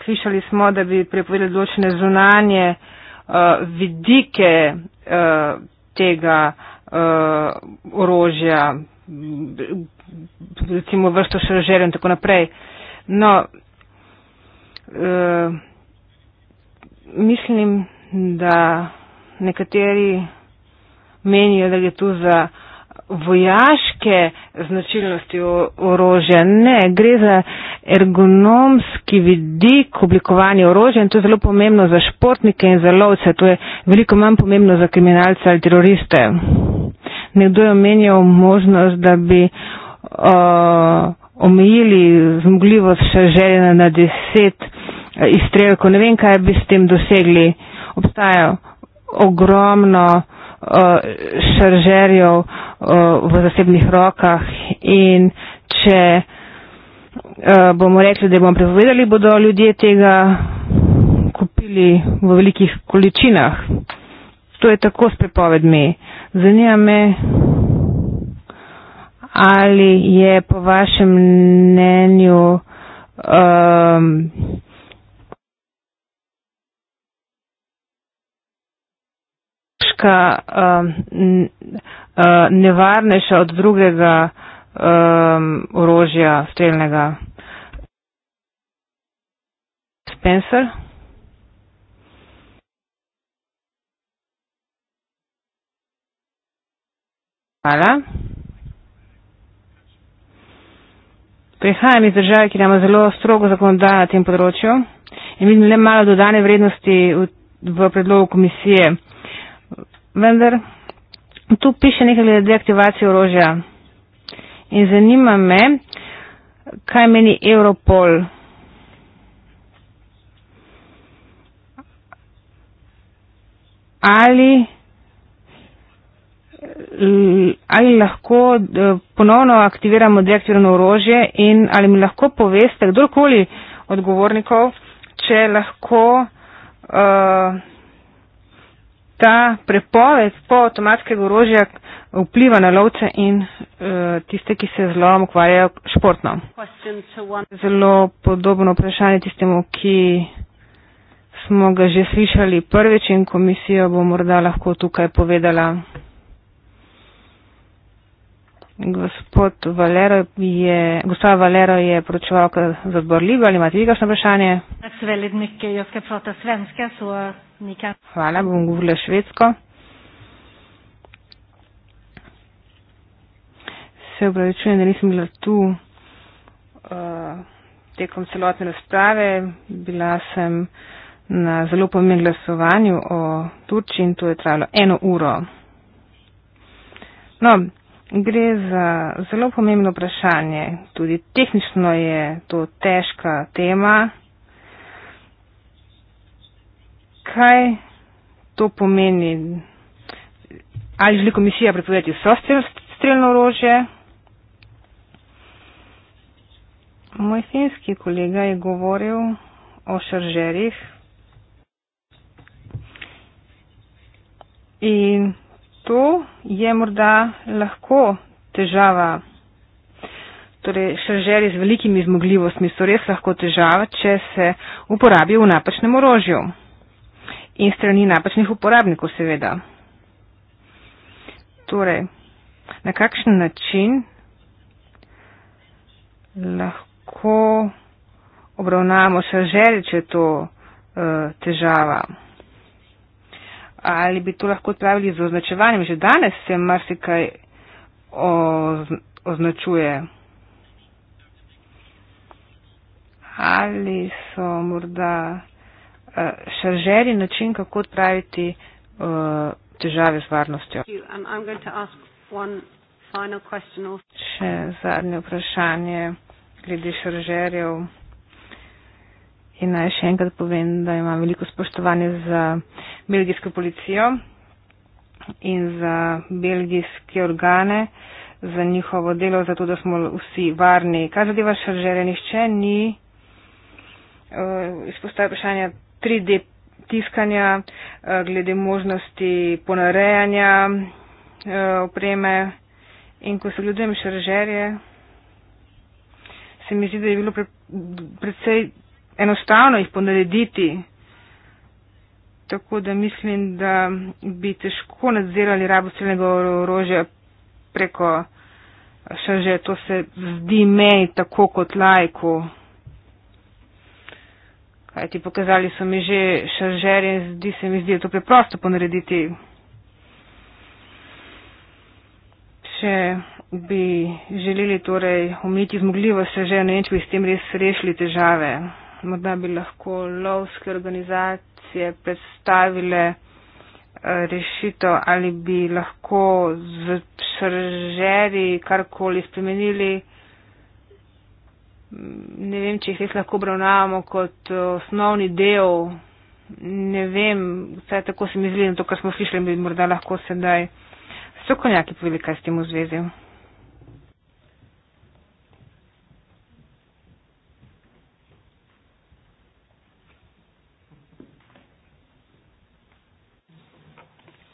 slišali smo, da bi prepovedali določene zunanje uh, vidike uh, tega uh, orožja, recimo vrsto šaržerja in tako naprej. No, uh, mislim, da nekateri menijo, da gre tu za vojaške značilnosti orožja. Ne, gre za ergonomski vidik oblikovanja orožja in to je zelo pomembno za športnike in za lovce. To je veliko manj pomembno za kriminalce ali teroriste. Nekdo je omenjal možnost, da bi uh, omejili zmogljivost še željena na deset eh, izstrelkov. Ne vem, kaj bi s tem dosegli. Obstajajo ogromno uh, šaržerjev uh, v zasebnih rokah in če uh, bomo rekli, da bomo prepovedali, bodo ljudje tega kupili v velikih količinah. To je tako s prepovedmi. Zanima me, ali je po vašem mnenju. Um, skratka um, uh, nevarnejša od drugega um, orožja streljnega. Spencer? Hvala. Prihajam iz države, ki ima zelo strogo zakonodajo na tem področju in vidim le malo dodane vrednosti v, v predlogu komisije vendar tu piše nekaj glede deaktivacije orožja. In zanima me, kaj meni Europol. Ali, ali lahko eh, ponovno aktiviramo deaktivno orožje in ali mi lahko poveste, kdorkoli odgovornikov, če lahko uh, ta prepoved po avtomatskega orožja vpliva na lovce in uh, tiste, ki se zelo ukvarjajo športno. Zelo podobno vprašanje tistemu, ki smo ga že slišali prvič in komisijo bo morda lahko tukaj povedala. Gospod Valero je, gospod Valero je poročevalka za odbor Libe, ali imate vi kakšno vprašanje? Hvala, bom govorila švedsko. Se upravičujem, da nisem bila tu uh, tekom celotne razprave. Bila sem na zelo pomembnem glasovanju o Turčiji in to je trajalo eno uro. No, Gre za zelo pomembno vprašanje. Tudi tehnično je to težka tema. Kaj to pomeni? Ali želi komisija prepovedati vso strelno orožje? Moj finski kolega je govoril o šaržerih. In to je morda lahko težava. Torej, šaržeri z velikimi zmogljivostmi so res lahko težava, če se uporabijo v napačnem orožju in strani napačnih uporabnikov, seveda. Torej, na kakšen način lahko obravnavamo šaržeri, če je to uh, težava? ali bi to lahko pravili z označevanjem. Že danes se marsikaj označuje. Ali so morda eh, šaržeri način, kako odpraviti eh, težave z varnostjo. Še zadnje vprašanje glede šaržerjev. In naj še enkrat povem, da imam veliko spoštovanje za belgijsko policijo in za belgijske organe, za njihovo delo, zato da smo vsi varni. Kaj zadeva šaržere, nišče ni uh, eh, izpostavljal vprašanja 3D tiskanja, uh, glede možnosti ponarejanja uh, opreme. In ko se gledujem šaržerje, se mi zdi, da je bilo pre, predvsej enostavno jih ponarediti, tako da mislim, da bi težko nadzirali rabo celnega orožja preko šaže. To se zdi meni tako kot lajku. Kaj ti pokazali so mi že šažer in zdi se mi zdi, da to preprosto ponarediti. Če bi želeli torej ometi zmogljivost, se že na nečem s tem res rešili težave morda bi lahko lovske organizacije predstavile eh, rešitev ali bi lahko z šaržeri karkoli spremenili. Ne vem, če jih res lahko obravnavamo kot eh, osnovni del. Ne vem, vse tako se mi zdi, in to, kar smo slišali, bi morda lahko sedaj strokovnjaki povedali, kaj s tem v zvezi.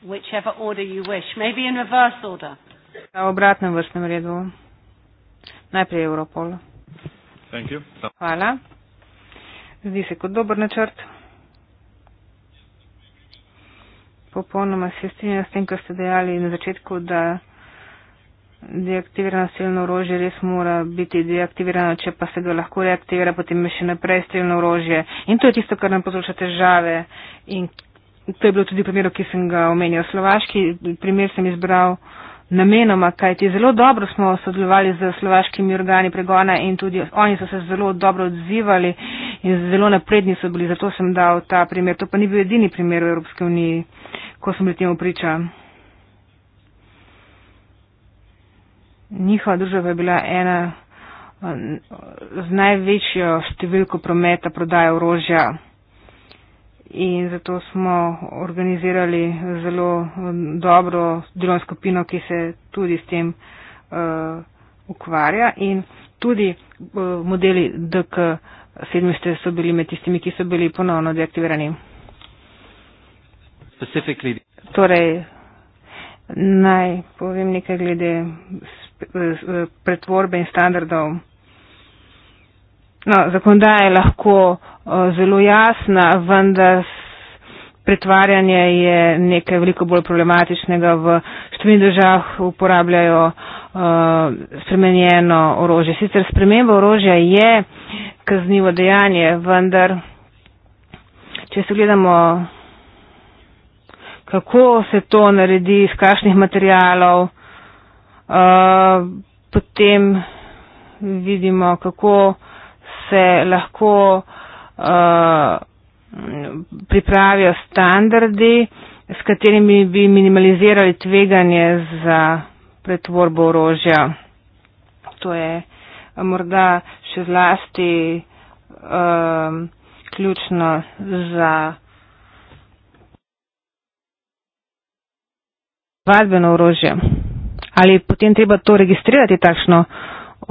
whichever order you wish. Maybe in reverse order. Na obratnem vrstnem redu. Najprej Europol. Thank you. Hvala. Zdi se kot dober načrt. Popolnoma se strinjam s tem, kar ste dejali na začetku, da deaktivirano silno orožje res mora biti deaktivirano, če pa se ga lahko reaktivira, potem je še naprej silno orožje. In to je tisto, kar nam povzroča težave in to je bilo tudi v primeru, ki sem ga omenjal, slovaški primer sem izbral namenoma, kajti zelo dobro smo sodelovali z slovaškimi organi pregona in tudi oni so se zelo dobro odzivali in zelo napredni so bili, zato sem dal ta primer. To pa ni bil edini primer v Evropske unije, ko sem bil temu priča. Njihova družba je bila ena eh, z največjo številko prometa prodaje orožja in zato smo organizirali zelo um, dobro delovno skupino, ki se tudi s tem uh, ukvarja. In tudi uh, modeli DK700 so bili med tistimi, ki so bili ponovno deaktivirani. Torej, naj povem nekaj glede uh, pretvorbe in standardov. No, zakonodaja je lahko eh, zelo jasna, vendar pretvarjanje je nekaj veliko bolj problematičnega. V številnih državah uporabljajo eh, spremenjeno orožje. Sicer sprememba orožja je kaznivo dejanje, vendar če se gledamo, kako se to naredi, iz kakšnih materijalov, eh, potem vidimo, kako se lahko uh, pripravijo standardi, s katerimi bi minimalizirali tveganje za pretvorbo orožja. To je morda še zlasti um, ključno za vadbeno orožje. Ali potem treba to registrirati takšno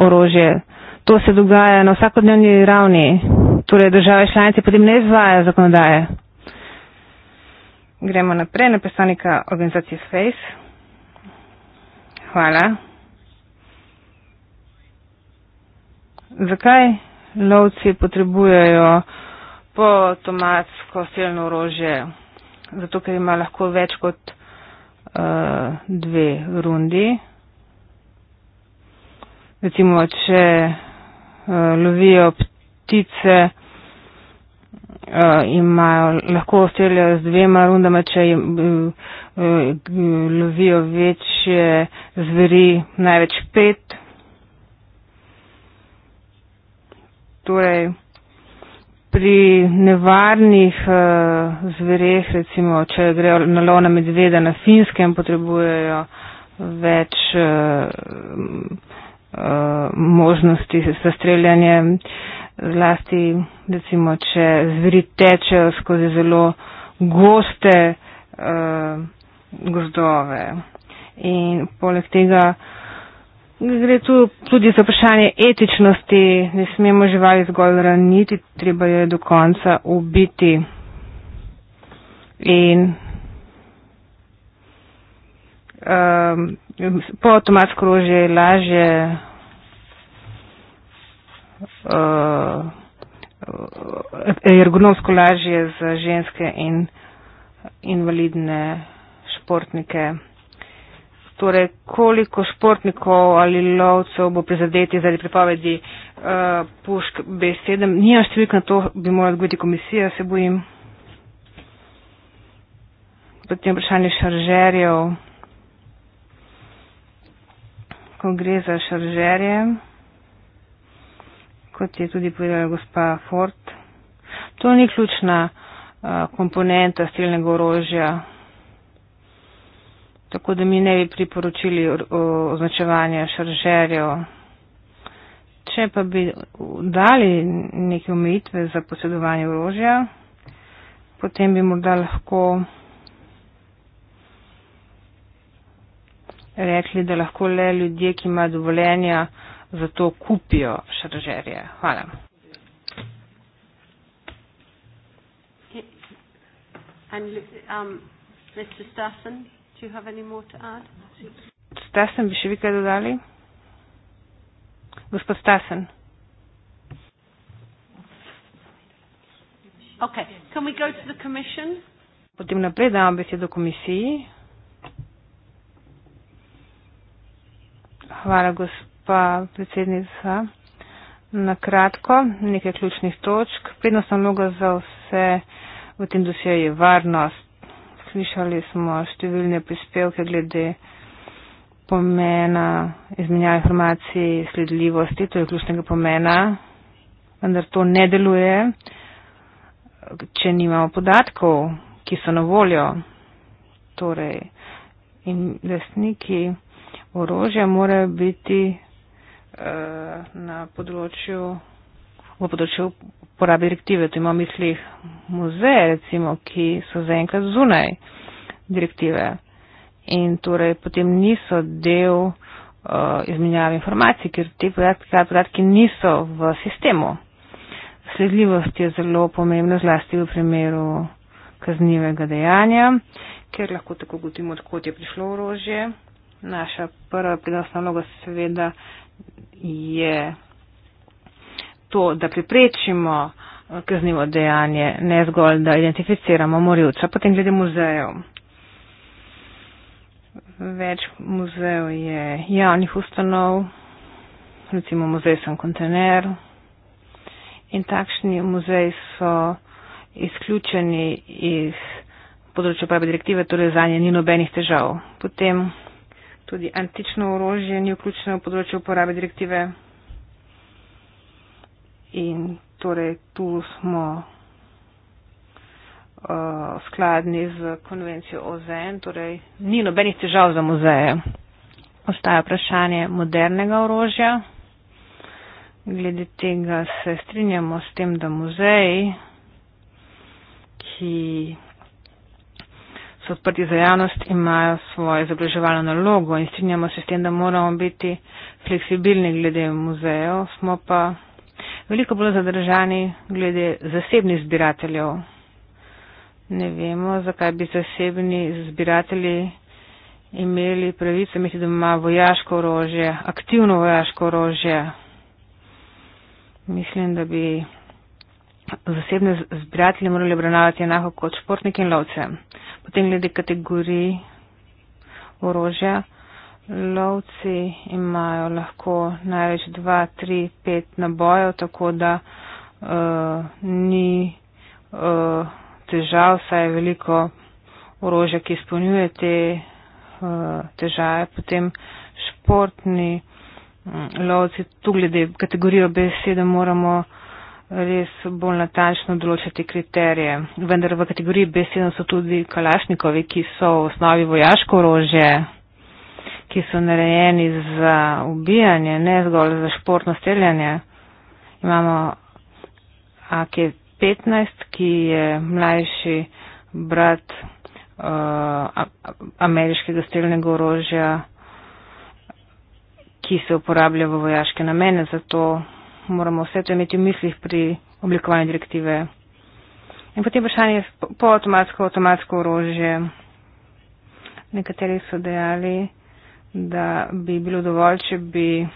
orožje? to se dogaja na vsakodnevni ravni, torej države članice potem ne izvaja zakonodaje. Gremo naprej na predstavnika organizacije Space. Hvala. Zakaj lovci potrebujejo potomatsko silno orožje? Zato, ker ima lahko več kot uh, dve rundi. Recimo, če Eh, lovijo ptice, eh, imajo, lahko streljajo z dvema rundama, če jim, eh, lovijo večje zveri, največ pet. Torej, pri nevarnih zverih, recimo, če grejo na lov na medveda na finskem, potrebujejo več možnosti za streljanje, zlasti recimo, če zveri tečejo skozi zelo goste uh, gozdove. In poleg tega gre tu tudi za vprašanje etičnosti, ne smemo živali zgolj raniti, treba jo je do konca ubiti. In um, po avtomatsko orožje je lažje uh, ergonomsko lažje za ženske in invalidne športnike. Torej, koliko športnikov ali lovcev bo prizadeti zaradi prepovedi uh, pušk B7? Nijem številka na to, bi morala biti komisija, se bojim. Potem vprašanje šaržerjev ko gre za šaržerje, kot je tudi povedala gospa Ford, to ni ključna uh, komponenta strelnega orožja, tako da mi ne bi priporočili označevanja šaržerjev. Če pa bi dali neke omejitve za posedovanje orožja, potem bi morda lahko. rekli, da lahko le ljudje, ki imajo dovoljenja, zato kupijo šaržerje. Hvala. Um, Stasen, bi še vi kaj dodali? Gospod Stasen. Okay. Potem naprej dajem besedo komisiji. Hvala, gospa predsednica. Na kratko, nekaj ključnih točk. Prednostna vloga za vse v tem dosjeju je varnost. Slišali smo številne prispevke glede pomena izmenjave informacij, sledljivosti, to je ključnega pomena, vendar to ne deluje, če nimamo podatkov, ki so na voljo. Torej, in lastniki orožja morajo biti eh, na področju, v področju uporabe direktive. Tu imamo v mislih muzeje, recimo, ki so zaenkrat zunaj direktive in torej potem niso del eh, izmenjave informacij, ker te podatki, podatki niso v sistemu. Sledljivost je zelo pomembna, zlasti v primeru kaznivega dejanja, ker lahko tako gotimo, odkot je prišlo orožje, naša prva pridnostna vloga seveda je to, da priprečimo eh, kaznivo dejanje, ne zgolj, da identificiramo morilca. Potem glede muzejev. Več muzejev je javnih ustanov, recimo muzej sem kontener in takšni muzeji so izključeni iz področja prave direktive, torej zanje ni nobenih težav. Potem tudi antično orožje ni vključeno v področje uporabe direktive. In torej tu smo uh, skladni z konvencijo OZN, e torej ni nobenih težav za muzeje. Ostaja vprašanje modernega orožja. Glede tega se strinjamo s tem, da muzeji, ki so odprti za javnost, imajo svojo izobraževalno nalogo in strinjamo se s tem, da moramo biti fleksibilni glede muzejev, smo pa veliko bolj zadržani glede zasebnih zbirateljev. Ne vemo, zakaj bi zasebni zbiratelji imeli pravico imeti doma vojaško orožje, aktivno vojaško orožje. Mislim, da bi zasebne zbiratelje morali obravnavati enako kot športnike in lovce. Potem glede kategorij orožja. Lovci imajo lahko največ 2, 3, 5 nabojev, tako da uh, ni uh, težav, saj je veliko orožja, ki izpolnjuje te uh, težave. Potem športni um, lovci, tu glede kategorijo B7 moramo res bolj natančno določati kriterije. Vendar v kategoriji B7 so tudi kalašnikovi, ki so v osnovi vojaško orožje, ki so narejeni za ubijanje, ne zgolj za športno streljanje. Imamo AK-15, ki je mlajši brat uh, ameriškega streljnega orožja, ki se uporablja v vojaške namene. Zato moramo vse to imeti v mislih pri oblikovanju direktive. In potem vprašanje po avtomatsko, avtomatsko orožje. Nekateri so dejali, da bi bilo dovolj, če bi eh,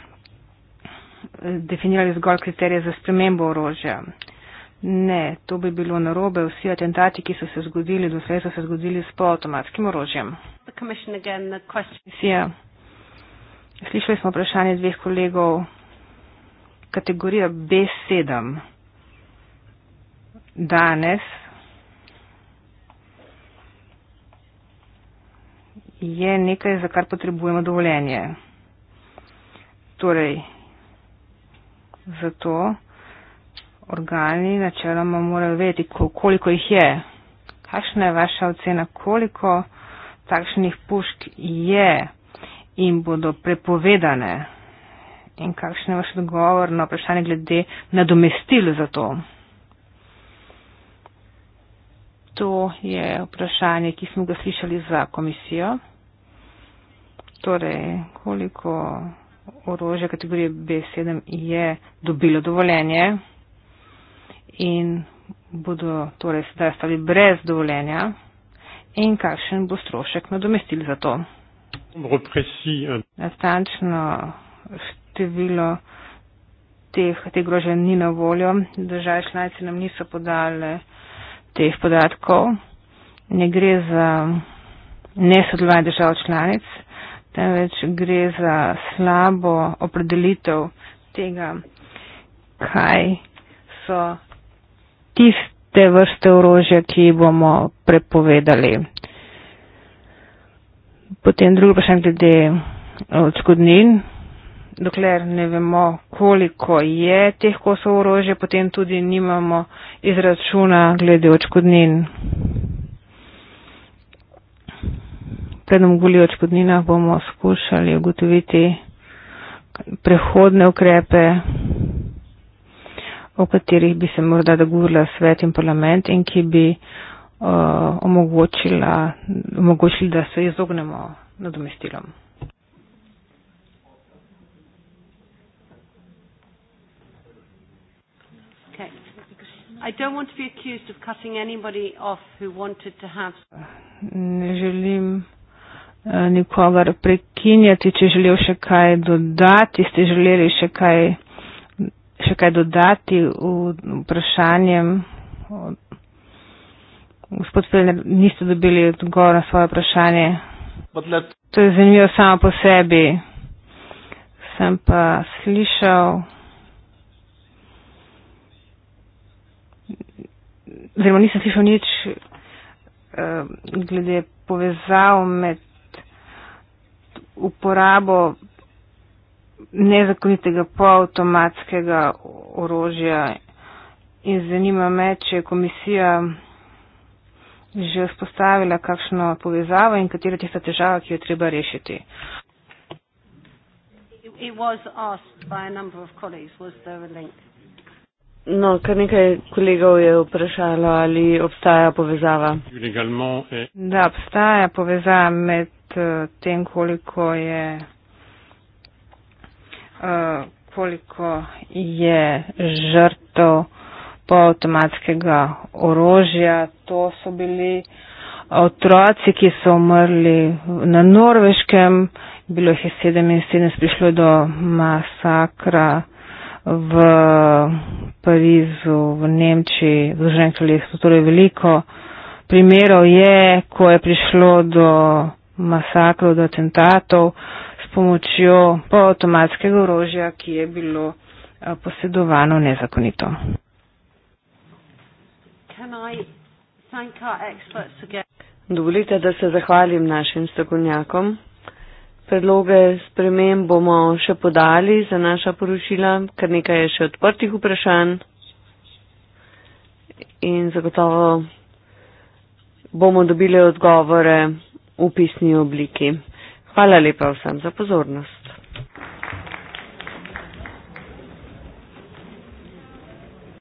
definirali zgolj kriterije za spremembo orožja. Ne, to bi bilo narobe. Vsi atentati, ki so se zgodili, do sveta so se zgodili s poautomatskim orožjem. Again, Slišali smo vprašanje dveh kolegov kategorijo B7. Danes je nekaj, za kar potrebujemo dovoljenje. Torej, zato organi načeloma morajo vedeti, koliko jih je. Kakšna je vaša ocena, koliko takšnih pušk je in bodo prepovedane? in kakšen je vaš odgovor na vprašanje glede nadomestil za to? To je vprašanje, ki smo ga slišali za komisijo. Torej, koliko orožja kategorije B7 je dobilo dovoljenje in bodo torej sedaj stali brez dovoljenja in kakšen bo strošek nadomestil za to? Eh. Natančno število teh, te grožnje ni na voljo. Države članice nam niso podale teh podatkov. Ne gre za nesodelovanje držav članic, temveč gre za slabo opredelitev tega, kaj so tiste vrste orožja, ki bomo prepovedali. Potem drugo vprašanje glede odškodnin. Uh, dokler ne vemo, koliko je teh kosov orožja, potem tudi nimamo izračuna glede očkodnin. Pred nam guli očkodnina bomo skušali ugotoviti prehodne ukrepe, o katerih bi se morda dogovorila svet in parlament in ki bi uh, omogočili, da se izognemo nadomestilom. I don't want to be accused of cutting anybody off who wanted to have. Ne želim eh, nikogar prekinjati, če želel še kaj dodati, ste želeli še kaj, še kaj dodati v vprašanjem. Gospod Pelner, niste dobili odgovor na svoje vprašanje. To je zanimivo samo po sebi. Sem pa slišal. oziroma nisem slišal nič uh, glede povezav med uporabo nezakonitega polautomatskega orožja in zanima me, če je komisija že vzpostavila kakšno povezavo in katera je tista težava, ki jo treba rešiti. It was asked by a number of colleagues, was there a link? No, kar nekaj kolegov je vprašalo, ali obstaja povezava. Da, obstaja povezava med eh, tem, koliko je, eh, koliko je žrtov po avtomatskega orožja. To so bili otroci, ki so umrli na Norveškem. Bilo jih je 77, prišlo je do masakra v Parizu, v Nemčiji, v Združenem kraljestvu. Torej veliko primerov je, ko je prišlo do masakrov, do atentatov s pomočjo polautomatskega orožja, ki je bilo eh, posedovano nezakonito. Dovolite, da se zahvalim našim strokovnjakom predloge spremem bomo še podali za naša poročila, ker nekaj je še odprtih vprašanj in zagotovo bomo dobili odgovore v pisni obliki. Hvala lepa vsem za pozornost.